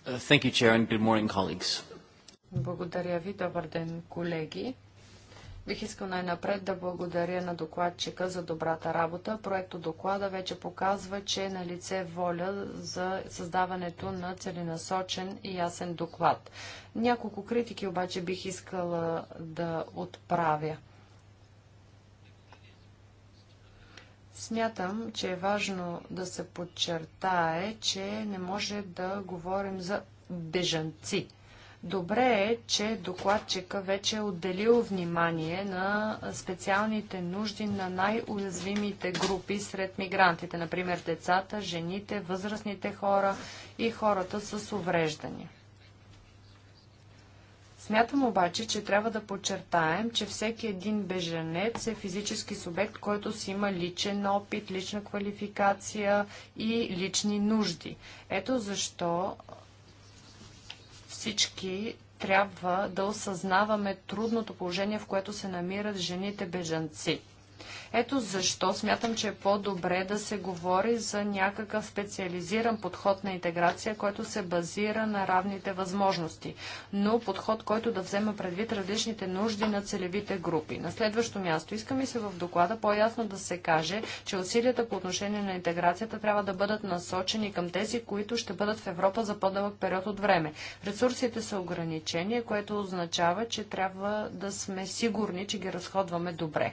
Uh, you, Chair, Благодаря ви. Добър ден, колеги. Бих искал най-напред да благодаря на докладчика за добрата работа. Проекто доклада вече показва, че е на лице воля за създаването на целенасочен и ясен доклад. Няколко критики обаче бих искала да отправя. Смятам, че е важно да се подчертае, че не може да говорим за бежанци – Добре е, че докладчика вече е отделил внимание на специалните нужди на най-уязвимите групи сред мигрантите, например децата, жените, възрастните хора и хората с увреждания. Смятам обаче, че трябва да подчертаем, че всеки един беженец е физически субект, който си има личен опит, лична квалификация и лични нужди. Ето защо всички трябва да осъзнаваме трудното положение, в което се намират жените бежанци. Ето защо смятам, че е по-добре да се говори за някакъв специализиран подход на интеграция, който се базира на равните възможности, но подход, който да взема предвид различните нужди на целевите групи. На следващо място искаме се в доклада по-ясно да се каже, че усилията по отношение на интеграцията трябва да бъдат насочени към тези, които ще бъдат в Европа за по-дълъг период от време. Ресурсите са ограничени, което означава, че трябва да сме сигурни, че ги разходваме добре.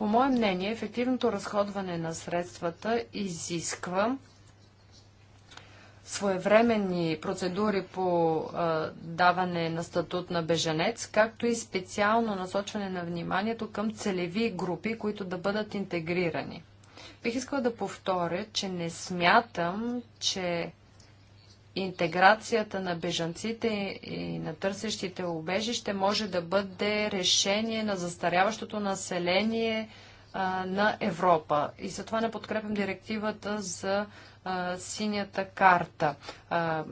По мое мнение, ефективното разходване на средствата изисква своевременни процедури по а, даване на статут на беженец, както и специално насочване на вниманието към целеви групи, които да бъдат интегрирани. Бих искала да повторя, че не смятам, че интеграцията на бежанците и на търсещите убежище може да бъде решение на застаряващото население а, на Европа. И затова не подкрепям директивата за а, синята карта. А,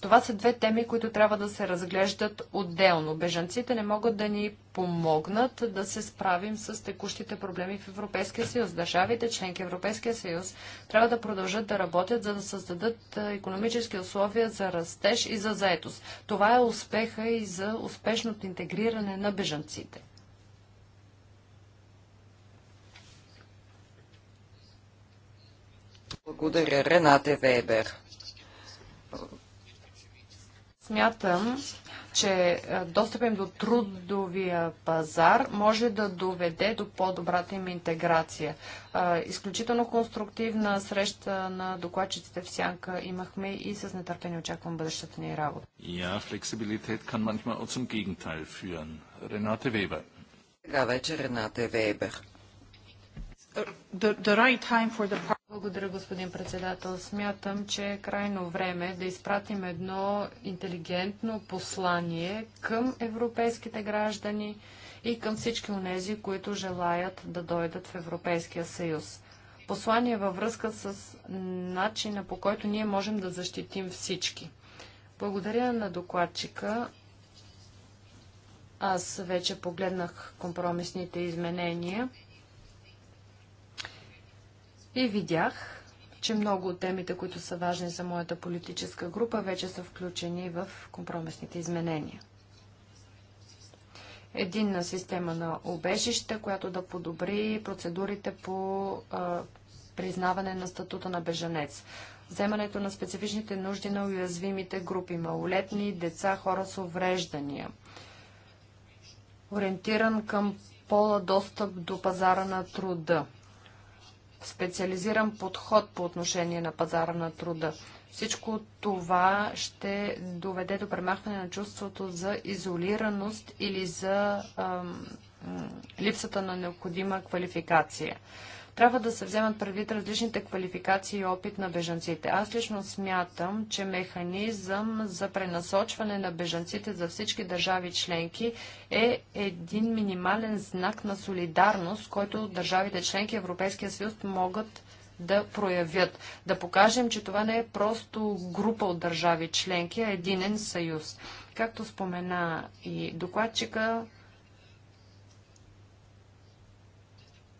това са две теми, които трябва да се разглеждат отделно. Бежанците не могат да ни помогнат да се справим с текущите проблеми в Европейския съюз. Държавите, членки Европейския съюз, трябва да продължат да работят, за да създадат економически условия за растеж и за заетост. Това е успеха и за успешното интегриране на бежанците. Благодаря, Рената Вейбер. Смятам, че достъпен до трудовия пазар може да доведе до по-добрата им интеграция. Изключително конструктивна среща на докладчиците в Сянка имахме и с нетърпение очаквам бъдещата ни работа. Ja, Flexibilität kann manchmal auch zum Gegenteil führen. Renate Weber. Сега вече Рената Вейбер the, right time for the... Благодаря, господин председател. Смятам, че е крайно време да изпратим едно интелигентно послание към европейските граждани и към всички онези, които желаят да дойдат в Европейския съюз. Послание във връзка с начина по който ние можем да защитим всички. Благодаря на докладчика. Аз вече погледнах компромисните изменения. И видях, че много от темите, които са важни за моята политическа група, вече са включени в компромисните изменения. Единна система на обежище, която да подобри процедурите по а, признаване на статута на беженец. Вземането на специфичните нужди на уязвимите групи – малолетни, деца, хора с увреждания. Ориентиран към пола достъп до пазара на труда – специализиран подход по отношение на пазара на труда. Всичко това ще доведе до премахване на чувството за изолираност или за ам, липсата на необходима квалификация. Трябва да се вземат предвид различните квалификации и опит на бежанците. Аз лично смятам, че механизъм за пренасочване на бежанците за всички държави членки е един минимален знак на солидарност, който държавите членки Европейския съюз могат да проявят. Да покажем, че това не е просто група от държави членки, а единен съюз. Както спомена и докладчика,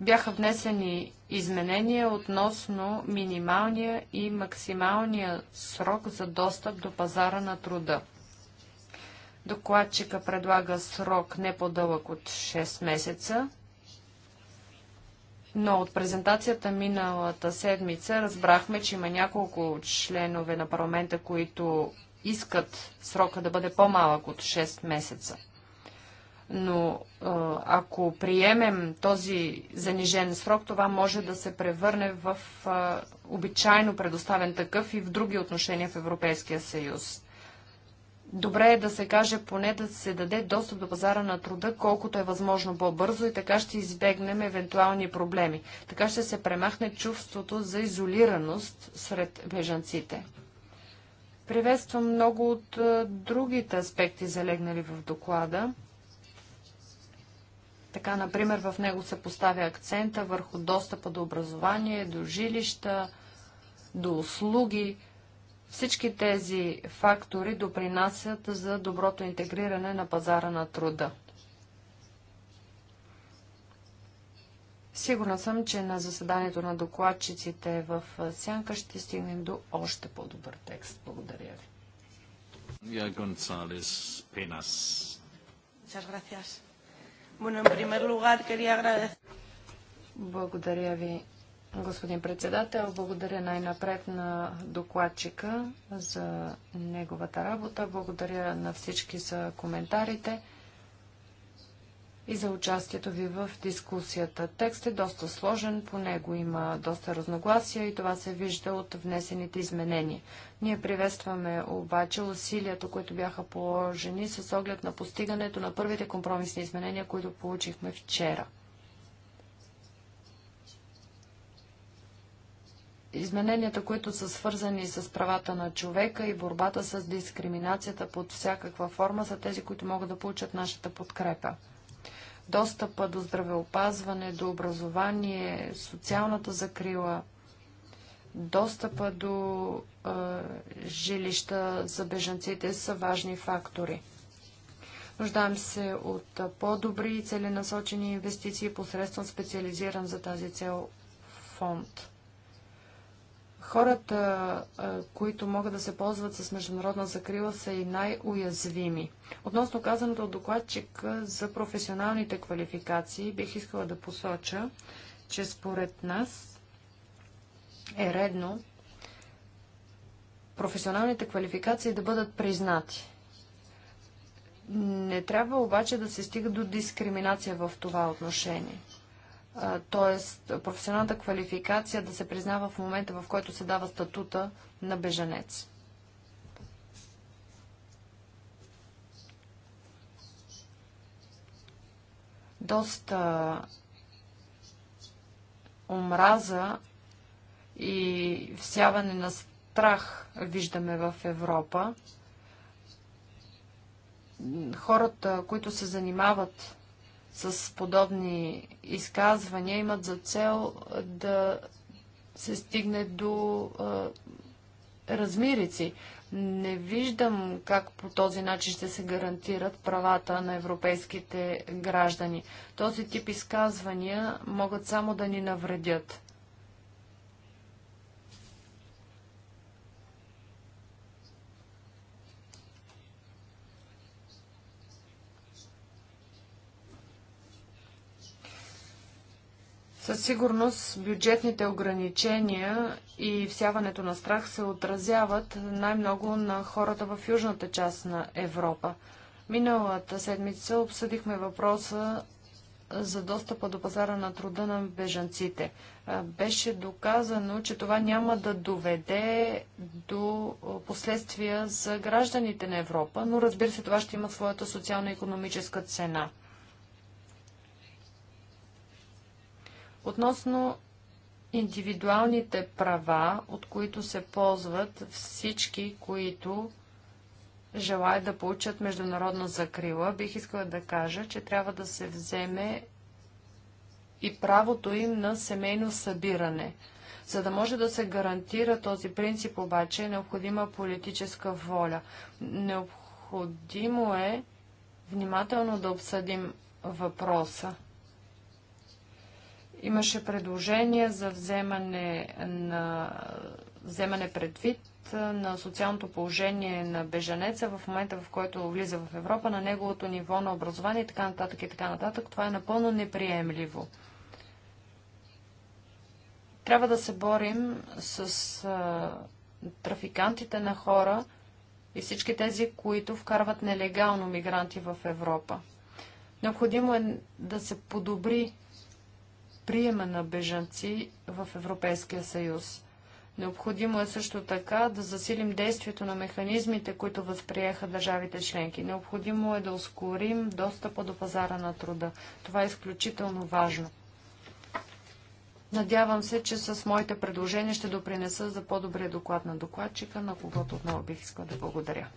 бяха внесени изменения относно минималния и максималния срок за достъп до пазара на труда. Докладчика предлага срок не по-дълъг от 6 месеца, но от презентацията миналата седмица разбрахме, че има няколко членове на парламента, които искат срока да бъде по-малък от 6 месеца но ако приемем този занижен срок, това може да се превърне в обичайно предоставен такъв и в други отношения в Европейския съюз. Добре е да се каже поне да се даде достъп до пазара на труда, колкото е възможно по-бързо и така ще избегнем евентуални проблеми. Така ще се премахне чувството за изолираност сред бежанците. Приветствам много от другите аспекти, залегнали в доклада. Така, например, в него се поставя акцента върху достъпа до образование, до жилища, до услуги. Всички тези фактори допринасят за доброто интегриране на пазара на труда. Сигурна съм, че на заседанието на докладчиците в Сянка ще стигнем до още по-добър текст. Благодаря ви. Muchas gracias. Bueno, en primer lugar quería agradecer. Благодаря ви, господин председател. Благодаря най-напред на докладчика за неговата работа. Благодаря на всички за коментарите и за участието ви в дискусията. Текст е доста сложен, по него има доста разногласия и това се вижда от внесените изменения. Ние приветстваме обаче усилията, които бяха положени с оглед на постигането на първите компромисни изменения, които получихме вчера. измененията, които са свързани с правата на човека и борбата с дискриминацията под всякаква форма, са тези, които могат да получат нашата подкрепа достъпа до здравеопазване, до образование, социалната закрила, достъпа до е, жилища за бежанците са важни фактори. Нуждаем се от по-добри и целенасочени инвестиции посредством специализиран за тази цел фонд хората, които могат да се ползват с международна закрила, са и най-уязвими. Относно казаното от докладчик за професионалните квалификации, бих искала да посоча, че според нас е редно професионалните квалификации да бъдат признати. Не трябва обаче да се стига до дискриминация в това отношение т.е. професионалната квалификация да се признава в момента, в който се дава статута на беженец. Доста омраза и всяване на страх виждаме в Европа. Хората, които се занимават с подобни изказвания имат за цел да се стигне до а, размирици. Не виждам как по този начин ще се гарантират правата на европейските граждани. Този тип изказвания могат само да ни навредят. Със сигурност бюджетните ограничения и всяването на страх се отразяват най-много на хората в южната част на Европа. Миналата седмица обсъдихме въпроса за достъпа до пазара на труда на бежанците. Беше доказано, че това няма да доведе до последствия за гражданите на Европа, но разбира се, това ще има своята социално-економическа цена – Относно индивидуалните права, от които се ползват всички, които желаят да получат международна закрила, бих искала да кажа, че трябва да се вземе и правото им на семейно събиране. За да може да се гарантира този принцип обаче е необходима политическа воля. Необходимо е внимателно да обсъдим въпроса. Имаше предложение за вземане на вземане предвид на социалното положение на бежанеца в момента, в който влиза в Европа, на неговото ниво на образование и така нататък и така нататък. Това е напълно неприемливо. Трябва да се борим с а, трафикантите на хора и всички тези, които вкарват нелегално мигранти в Европа. Необходимо е да се подобри приема на бежанци в Европейския съюз. Необходимо е също така да засилим действието на механизмите, които възприеха държавите членки. Необходимо е да ускорим достъпа до пазара на труда. Това е изключително важно. Надявам се, че с моите предложения ще допринеса за по-добрия доклад на докладчика, на когото отново бих искал да благодаря.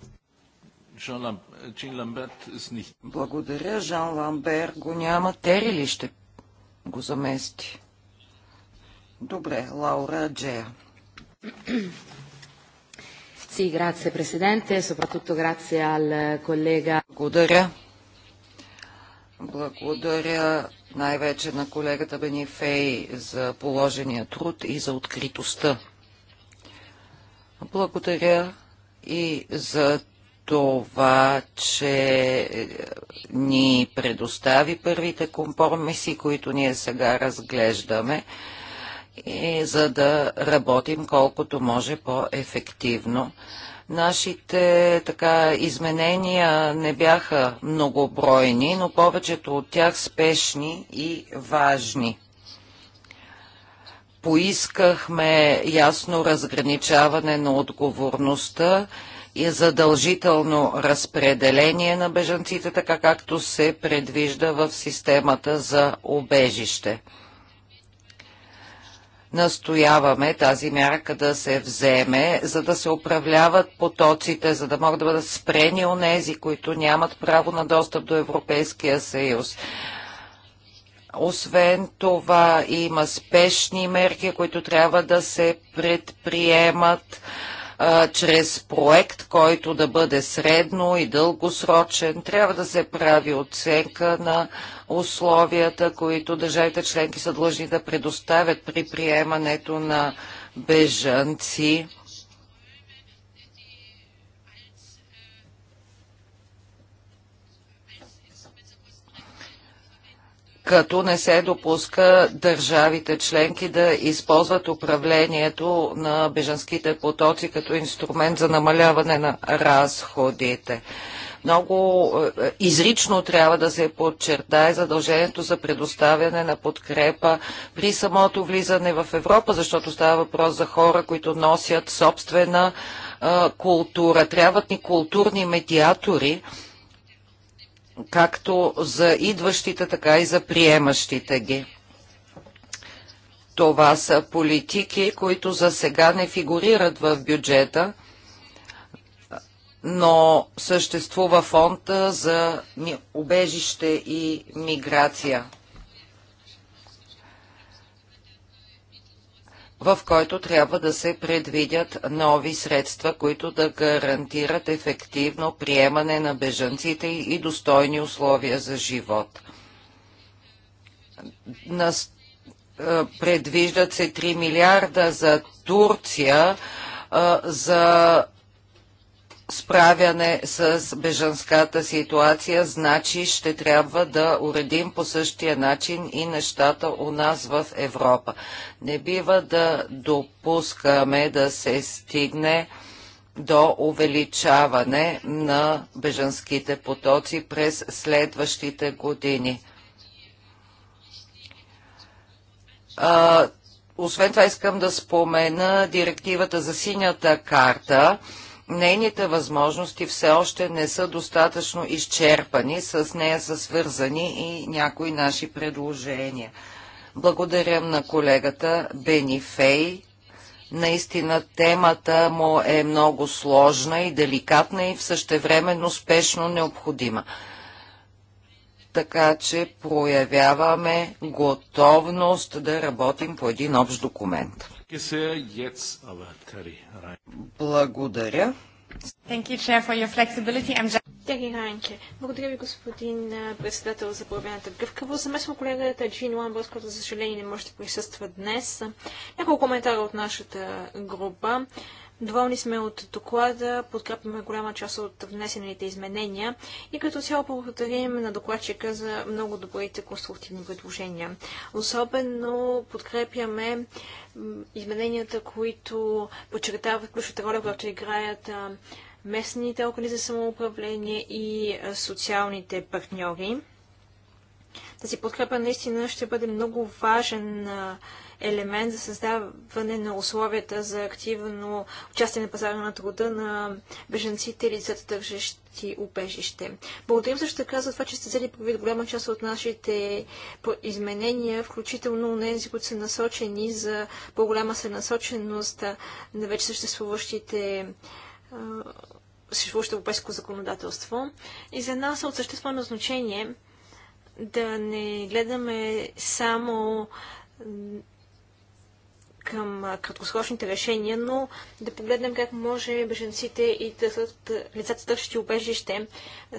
Е благодаря, Жан Ламбер го няма. Тери ли ще го замести. Добре, Лаура Джея. Sì, grazie Presidente, soprattutto grazie al collega. Благодаря. Благодаря най-вече на колегата Бени Фей за положения труд и за откритостта. Благодаря и за това, че е, ни предостави първите компромиси, които ние сега разглеждаме, и за да работим колкото може по-ефективно. Нашите така, изменения не бяха многобройни, но повечето от тях спешни и важни поискахме ясно разграничаване на отговорността и задължително разпределение на бежанците, така както се предвижда в системата за обежище. Настояваме тази мярка да се вземе, за да се управляват потоците, за да могат да бъдат спрени у нези, които нямат право на достъп до Европейския съюз. Освен това има спешни мерки, които трябва да се предприемат а, чрез проект, който да бъде средно и дългосрочен. Трябва да се прави оценка на условията, които държавите членки са длъжни да предоставят при приемането на бежанци като не се допуска държавите членки да използват управлението на бежанските потоци като инструмент за намаляване на разходите. Много е, изрично трябва да се подчертае задължението за предоставяне на подкрепа при самото влизане в Европа, защото става въпрос за хора, които носят собствена а, е, култура. Трябват ни културни медиатори, както за идващите, така и за приемащите ги. Това са политики, които за сега не фигурират в бюджета, но съществува фонда за убежище и миграция. в който трябва да се предвидят нови средства, които да гарантират ефективно приемане на бежанците и достойни условия за живот. Е, предвиждат се 3 милиарда за Турция е, за справяне с бежанската ситуация, значи ще трябва да уредим по същия начин и нещата у нас в Европа. Не бива да допускаме да се стигне до увеличаване на бежанските потоци през следващите години. А, освен това искам да спомена директивата за синята карта, нейните възможности все още не са достатъчно изчерпани, с нея са свързани и някои наши предложения. Благодарям на колегата Бени Фей. Наистина темата му е много сложна и деликатна и в същевременно спешно необходима. Така че проявяваме готовност да работим по един общ документ. Благодаря. Thank you, Chair, for your flexibility. I'm just... Благодаря ви, господин председател, за проявената гъвкавост. Замесвам колегата Джин Ламбърс, който, за съжаление, не може да присъства днес. Няколко коментара от нашата група. Доволни сме от доклада, подкрепяме голяма част от внесените изменения и като цяло благодарим на докладчика за много добрите конструктивни предложения. Особено подкрепяме измененията, които подчертават ключовата роля, която играят местните органи за самоуправление и социалните партньори. Тази подкрепа наистина ще бъде много важен елемент за създаване на условията за активно участие на пазара на труда на беженците и лицата държащи убежище. Благодарим също така за това, че сте взели предвид голяма част от нашите изменения, включително тези, които са насочени за по-голяма сънасоченост на вече съществуващите съществуващо европейско законодателство. И за нас е от съществено значение да не гледаме само към краткосрочните решения, но да погледнем как може беженците и търсят, лицата търсещи убежище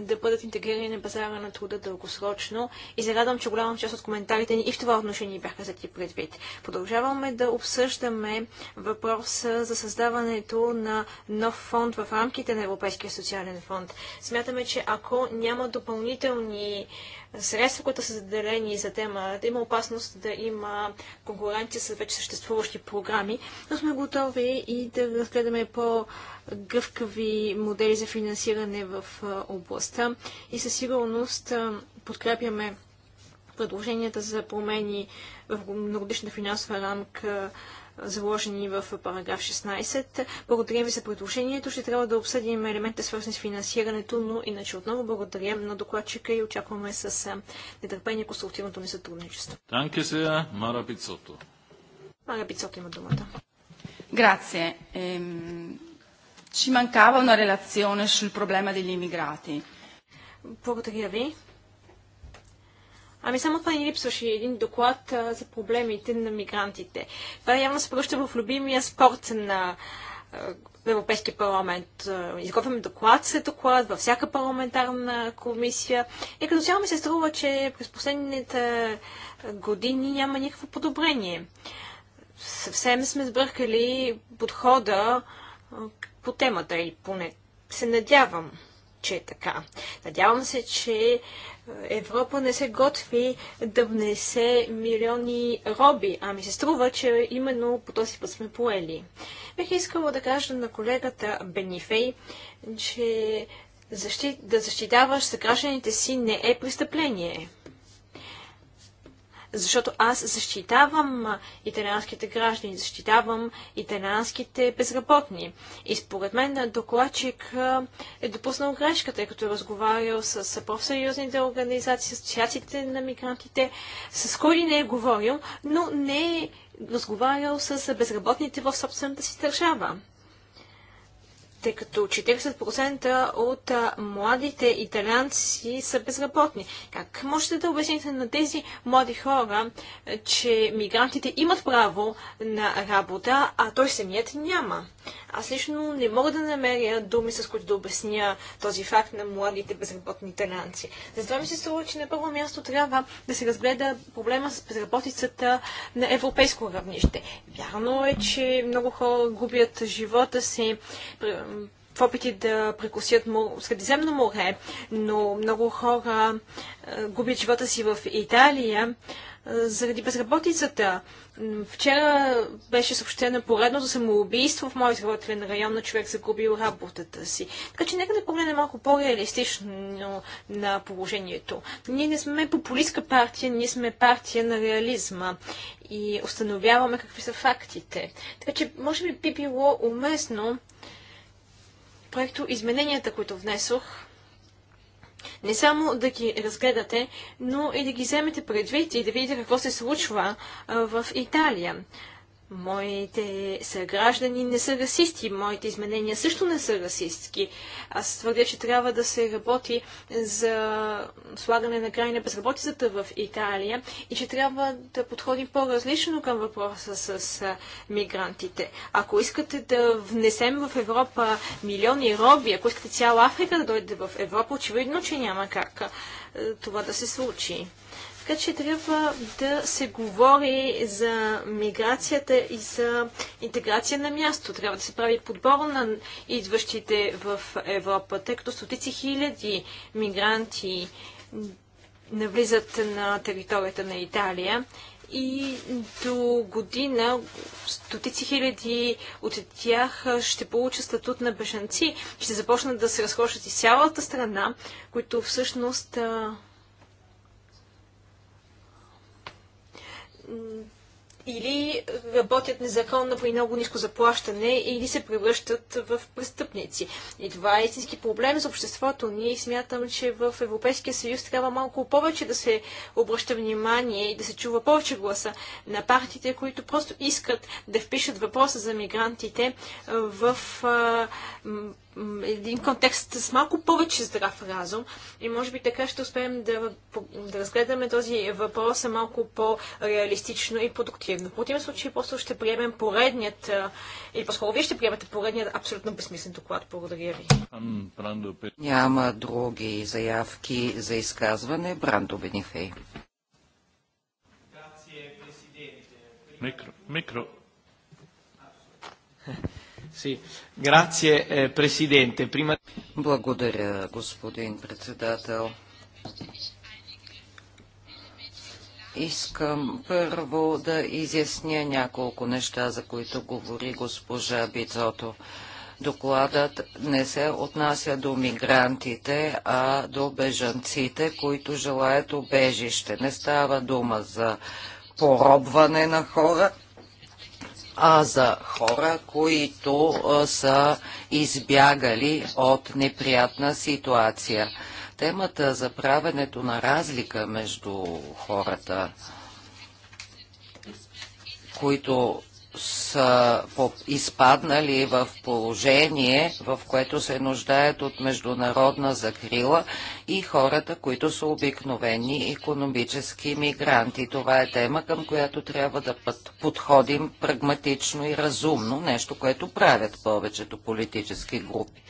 да бъдат интегрирани на пазара на труда дългосрочно. И се радвам, че голяма част от коментарите ни и в това отношение бяха взети предвид. Продължаваме да обсъждаме въпроса за създаването на нов фонд в рамките на Европейския социален фонд. Смятаме, че ако няма допълнителни средства, които са заделени за тема, да има опасност да има конкуренция с вече съществуващи програми, но сме готови и да разгледаме по-гъвкави модели за финансиране в областта и със сигурност подкрепяме предложенията за промени в многодишната финансова рамка заложени в параграф 16. Благодаря ви за предложението. Ще трябва да обсъдим елемента, свързани с финансирането, но иначе отново благодаря на докладчика и очакваме с нетърпение конструктивното ни сътрудничество. Танке се, Мара Пицото. Мара Пицото има думата. Грация. Ehm, ci mancava una relazione sul problema degli immigrati. Благодаря ви. Ами само това ни липсваше един доклад а, за проблемите на мигрантите. Това явно се превръща в любимия спорт на а, Европейския парламент. Изготвяме доклад след доклад във всяка парламентарна комисия. И като цяло ми се струва, че през последните години няма никакво подобрение. Съвсем сме сбъркали подхода по темата и поне се надявам, че е така. Надявам се, че Европа не се готви да внесе милиони роби, а ми се струва, че именно по този път сме поели. Бих искала да кажа на колегата Бенифей, че защит... да защитаваш съгражданите си не е престъпление защото аз защитавам италианските граждани, защитавам италианските безработни. И според мен докладчик е допуснал грешка, тъй като е разговарял с профсъюзните организации, с асоциациите на мигрантите, с кой не е говорил, но не е разговарял с безработните в собствената си държава тъй като 40% от младите италианци са безработни. Как можете да обясните на тези млади хора, е, че мигрантите имат право на работа, а той самият няма? Аз лично не мога да намеря думи, с които да обясня този факт на младите безработни италианци. Затова ми се струва, че на първо място трябва да се разгледа проблема с безработицата на европейско равнище. Вярно е, че много хора губят живота си опити да прекусят Средиземно море, но много хора е, губят живота си в Италия е, заради безработицата. Вчера беше съобщено поредното самоубийство в моят изработен район на човек загубил работата си. Така че нека да погледнем малко по-реалистично на положението. Ние не сме популистка партия, ние сме партия на реализма и установяваме какви са фактите. Така че може би би било уместно проекто измененията, които внесох, не само да ги разгледате, но и да ги вземете предвид и да видите какво се случва в Италия. Моите съграждани не са расисти, моите изменения също не са расистски. Аз твърдя, че трябва да се работи за слагане на край на безработицата в Италия и че трябва да подходим по-различно към въпроса с мигрантите. Ако искате да внесем в Европа милиони роби, ако искате цяла Африка да дойде в Европа, очевидно, че няма как това да се случи. Така че трябва да се говори за миграцията и за интеграция на място. Трябва да се прави подбор на идващите в Европа, тъй като стотици хиляди мигранти навлизат на територията на Италия и до година стотици хиляди от тях ще получат статут на бежанци. Ще започнат да се разхождат из цялата страна, които всъщност или работят незаконно при много ниско заплащане, или се превръщат в престъпници. И това е истински проблем за обществото ни и смятам, че в Европейския съюз трябва малко повече да се обръща внимание и да се чува повече гласа на партиите, които просто искат да впишат въпроса за мигрантите в един контекст с малко повече здрав разум и може би така ще успеем да, да разгледаме този въпрос малко по-реалистично и продуктивно. В противен случай просто ще приемем поредният, или по-скоро вие ще приемете поредният абсолютно безсмислен доклад. Благодаря ви. Няма други заявки за изказване. Брандо Бенифей. Микро, микро. Eh, Благодаря, господин председател. Искам първо да изясня няколко неща, за които говори госпожа Бицото. Докладът не се отнася до мигрантите, а до бежанците, които желаят обежище. Не става дума за поробване на хора, а за хора, които са избягали от неприятна ситуация. Темата за правенето на разлика между хората, които са изпаднали в положение, в което се нуждаят от международна закрила и хората, които са обикновени економически мигранти. Това е тема, към която трябва да подходим прагматично и разумно, нещо, което правят повечето политически групи.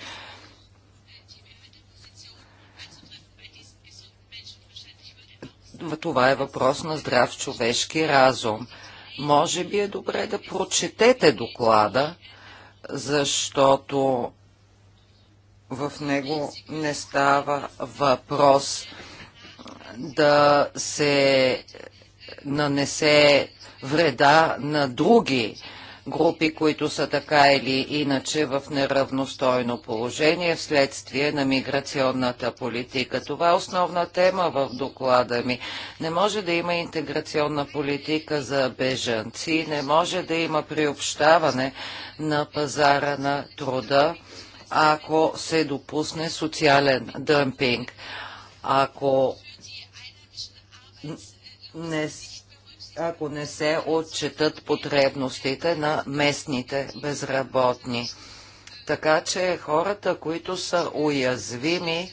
Това е въпрос на здрав човешки разум. Може би е добре да прочетете доклада, защото в него не става въпрос да се нанесе вреда на други групи, които са така или иначе в неравностойно положение вследствие на миграционната политика. Това е основна тема в доклада ми. Не може да има интеграционна политика за бежанци, не може да има приобщаване на пазара на труда, ако се допусне социален дъмпинг. Ако не се ако не се отчетат потребностите на местните безработни. Така че хората, които са уязвими,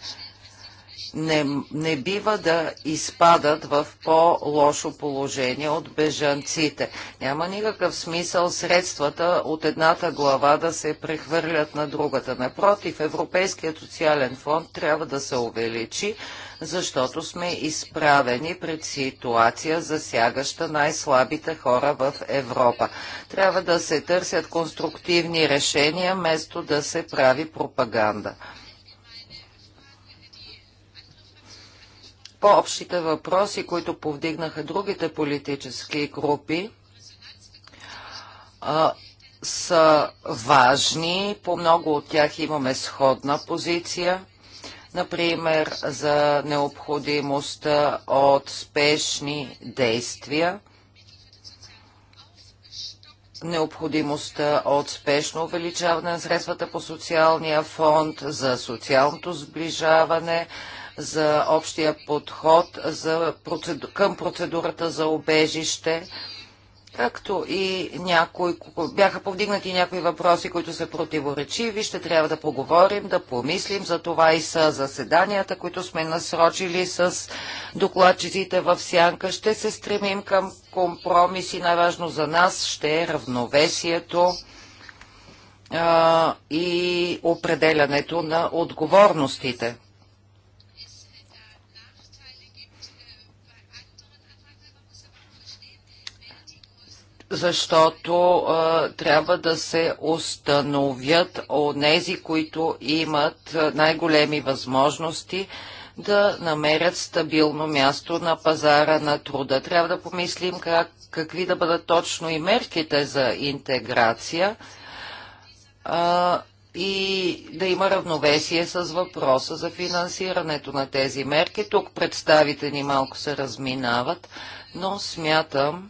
не, не бива да изпадат в по-лошо положение от бежанците. Няма никакъв смисъл средствата от едната глава да се прехвърлят на другата. Напротив, Европейският социален фонд трябва да се увеличи, защото сме изправени пред ситуация, засягаща най-слабите хора в Европа. Трябва да се търсят конструктивни решения, вместо да се прави пропаганда. по-общите въпроси, които повдигнаха другите политически групи, а, са важни. По много от тях имаме сходна позиция. Например, за необходимостта от спешни действия, необходимостта от спешно увеличаване на средствата по социалния фонд, за социалното сближаване, за общия подход за процеду... към процедурата за обежище, както и някои, бяха повдигнати някои въпроси, които са противоречиви. Ще трябва да поговорим, да помислим за това и са заседанията, които сме насрочили с докладчиците в Сянка. Ще се стремим към компромиси. Най-важно за нас ще е равновесието а, и определянето на отговорностите. защото а, трябва да се установят онези, които имат най-големи възможности да намерят стабилно място на пазара на труда. Трябва да помислим как, какви да бъдат точно и мерките за интеграция а, и да има равновесие с въпроса за финансирането на тези мерки. Тук представите ни малко се разминават, но смятам,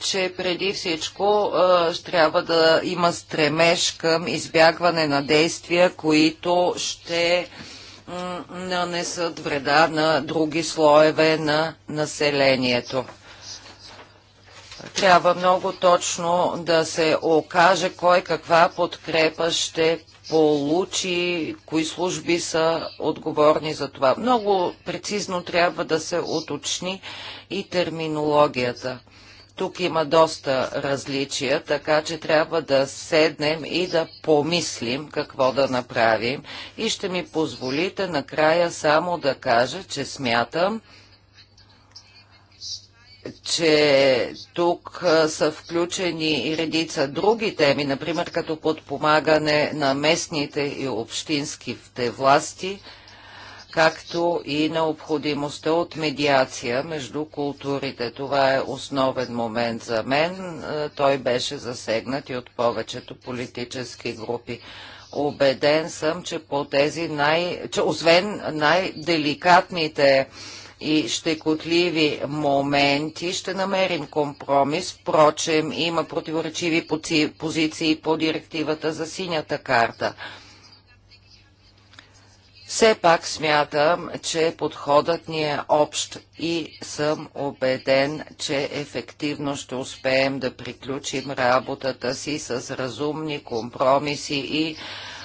че преди всичко а, трябва да има стремеж към избягване на действия, които ще нанесат вреда на други слоеве на населението. Трябва много точно да се окаже кой каква подкрепа ще получи, кои служби са отговорни за това. Много прецизно трябва да се уточни и терминологията. Тук има доста различия, така че трябва да седнем и да помислим какво да направим. И ще ми позволите накрая само да кажа, че смятам, че тук са включени и редица други теми, например като подпомагане на местните и общинските власти – както и необходимостта от медиация между културите. Това е основен момент за мен. Е, той беше засегнат и от повечето политически групи. Обеден съм, че по тези най... че освен най-деликатните и щекотливи моменти ще намерим компромис. Впрочем, има противоречиви пози... позиции по директивата за синята карта. Все пак смятам, че подходът ни е общ и съм убеден, че ефективно ще успеем да приключим работата си с разумни компромиси и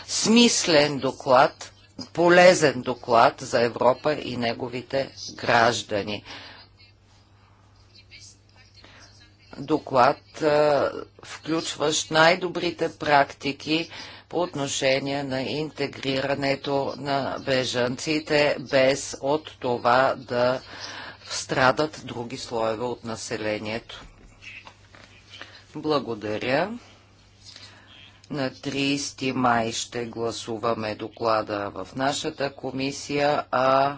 смислен доклад, полезен доклад за Европа и неговите граждани. Доклад, включващ най-добрите практики, по отношение на интегрирането на бежанците, без от това да страдат други слоеве от населението. Благодаря. На 30 май ще гласуваме доклада в нашата комисия, а,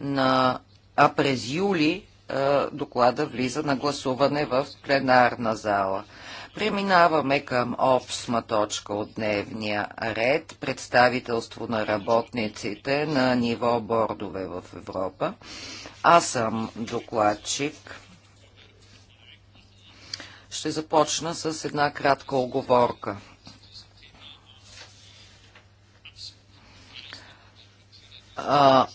на, а през юли доклада влиза на гласуване в пленарна зала. Преминаваме към обсма точка от дневния ред – представителство на работниците на ниво бордове в Европа. Аз съм докладчик. Ще започна с една кратка оговорка. А,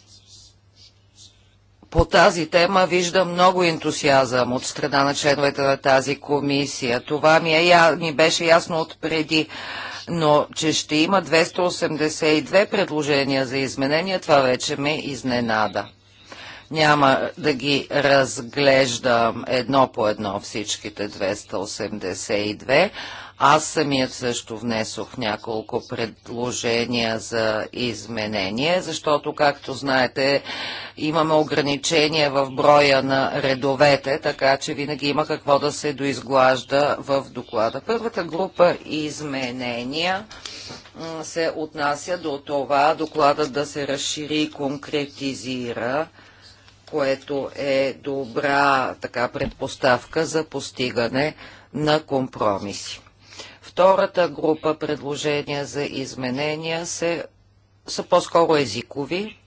по тази тема виждам много ентусиазъм от страна на членовете на тази комисия. Това ми, е, ми беше ясно от преди, но че ще има 282 предложения за изменения, това вече ме изненада. Няма да ги разглеждам едно по едно всичките 282, аз самият също внесох няколко предложения за изменение, защото, както знаете, имаме ограничения в броя на редовете, така че винаги има какво да се доизглажда в доклада. Първата група изменения се отнася до това докладът да се разшири и конкретизира което е добра така предпоставка за постигане на компромиси. Втората група предложения за изменения се, са по-скоро езикови.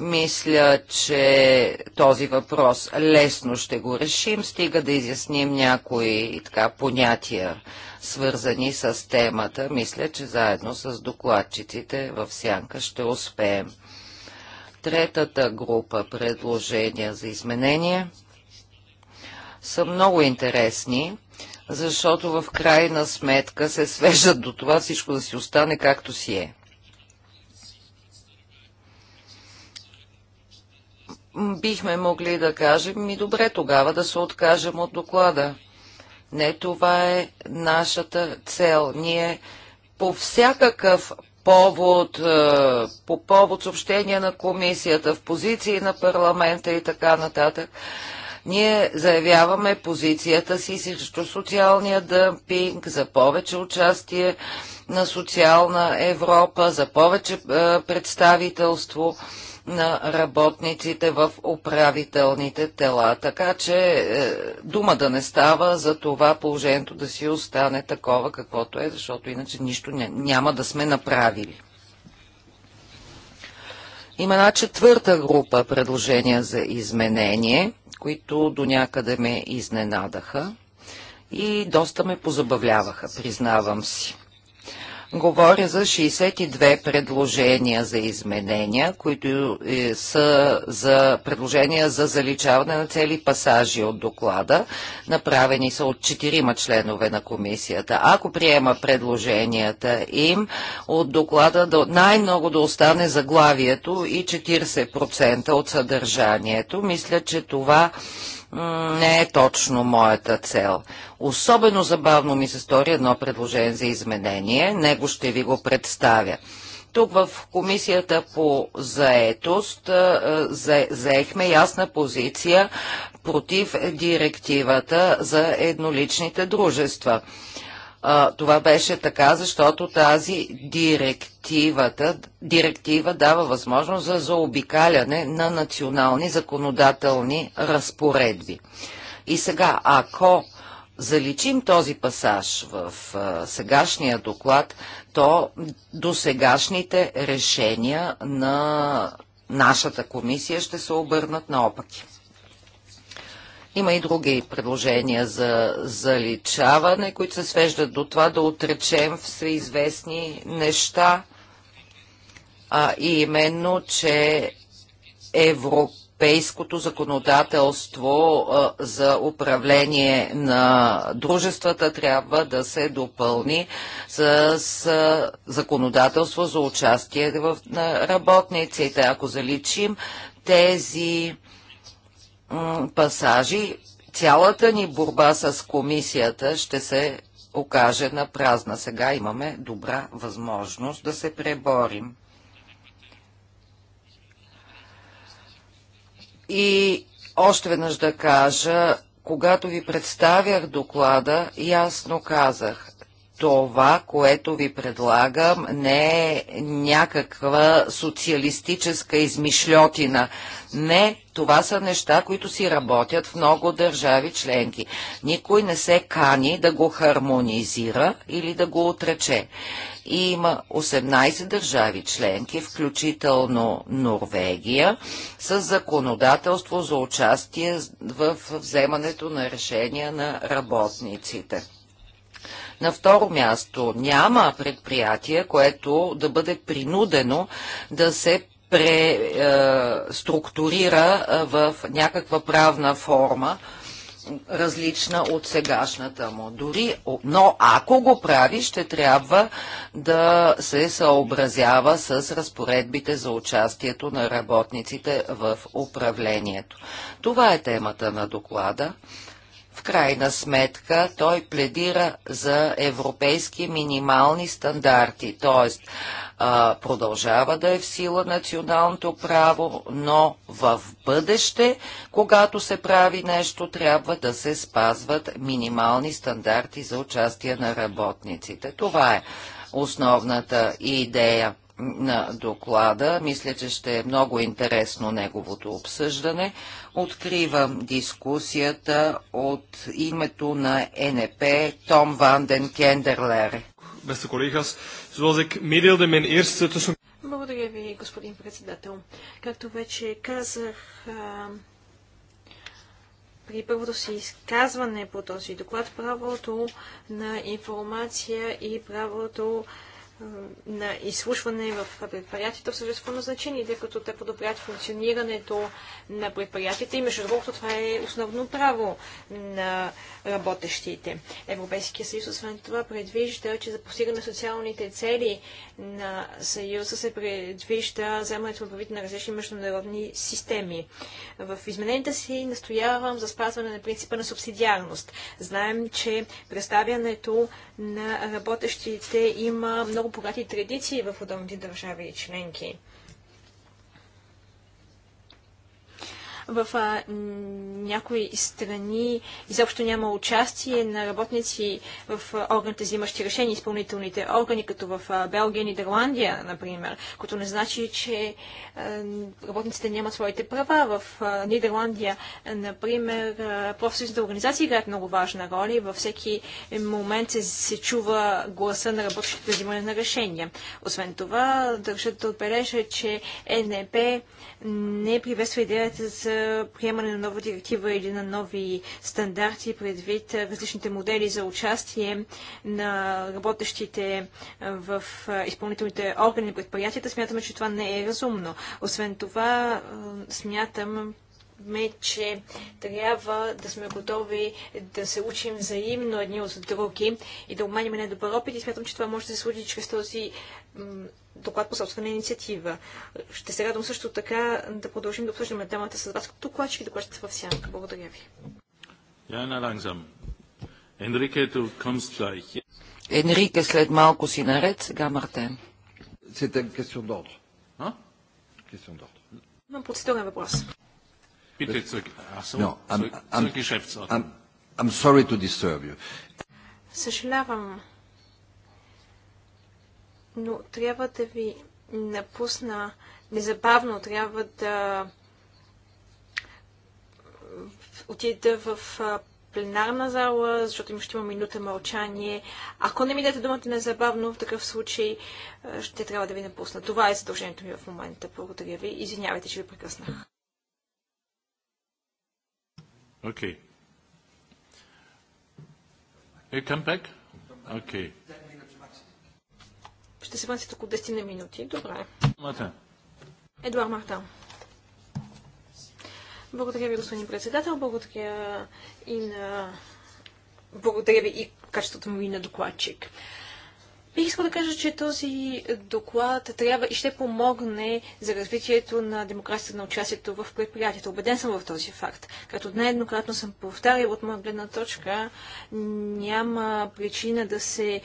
Мисля, че този въпрос лесно ще го решим, стига да изясним някои така, понятия, свързани с темата. Мисля, че заедно с докладчиците в Сянка ще успеем. Третата група предложения за изменения – са много интересни, защото в крайна сметка се свеждат до това всичко да си остане както си е. Бихме могли да кажем, ми добре тогава да се откажем от доклада. Не това е нашата цел. Ние по всякакъв повод, е, по повод съобщения на комисията, в позиции на парламента и така нататък, ние заявяваме позицията си срещу социалния дъмпинг за повече участие на социална Европа, за повече е, представителство на работниците в управителните тела. Така че е, дума да не става за това положението да си остане такова каквото е, защото иначе нищо няма да сме направили. Има една четвърта група предложения за изменение, които до някъде ме изненадаха и доста ме позабавляваха, признавам си. Говоря за 62 предложения за изменения, които е, са за предложения за заличаване на цели пасажи от доклада. Направени са от 4 членове на комисията. Ако приема предложенията им от доклада, най-много да остане заглавието и 40% от съдържанието. Мисля, че това не е точно моята цел. Особено забавно ми се стори едно предложение за изменение. Него ще ви го представя. Тук в комисията по заетост заехме ясна позиция против директивата за едноличните дружества. това беше така, защото тази директивата, директива дава възможност за заобикаляне на национални законодателни разпоредби. И сега, ако заличим този пасаж в а, сегашния доклад, то до сегашните решения на нашата комисия ще се обърнат наопаки. Има и други предложения за заличаване, които се свеждат до това да отречем всеизвестни неща, а именно, че Европа европейското законодателство за управление на дружествата трябва да се допълни с законодателство за участие в работниците. Ако заличим тези пасажи, цялата ни борба с комисията ще се окаже на празна. Сега имаме добра възможност да се преборим. И още веднъж да кажа, когато ви представях доклада, ясно казах, това, което ви предлагам, не е някаква социалистическа измишлетина. Не, това са неща, които си работят в много държави членки. Никой не се кани да го хармонизира или да го отрече и има 18 държави членки, включително Норвегия, с законодателство за участие в вземането на решения на работниците. На второ място, няма предприятие, което да бъде принудено да се преструктурира е, е, в някаква правна форма, различна от сегашната му. Дори, но ако го прави, ще трябва да се съобразява с разпоредбите за участието на работниците в управлението. Това е темата на доклада. В крайна сметка той пледира за европейски минимални стандарти, т.е. продължава да е в сила националното право, но в бъдеще, когато се прави нещо, трябва да се спазват минимални стандарти за участие на работниците. Това е основната идея на доклада. Мисля, че ще е много интересно неговото обсъждане. Откривам дискусията от името на НП Том Ванден Кендерлер. ik eerste tussen... Благодаря ви, господин председател. Както вече казах, при първото си изказване по този доклад, правото на информация и правото на изслушване в предприятията всъщност съществено значение, тъй като те подобрят функционирането на предприятията и между другото това е основно право на работещите. Европейския съюз освен това предвижда, че за постигане на социалните цели на Съюза се предвижда вземането на на различни международни системи. В измененията си настоявам за спазване на принципа на субсидиарност. Знаем, че представянето на работещите има много богати традиции в отделните държави и членки. В а, някои страни изобщо няма участие на работници в а, органите, взимащи решения, изпълнителните органи, като в а, Белгия и Нидерландия, например, което не значи, че а, работниците нямат своите права. В а, Нидерландия, например, профсъюзните организации играят много важна роля и във всеки момент се, се чува гласа на работещите взимане на решения. Освен това, държа да отбележа, че ЕНП не приветства идеята за приемане на нова директива или на нови стандарти, предвид различните модели за участие на работещите в изпълнителните органи и предприятията, смятаме, че това не е разумно. Освен това, смятам, ме, че трябва да сме готови да се учим взаимно едни от други и да обменяме недобър опит и смятам, че това може да се случи чрез този доклад по собствена инициатива. Ще се радвам също така да продължим да обсъждаме темата с вас като докладчик и докладчица в сянка. Благодаря ви. Яна Лангзам. Енрике, Енрике след малко си наред, сега Мартен. Сетен une question d'ordre. Hein? Процедурен въпрос. Bitte zur, so, no, I'm, zur, I'm, zur Geschäftsordnung. I'm, I'm sorry to disturb you. Съжалявам, но трябва да ви напусна незабавно. Трябва да отида в пленарна зала, защото им ще има минута мълчание. Ако не ми дадете думата незабавно, в такъв случай ще трябва да ви напусна. Това е задължението ми в момента. Благодаря ви. Извинявайте, че ви прекъснах. Okay. You come back? Okay. Ще се върнете около 10 минути. Добре. Мата. Едуар Марта. Благодаря ви, господин председател. Благодаря и на... Благодаря ви и качеството му и на докладчик. Бих искал да кажа, че този доклад трябва и ще помогне за развитието на демокрацията на участието в предприятията. Обеден съм в този факт. Като нееднократно съм повтарял от моя гледна точка, няма причина да се е,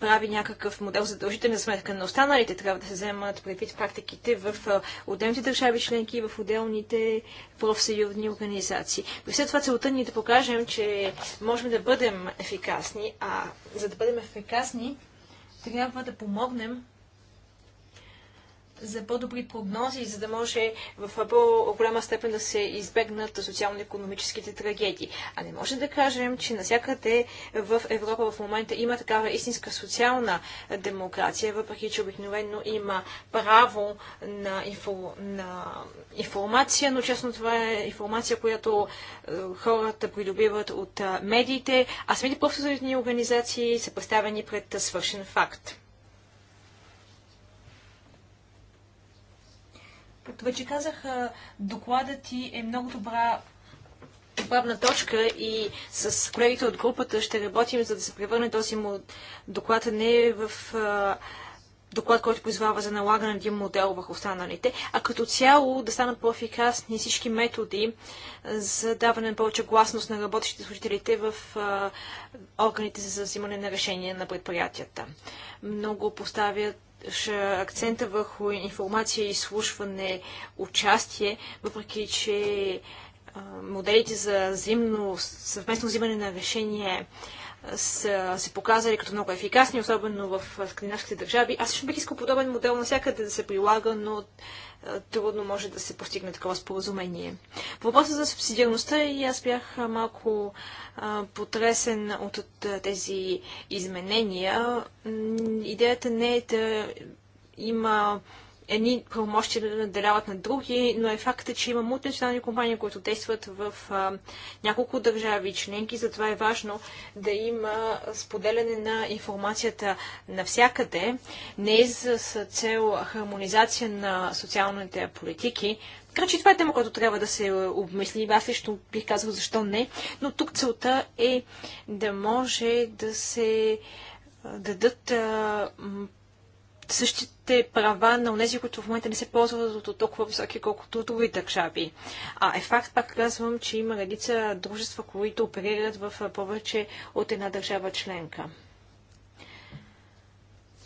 прави някакъв модел задължителен за сметка на останалите. Трябва да се вземат предвид практиките в е, отделните държави членки и в отделните профсъюзни организации. При след това целта ни е да покажем, че можем да бъдем ефикасни, а за да бъдем ефикасни, трябва да помогнем за по-добри прогнози, за да може в по-голяма степен да се избегнат социално-економическите трагедии. А не може да кажем, че навсякъде в Европа в момента има такава истинска социална демокрация, въпреки че обикновено има право на, инфо, на информация, но честно това е информация, която е, хората придобиват от е, медиите, а самите профсъюзните организации са представени пред е, свършен факт. Като вече казах, докладът ти е много добра главна точка и с колегите от групата ще работим, за да се превърне този му доклад не в а, доклад, който призвава за налагане на един модел върху останалите, а като цяло да станат по-ефикасни всички методи за даване на повече гласност на работещите служителите в а, органите за взимане на решения на предприятията. Много поставят акцента върху информация, и изслушване, участие, въпреки че моделите за взаимно, съвместно взимане на решение са се показали като много ефикасни, особено в скандинавските държави. Аз също бих искал подобен модел навсякъде да се прилага, но трудно може да се постигне такова споразумение. Въпроса за субсидиарността и аз бях малко а, потресен от, от тези изменения. Идеята не е да има едни правомощи да наделяват на други, но е факта, че има мултинационални компании, които действат в а, няколко държави членки, затова е важно да има споделяне на информацията навсякъде, не е за с цел хармонизация на социалните политики. Така че това е тема, която трябва да се обмисли. Аз лично бих казал защо не, но тук целта е да може да се дадат а, същите права на тези, които в момента не се ползват от толкова високи, колкото от други държави. А е факт, пак казвам, че има редица дружества, които оперират в повече от една държава членка.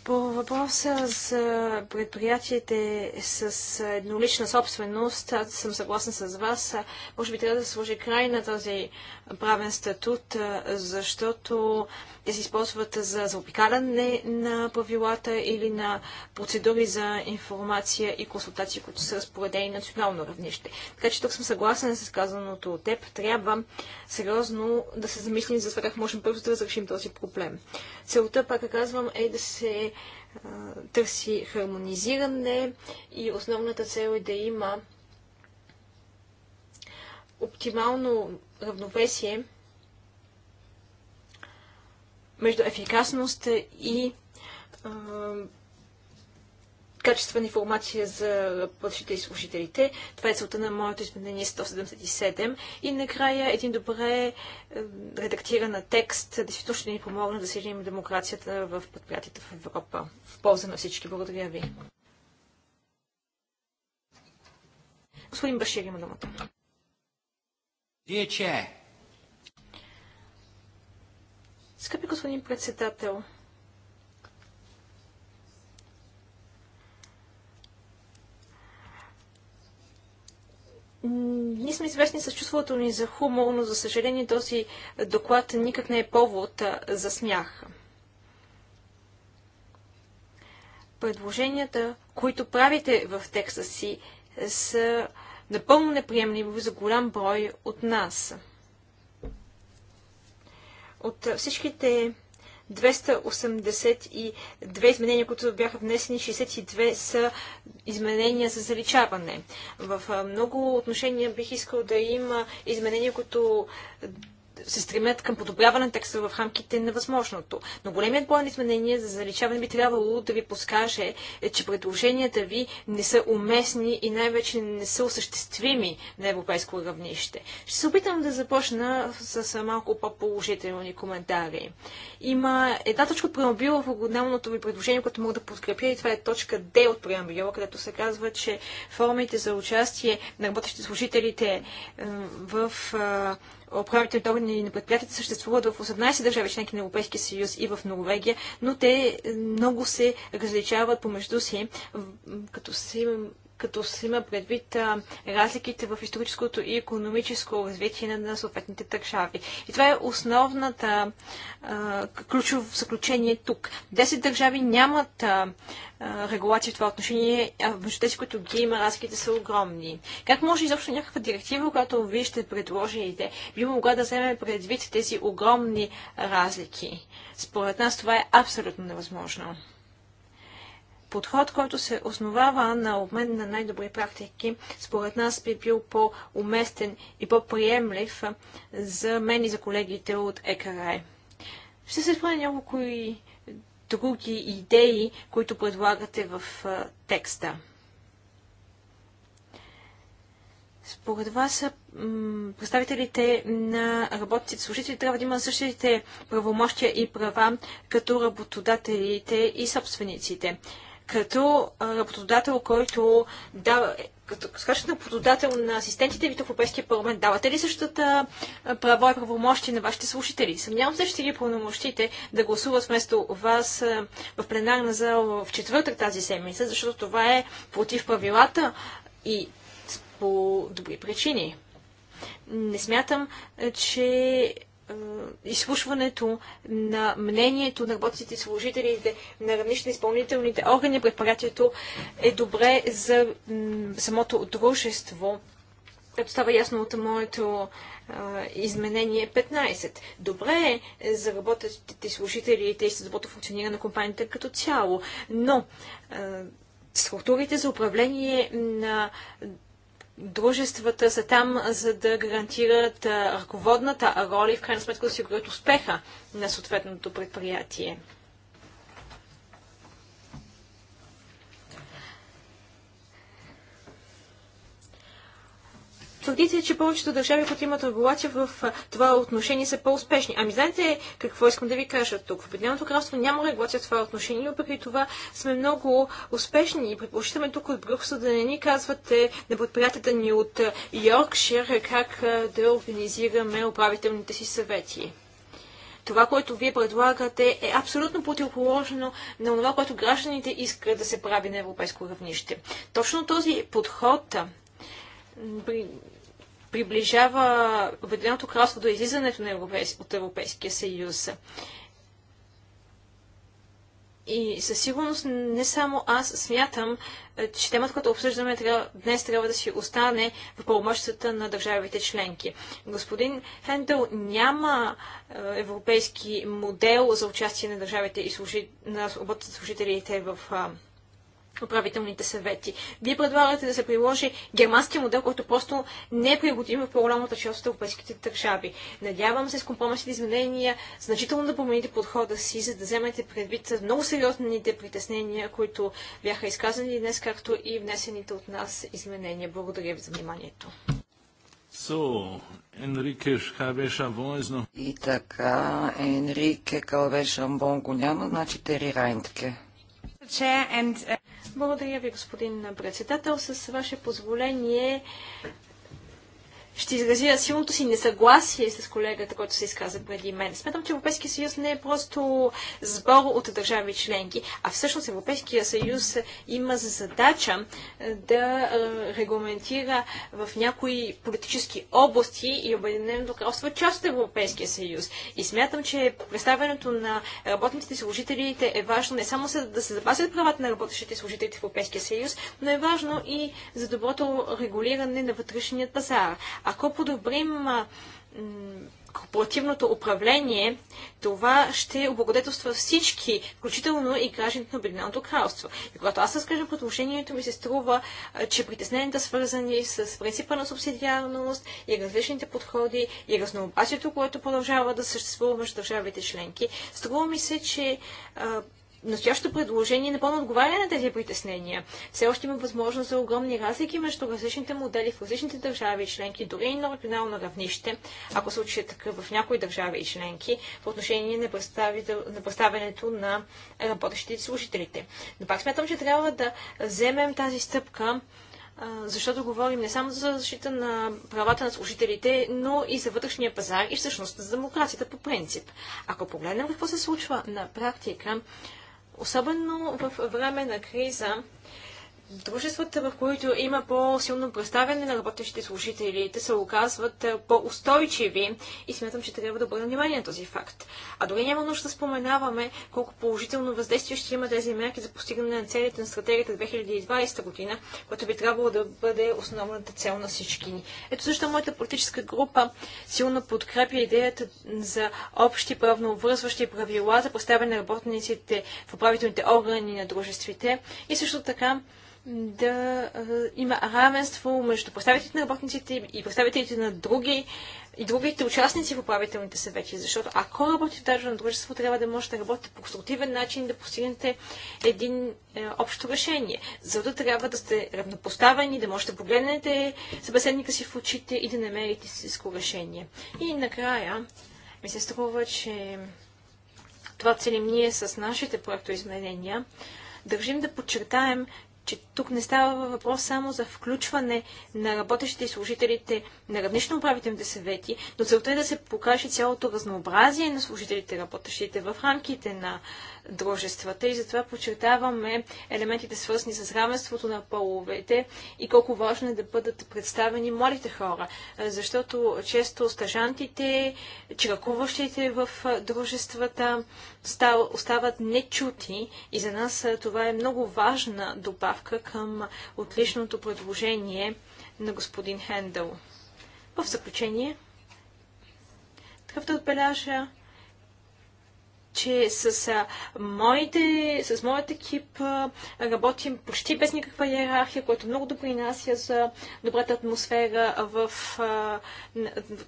По въпроса за предприятиите с еднолична собственост, аз съм съгласен с вас. Може би трябва да сложи край на този правен статут, защото те се използват за заобикаляне на правилата или на процедури за информация и консултации, които са разпоредени национално равнище. Така че тук съм съгласен с казаното от теб. Трябва сериозно да се замислим за това как можем първо да разрешим този проблем. Целта, пак казвам, е да се търси хармонизиране и основната цел е да има оптимално равновесие между ефикасност и качествена информация за работещите и слушателите. Това е целта на моето изменение 177. И накрая един добре е, редактиран текст действително ще ни помогне да силим демокрацията в предприятията в Европа. В полза на всички. Благодаря ви. Господин Башир има думата. Скъпи господин председател, Ние сме известни с чувството ни за хумор, но за съжаление този доклад никак не е повод за смях. Предложенията, които правите в текста си, са напълно неприемливи за голям брой от нас. От всичките 282 изменения, които бяха внесени, 62 са изменения за заличаване. В много отношения бих искал да има изменения, които се стремят към подобряване на текста в рамките на възможното. Но големият план изменение за заличаване би трябвало да ви подскаже, е, че предложенията ви не са уместни и най-вече не са осъществими на европейско равнище. Ще се опитам да започна с малко по-положителни коментари. Има една точка от преамбила в оригиналното ви предложение, което мога да подкрепя и това е точка Д от преамбила, където се казва, че формите за участие на работещите служителите в управителните органи на предприятията съществуват в 18 държави членки на Европейския съюз и в Норвегия, но те много се различават помежду си, като се като се има предвид а, разликите в историческото и економическо развитие на, на съответните държави. И това е основната а, ключово заключение тук. Десет държави нямат а, регулации в това отношение, а между тези, които ги има, разликите са огромни. Как може изобщо някаква директива, която вие ще предложите, би могла да вземе предвид тези огромни разлики? Според нас това е абсолютно невъзможно подход, който се основава на обмен на най-добри практики, според нас би бил по-уместен и по-приемлив за мен и за колегите от ЕКРАЕ. Ще се спомня няколко и други идеи, които предлагате в текста. Според вас представителите на работниците служители трябва да имат същите правомощия и права като работодателите и собствениците като работодател, който дава, като скачат на прододател на асистентите ви в Европейския парламент, давате ли същата право и правомощи на вашите слушатели? Съмнявам се, че ще ги пълномощите да гласуват вместо вас в пленарна зала в четвъртък тази седмица, защото това е против правилата и по добри причини. Не смятам, че е, изслушването на мнението на работниците и служителите на равнище на изпълнителните органи, предприятието е добре за самото дружество. Като става ясно от моето изменение 15. Добре е за работещите служителите и за доброто функциониране на компанията като цяло, но структурите за управление на дружествата са там, за да гарантират ръководната роля и в крайна сметка да си успеха на съответното предприятие. твърдите, че повечето държави, които имат регулация в това отношение, са по-успешни. Ами знаете какво искам да ви кажа тук? В Обединеното кралство няма регулация в това отношение, въпреки това сме много успешни и предпочитаме тук от Брюксел да не ни казвате на предприятията ни от Йоркшир как да организираме управителните си съвети това, което вие предлагате, е абсолютно противоположно на това, което гражданите искат да се прави на европейско равнище. Точно този подход приближава Обединеното кралство до излизането на Европейс... от Европейския съюз. И със сигурност не само аз смятам, е, че темата, която обсъждаме днес, трябва да си остане в правомощията на държавите членки. Господин Хендел няма е, европейски модел за участие на държавите и служи, на служителите в управителните съвети. Вие предлагате да се приложи германския модел, който просто не е пригодим в по-голямата част от европейските държави. Надявам се с компромисните изменения значително да промените подхода си, за да вземете предвид много сериозните притеснения, които бяха изказани днес, както и внесените от нас изменения. Благодаря ви за вниманието. So, Enrique Шамбон И така, Енрике Калве го няма, значи Тери Райнтке. Uh, благодаря ви, господин председател. С ваше позволение ще изразя силното си несъгласие с колегата, който се изказа преди мен. Смятам, че Европейския съюз не е просто сбор от държави членки, а всъщност Европейския съюз има за задача е, да е, регламентира в някои политически области и Обединеното кралство е част от Европейския съюз. И смятам, че представянето на работниците и служителите е важно не само да се запазят правата на работещите и служителите в Европейския съюз, но е важно и за доброто регулиране на вътрешния пазар. Ако подобрим корпоративното управление, това ще облагодетелства всички, включително и гражданите на Обединеното кралство. И когато аз разкажа предложението, ми се струва, че притесненията свързани с принципа на субсидиарност и различните подходи и разнообразието, което продължава да съществува между държавите членки, струва ми се, че настоящото предложение напълно отговаря на тези притеснения. Все още има възможност за огромни разлики между различните модели в различните държави и членки, дори и на регионално равнище, ако се случи така в някои държави и членки, по отношение на, представянето на работещите служителите. Но пак смятам, че трябва да вземем тази стъпка защото говорим не само за защита на правата на служителите, но и за вътрешния пазар и всъщност за демокрацията по принцип. Ако погледнем какво се случва на практика, Особено в време на криза дружествата, в които има по-силно представяне на работещите служители, те се оказват е, по-устойчиви и смятам, че трябва да обърнем внимание на този факт. А дори няма нужда да споменаваме колко положително въздействие ще има тези мерки за постигане на целите на стратегията 2020 година, което би трябвало да бъде основната цел на всички ни. Ето защо моята политическа група силно подкрепя идеята за общи правно обвързващи правила за представяне на работниците в управителните органи на дружествите и също така да има равенство между представителите на работниците и представителите на други и другите участници в управителните съвети. Защото ако работите в държавно дружество, трябва да можете да работите по конструктивен начин, да постигнете един е, общо решение. Зато трябва да сте равнопоставени, да можете да погледнете събеседника си в очите и да намерите истинско решение. И накрая ми се струва, че това целим ние с нашите проектоизменения. Държим да подчертаем, че тук не става въпрос само за включване на работещите и служителите на равнично управителните съвети, но целта е да се покаже цялото разнообразие на служителите, работещите в рамките на дружествата и затова подчертаваме елементите свързани с равенството на половете и колко важно е да бъдат представени младите хора, защото често стажантите, чиракуващите в дружествата остават нечути и за нас това е много важна добавка към отличното предложение на господин Хендъл. В заключение, трябва да отбележа, че с, моите, с моят екип работим почти без никаква иерархия, което много допринася за добрата атмосфера в,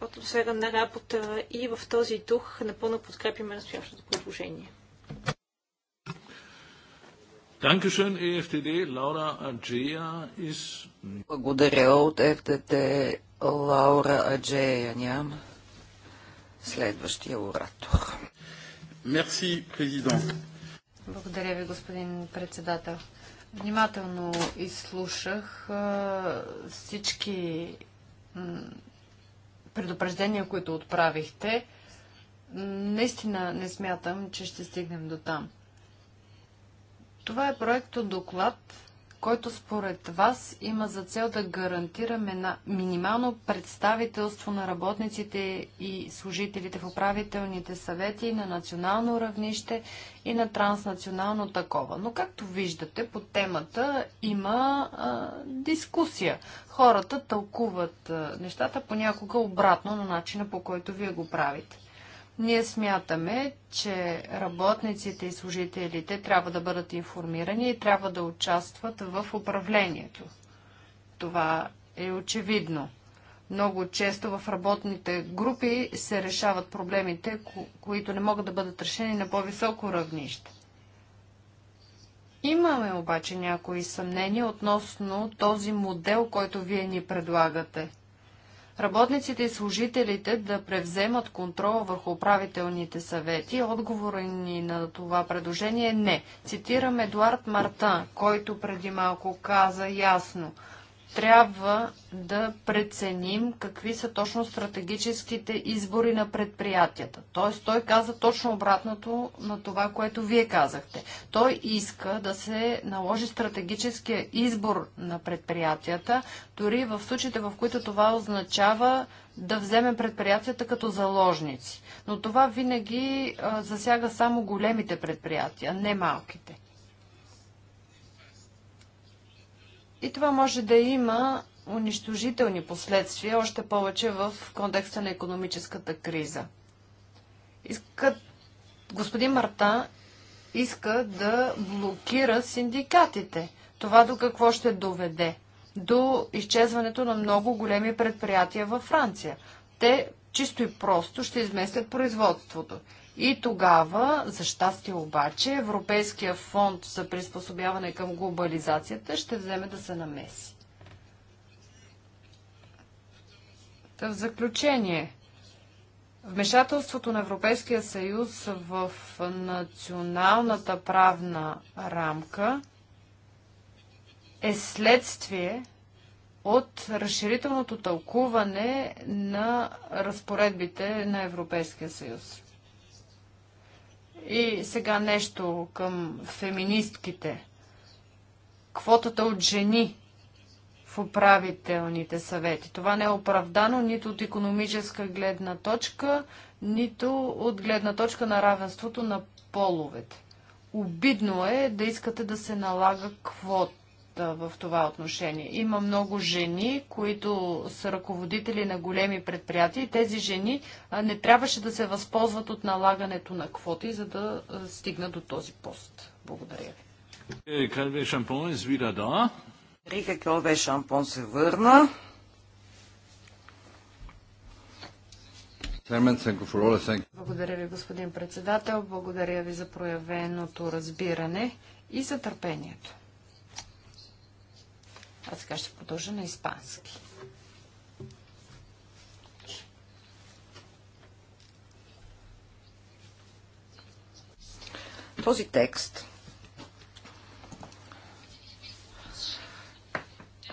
атмосфера на работа и в този дух напълно подкрепиме настоящото предложение. E Благодаря от е ФТТ Лаура Аджея. нямам следващия оратор. Мерси, президент. Благодаря ви, господин председател. Внимателно изслушах всички предупреждения, които отправихте. Наистина не смятам, че ще стигнем до там. Това е проектът доклад, който според вас има за цел да гарантира минимално представителство на работниците и служителите в управителните съвети на национално равнище и на транснационално такова. Но както виждате, по темата има а, дискусия. Хората тълкуват а, нещата понякога обратно на начина по който вие го правите. Ние смятаме, че работниците и служителите трябва да бъдат информирани и трябва да участват в управлението. Това е очевидно. Много често в работните групи се решават проблемите, които не могат да бъдат решени на по-високо равнище. Имаме обаче някои съмнения относно този модел, който вие ни предлагате – работниците и служителите да превземат контрола върху управителните съвети? Отговора ни на това предложение е не. Цитирам Едуард Мартан, който преди малко каза ясно – трябва да преценим какви са точно стратегическите избори на предприятията. Т.е. той каза точно обратното на това, което вие казахте. Той иска да се наложи стратегическия избор на предприятията, дори в случаите, в които това означава да вземе предприятията като заложници. Но това винаги а, засяга само големите предприятия, не малките. И това може да има унищожителни последствия, още повече в контекста на економическата криза. Искат... Господин Марта иска да блокира синдикатите. Това до какво ще доведе? До изчезването на много големи предприятия във Франция. Те чисто и просто ще изместят производството. И тогава, за щастие обаче, Европейския фонд за приспособяване към глобализацията ще вземе да се намеси. в заключение, вмешателството на Европейския съюз в националната правна рамка е следствие от разширителното тълкуване на разпоредбите на Европейския съюз. И сега нещо към феминистките. Квотата от жени в управителните съвети. Това не е оправдано нито от економическа гледна точка, нито от гледна точка на равенството на половете. Обидно е да искате да се налага квота в това отношение. Има много жени, които са ръководители на големи предприятия и тези жени не трябваше да се възползват от налагането на квоти, за да стигнат до този пост. Благодаря ви. Е, калве Шампон е звида, да. Рика Калве Шампон се върна. Благодаря ви, господин председател. Благодаря ви за проявеното разбиране и за търпението. А сега ще продължа на испански. Този текст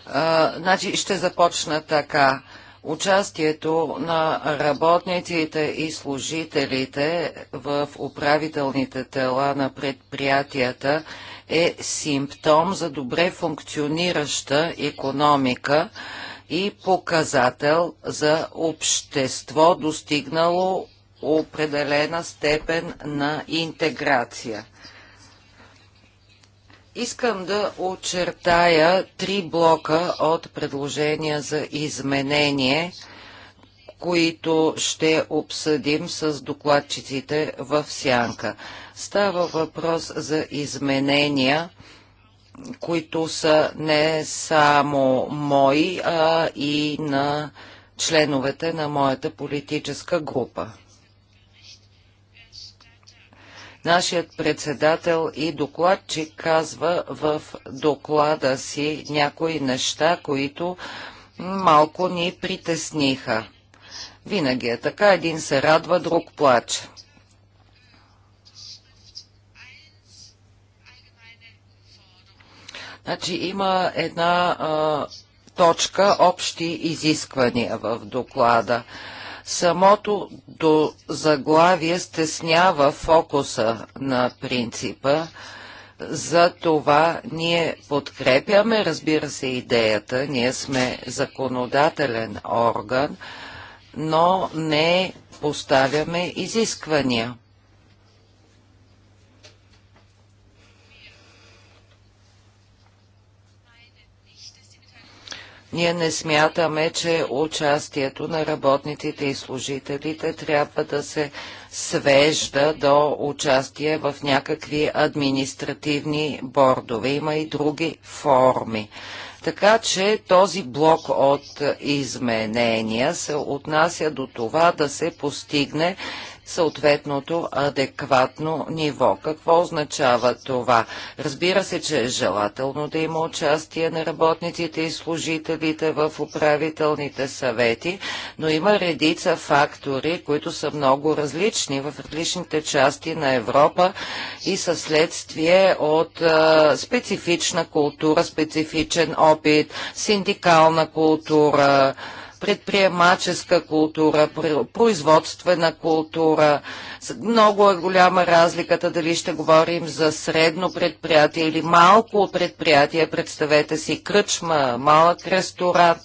а, значи ще започна така. Участието на работниците и служителите в управителните тела на предприятията е симптом за добре функционираща економика и показател за общество, достигнало определена степен на интеграция. Искам да очертая три блока от предложения за изменение – които ще обсъдим с докладчиците в Сянка. Става въпрос за изменения, които са не само мои, а и на членовете на моята политическа група. Нашият председател и докладчик казва в доклада си някои неща, които малко ни притесниха. Винаги е така. Един се радва, друг плаче. Значи има една а, точка общи изисквания в доклада. Самото до заглавие стеснява фокуса на принципа. За това ние подкрепяме, разбира се, идеята. Ние сме законодателен орган, но не поставяме изисквания. Ние не смятаме, че участието на работниците и служителите трябва да се свежда до участие в някакви административни бордове. Има и други форми така че този блок от изменения се отнася до това да се постигне съответното адекватно ниво. Какво означава това? Разбира се, че е желателно да има участие на работниците и служителите в управителните съвети, но има редица фактори, които са много различни в различните части на Европа и са следствие от а, специфична култура, специфичен опит, синдикална култура, предприемаческа култура, производствена култура. Много е голяма разликата дали ще говорим за средно предприятие или малко предприятие. Представете си кръчма, малък ресторант.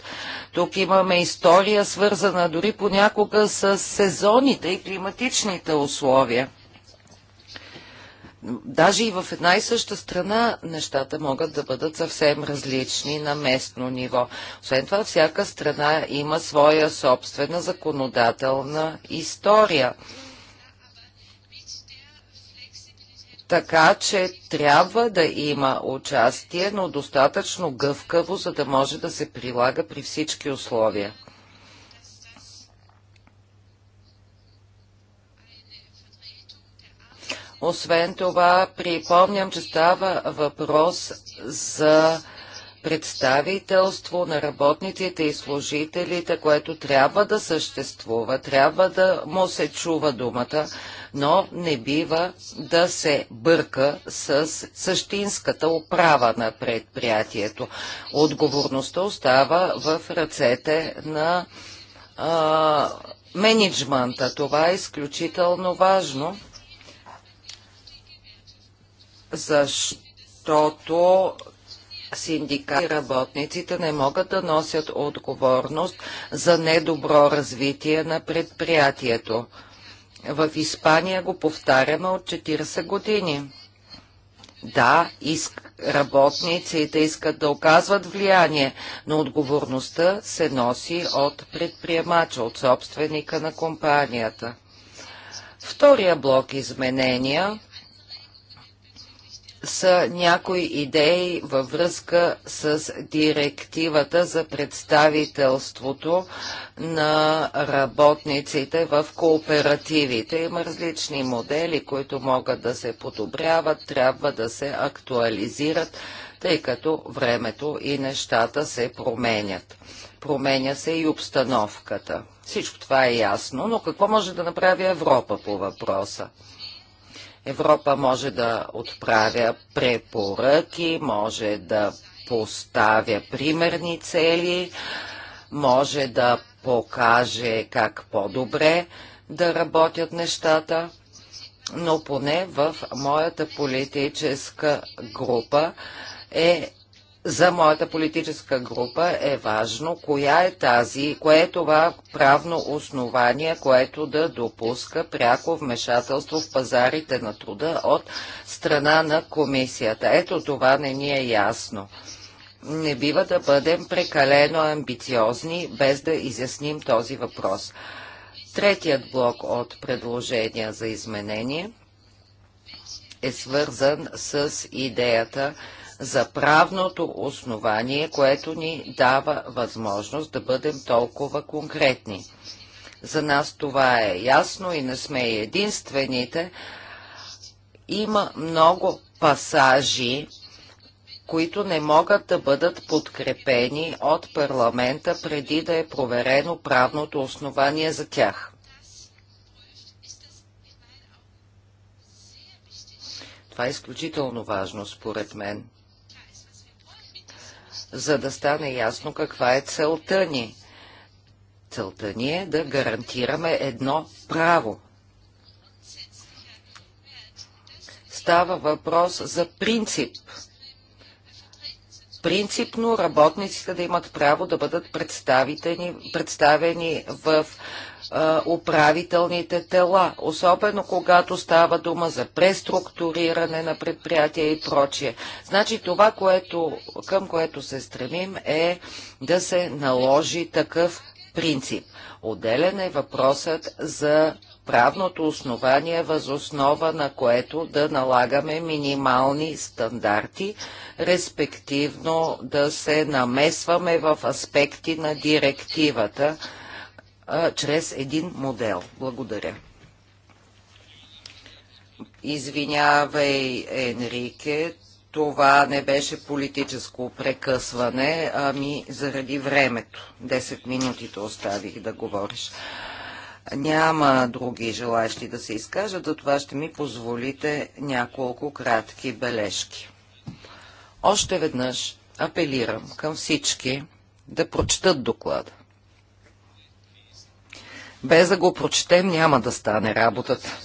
Тук имаме история, свързана дори понякога с сезоните и климатичните условия даже и в една и съща страна нещата могат да бъдат съвсем различни на местно ниво. Освен това, всяка страна има своя собствена законодателна история. Така че трябва да има участие, но достатъчно гъвкаво, за да може да се прилага при всички условия. Освен това, припомням, че става въпрос за представителство на работниците и служителите, което трябва да съществува, трябва да му се чува думата, но не бива да се бърка с същинската управа на предприятието. Отговорността остава в ръцете на а, менеджмента. Това е изключително важно защото синдикати и работниците не могат да носят отговорност за недобро развитие на предприятието. В Испания го повтаряме от 40 години. Да, иск, работниците искат да оказват влияние, но отговорността се носи от предприемача, от собственика на компанията. Втория блок изменения са някои идеи във връзка с директивата за представителството на работниците в кооперативите. Има различни модели, които могат да се подобряват, трябва да се актуализират, тъй като времето и нещата се променят. Променя се и обстановката. Всичко това е ясно, но какво може да направи Европа по въпроса? Европа може да отправя препоръки, може да поставя примерни цели, може да покаже как по-добре да работят нещата, но поне в моята политическа група е за моята политическа група е важно коя е тази, кое е това правно основание, което да допуска пряко вмешателство в пазарите на труда от страна на комисията. Ето това не ни е ясно. Не бива да бъдем прекалено амбициозни, без да изясним този въпрос. Третият блок от предложения за изменение е свързан с идеята, за правното основание, което ни дава възможност да бъдем толкова конкретни. За нас това е ясно и не сме единствените. Има много пасажи, които не могат да бъдат подкрепени от парламента преди да е проверено правното основание за тях. Това е изключително важно, според мен за да стане ясно каква е целта ни. Целта ни е да гарантираме едно право. Става въпрос за принцип. Принципно работниците да имат право да бъдат представени в управителните тела, особено когато става дума за преструктуриране на предприятия и прочие. Значи това, което, към което се стремим е да се наложи такъв принцип. Отделен е въпросът за правното основание, възоснова на което да налагаме минимални стандарти, респективно да се намесваме в аспекти на директивата а, чрез един модел. Благодаря. Извинявай, Енрике, това не беше политическо прекъсване, ами заради времето. 10 минутите оставих да говориш. Няма други желащи да се изкажат, за това ще ми позволите няколко кратки бележки. Още веднъж апелирам към всички да прочитат доклада. Без да го прочетем няма да стане работата.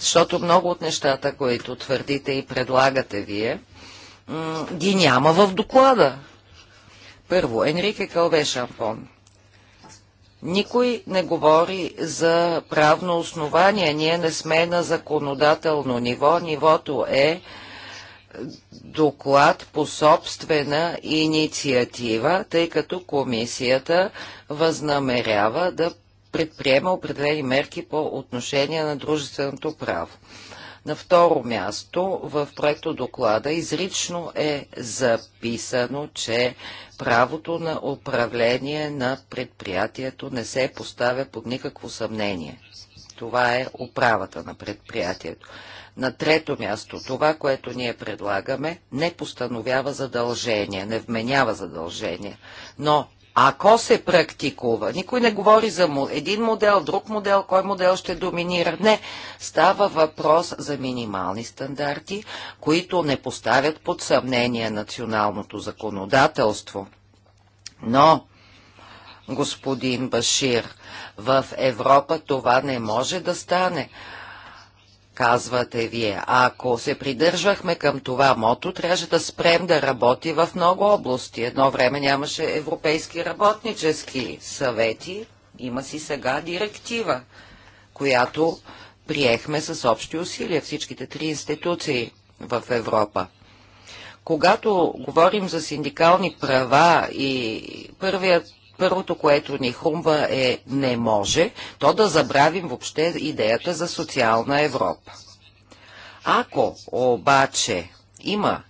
Защото много от нещата, които твърдите и предлагате вие, ги няма в доклада. Първо, Енрике Калве Шампон. Никой не говори за правно основание. Ние не сме на законодателно ниво. Нивото е доклад по собствена инициатива, тъй като комисията възнамерява да предприема определени мерки по отношение на дружественото право. На второ място в проекто доклада изрично е записано, че правото на управление на предприятието не се поставя под никакво съмнение. Това е управата на предприятието. На трето място, това, което ние предлагаме, не постановява задължение, не вменява задължение, но ако се практикува, никой не говори за един модел, друг модел, кой модел ще доминира. Не, става въпрос за минимални стандарти, които не поставят под съмнение националното законодателство. Но, господин Башир, в Европа това не може да стане казвате вие. Ако се придържахме към това мото, трябваше да спрем да работи в много области. Едно време нямаше европейски работнически съвети, има си сега директива, която приехме с общи усилия всичките три институции в Европа. Когато говорим за синдикални права и първият Първото, което ни хрумва е не може, то да забравим въобще идеята за социална Европа. Ако обаче има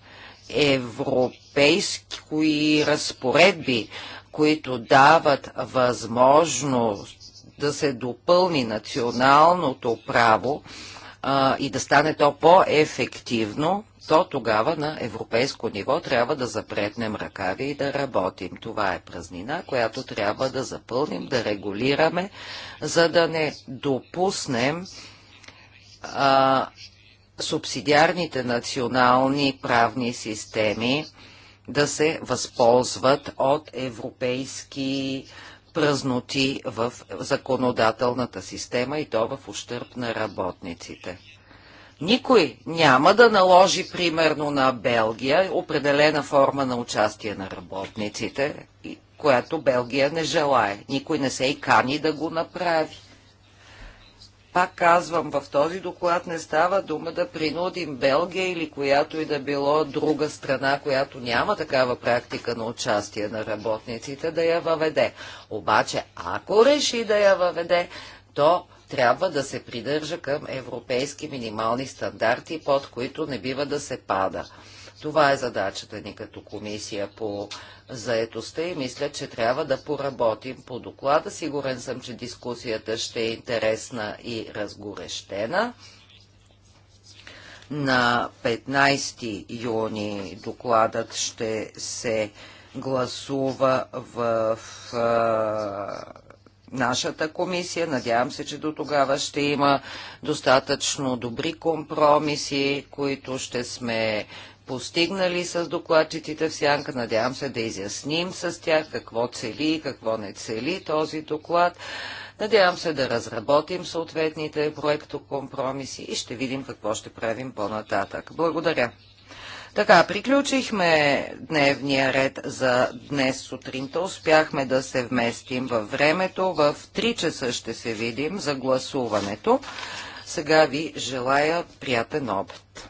европейски разпоредби, които дават възможност да се допълни националното право а, и да стане то по-ефективно, то тогава на европейско ниво трябва да запретнем ръкави и да работим. Това е празнина, която трябва да запълним, да регулираме, за да не допуснем а, субсидиарните национални правни системи да се възползват от европейски празноти в законодателната система и то в ущърп на работниците. Никой няма да наложи, примерно, на Белгия определена форма на участие на работниците, която Белгия не желае. Никой не се и кани да го направи. Пак казвам, в този доклад не става дума да принудим Белгия или която и да било друга страна, която няма такава практика на участие на работниците, да я въведе. Обаче, ако реши да я въведе, то трябва да се придържа към европейски минимални стандарти, под които не бива да се пада. Това е задачата ни като комисия по заетостта и мисля, че трябва да поработим по доклада. Сигурен съм, че дискусията ще е интересна и разгорещена. На 15 юни докладът ще се гласува в нашата комисия. Надявам се, че до тогава ще има достатъчно добри компромиси, които ще сме постигнали с докладчиците в сянка. Надявам се да изясним с тях какво цели и какво не цели този доклад. Надявам се да разработим съответните проекто компромиси и ще видим какво ще правим по-нататък. Благодаря. Така, приключихме дневния ред за днес сутринта. Успяхме да се вместим във времето. В 3 часа ще се видим за гласуването. Сега ви желая приятен обед.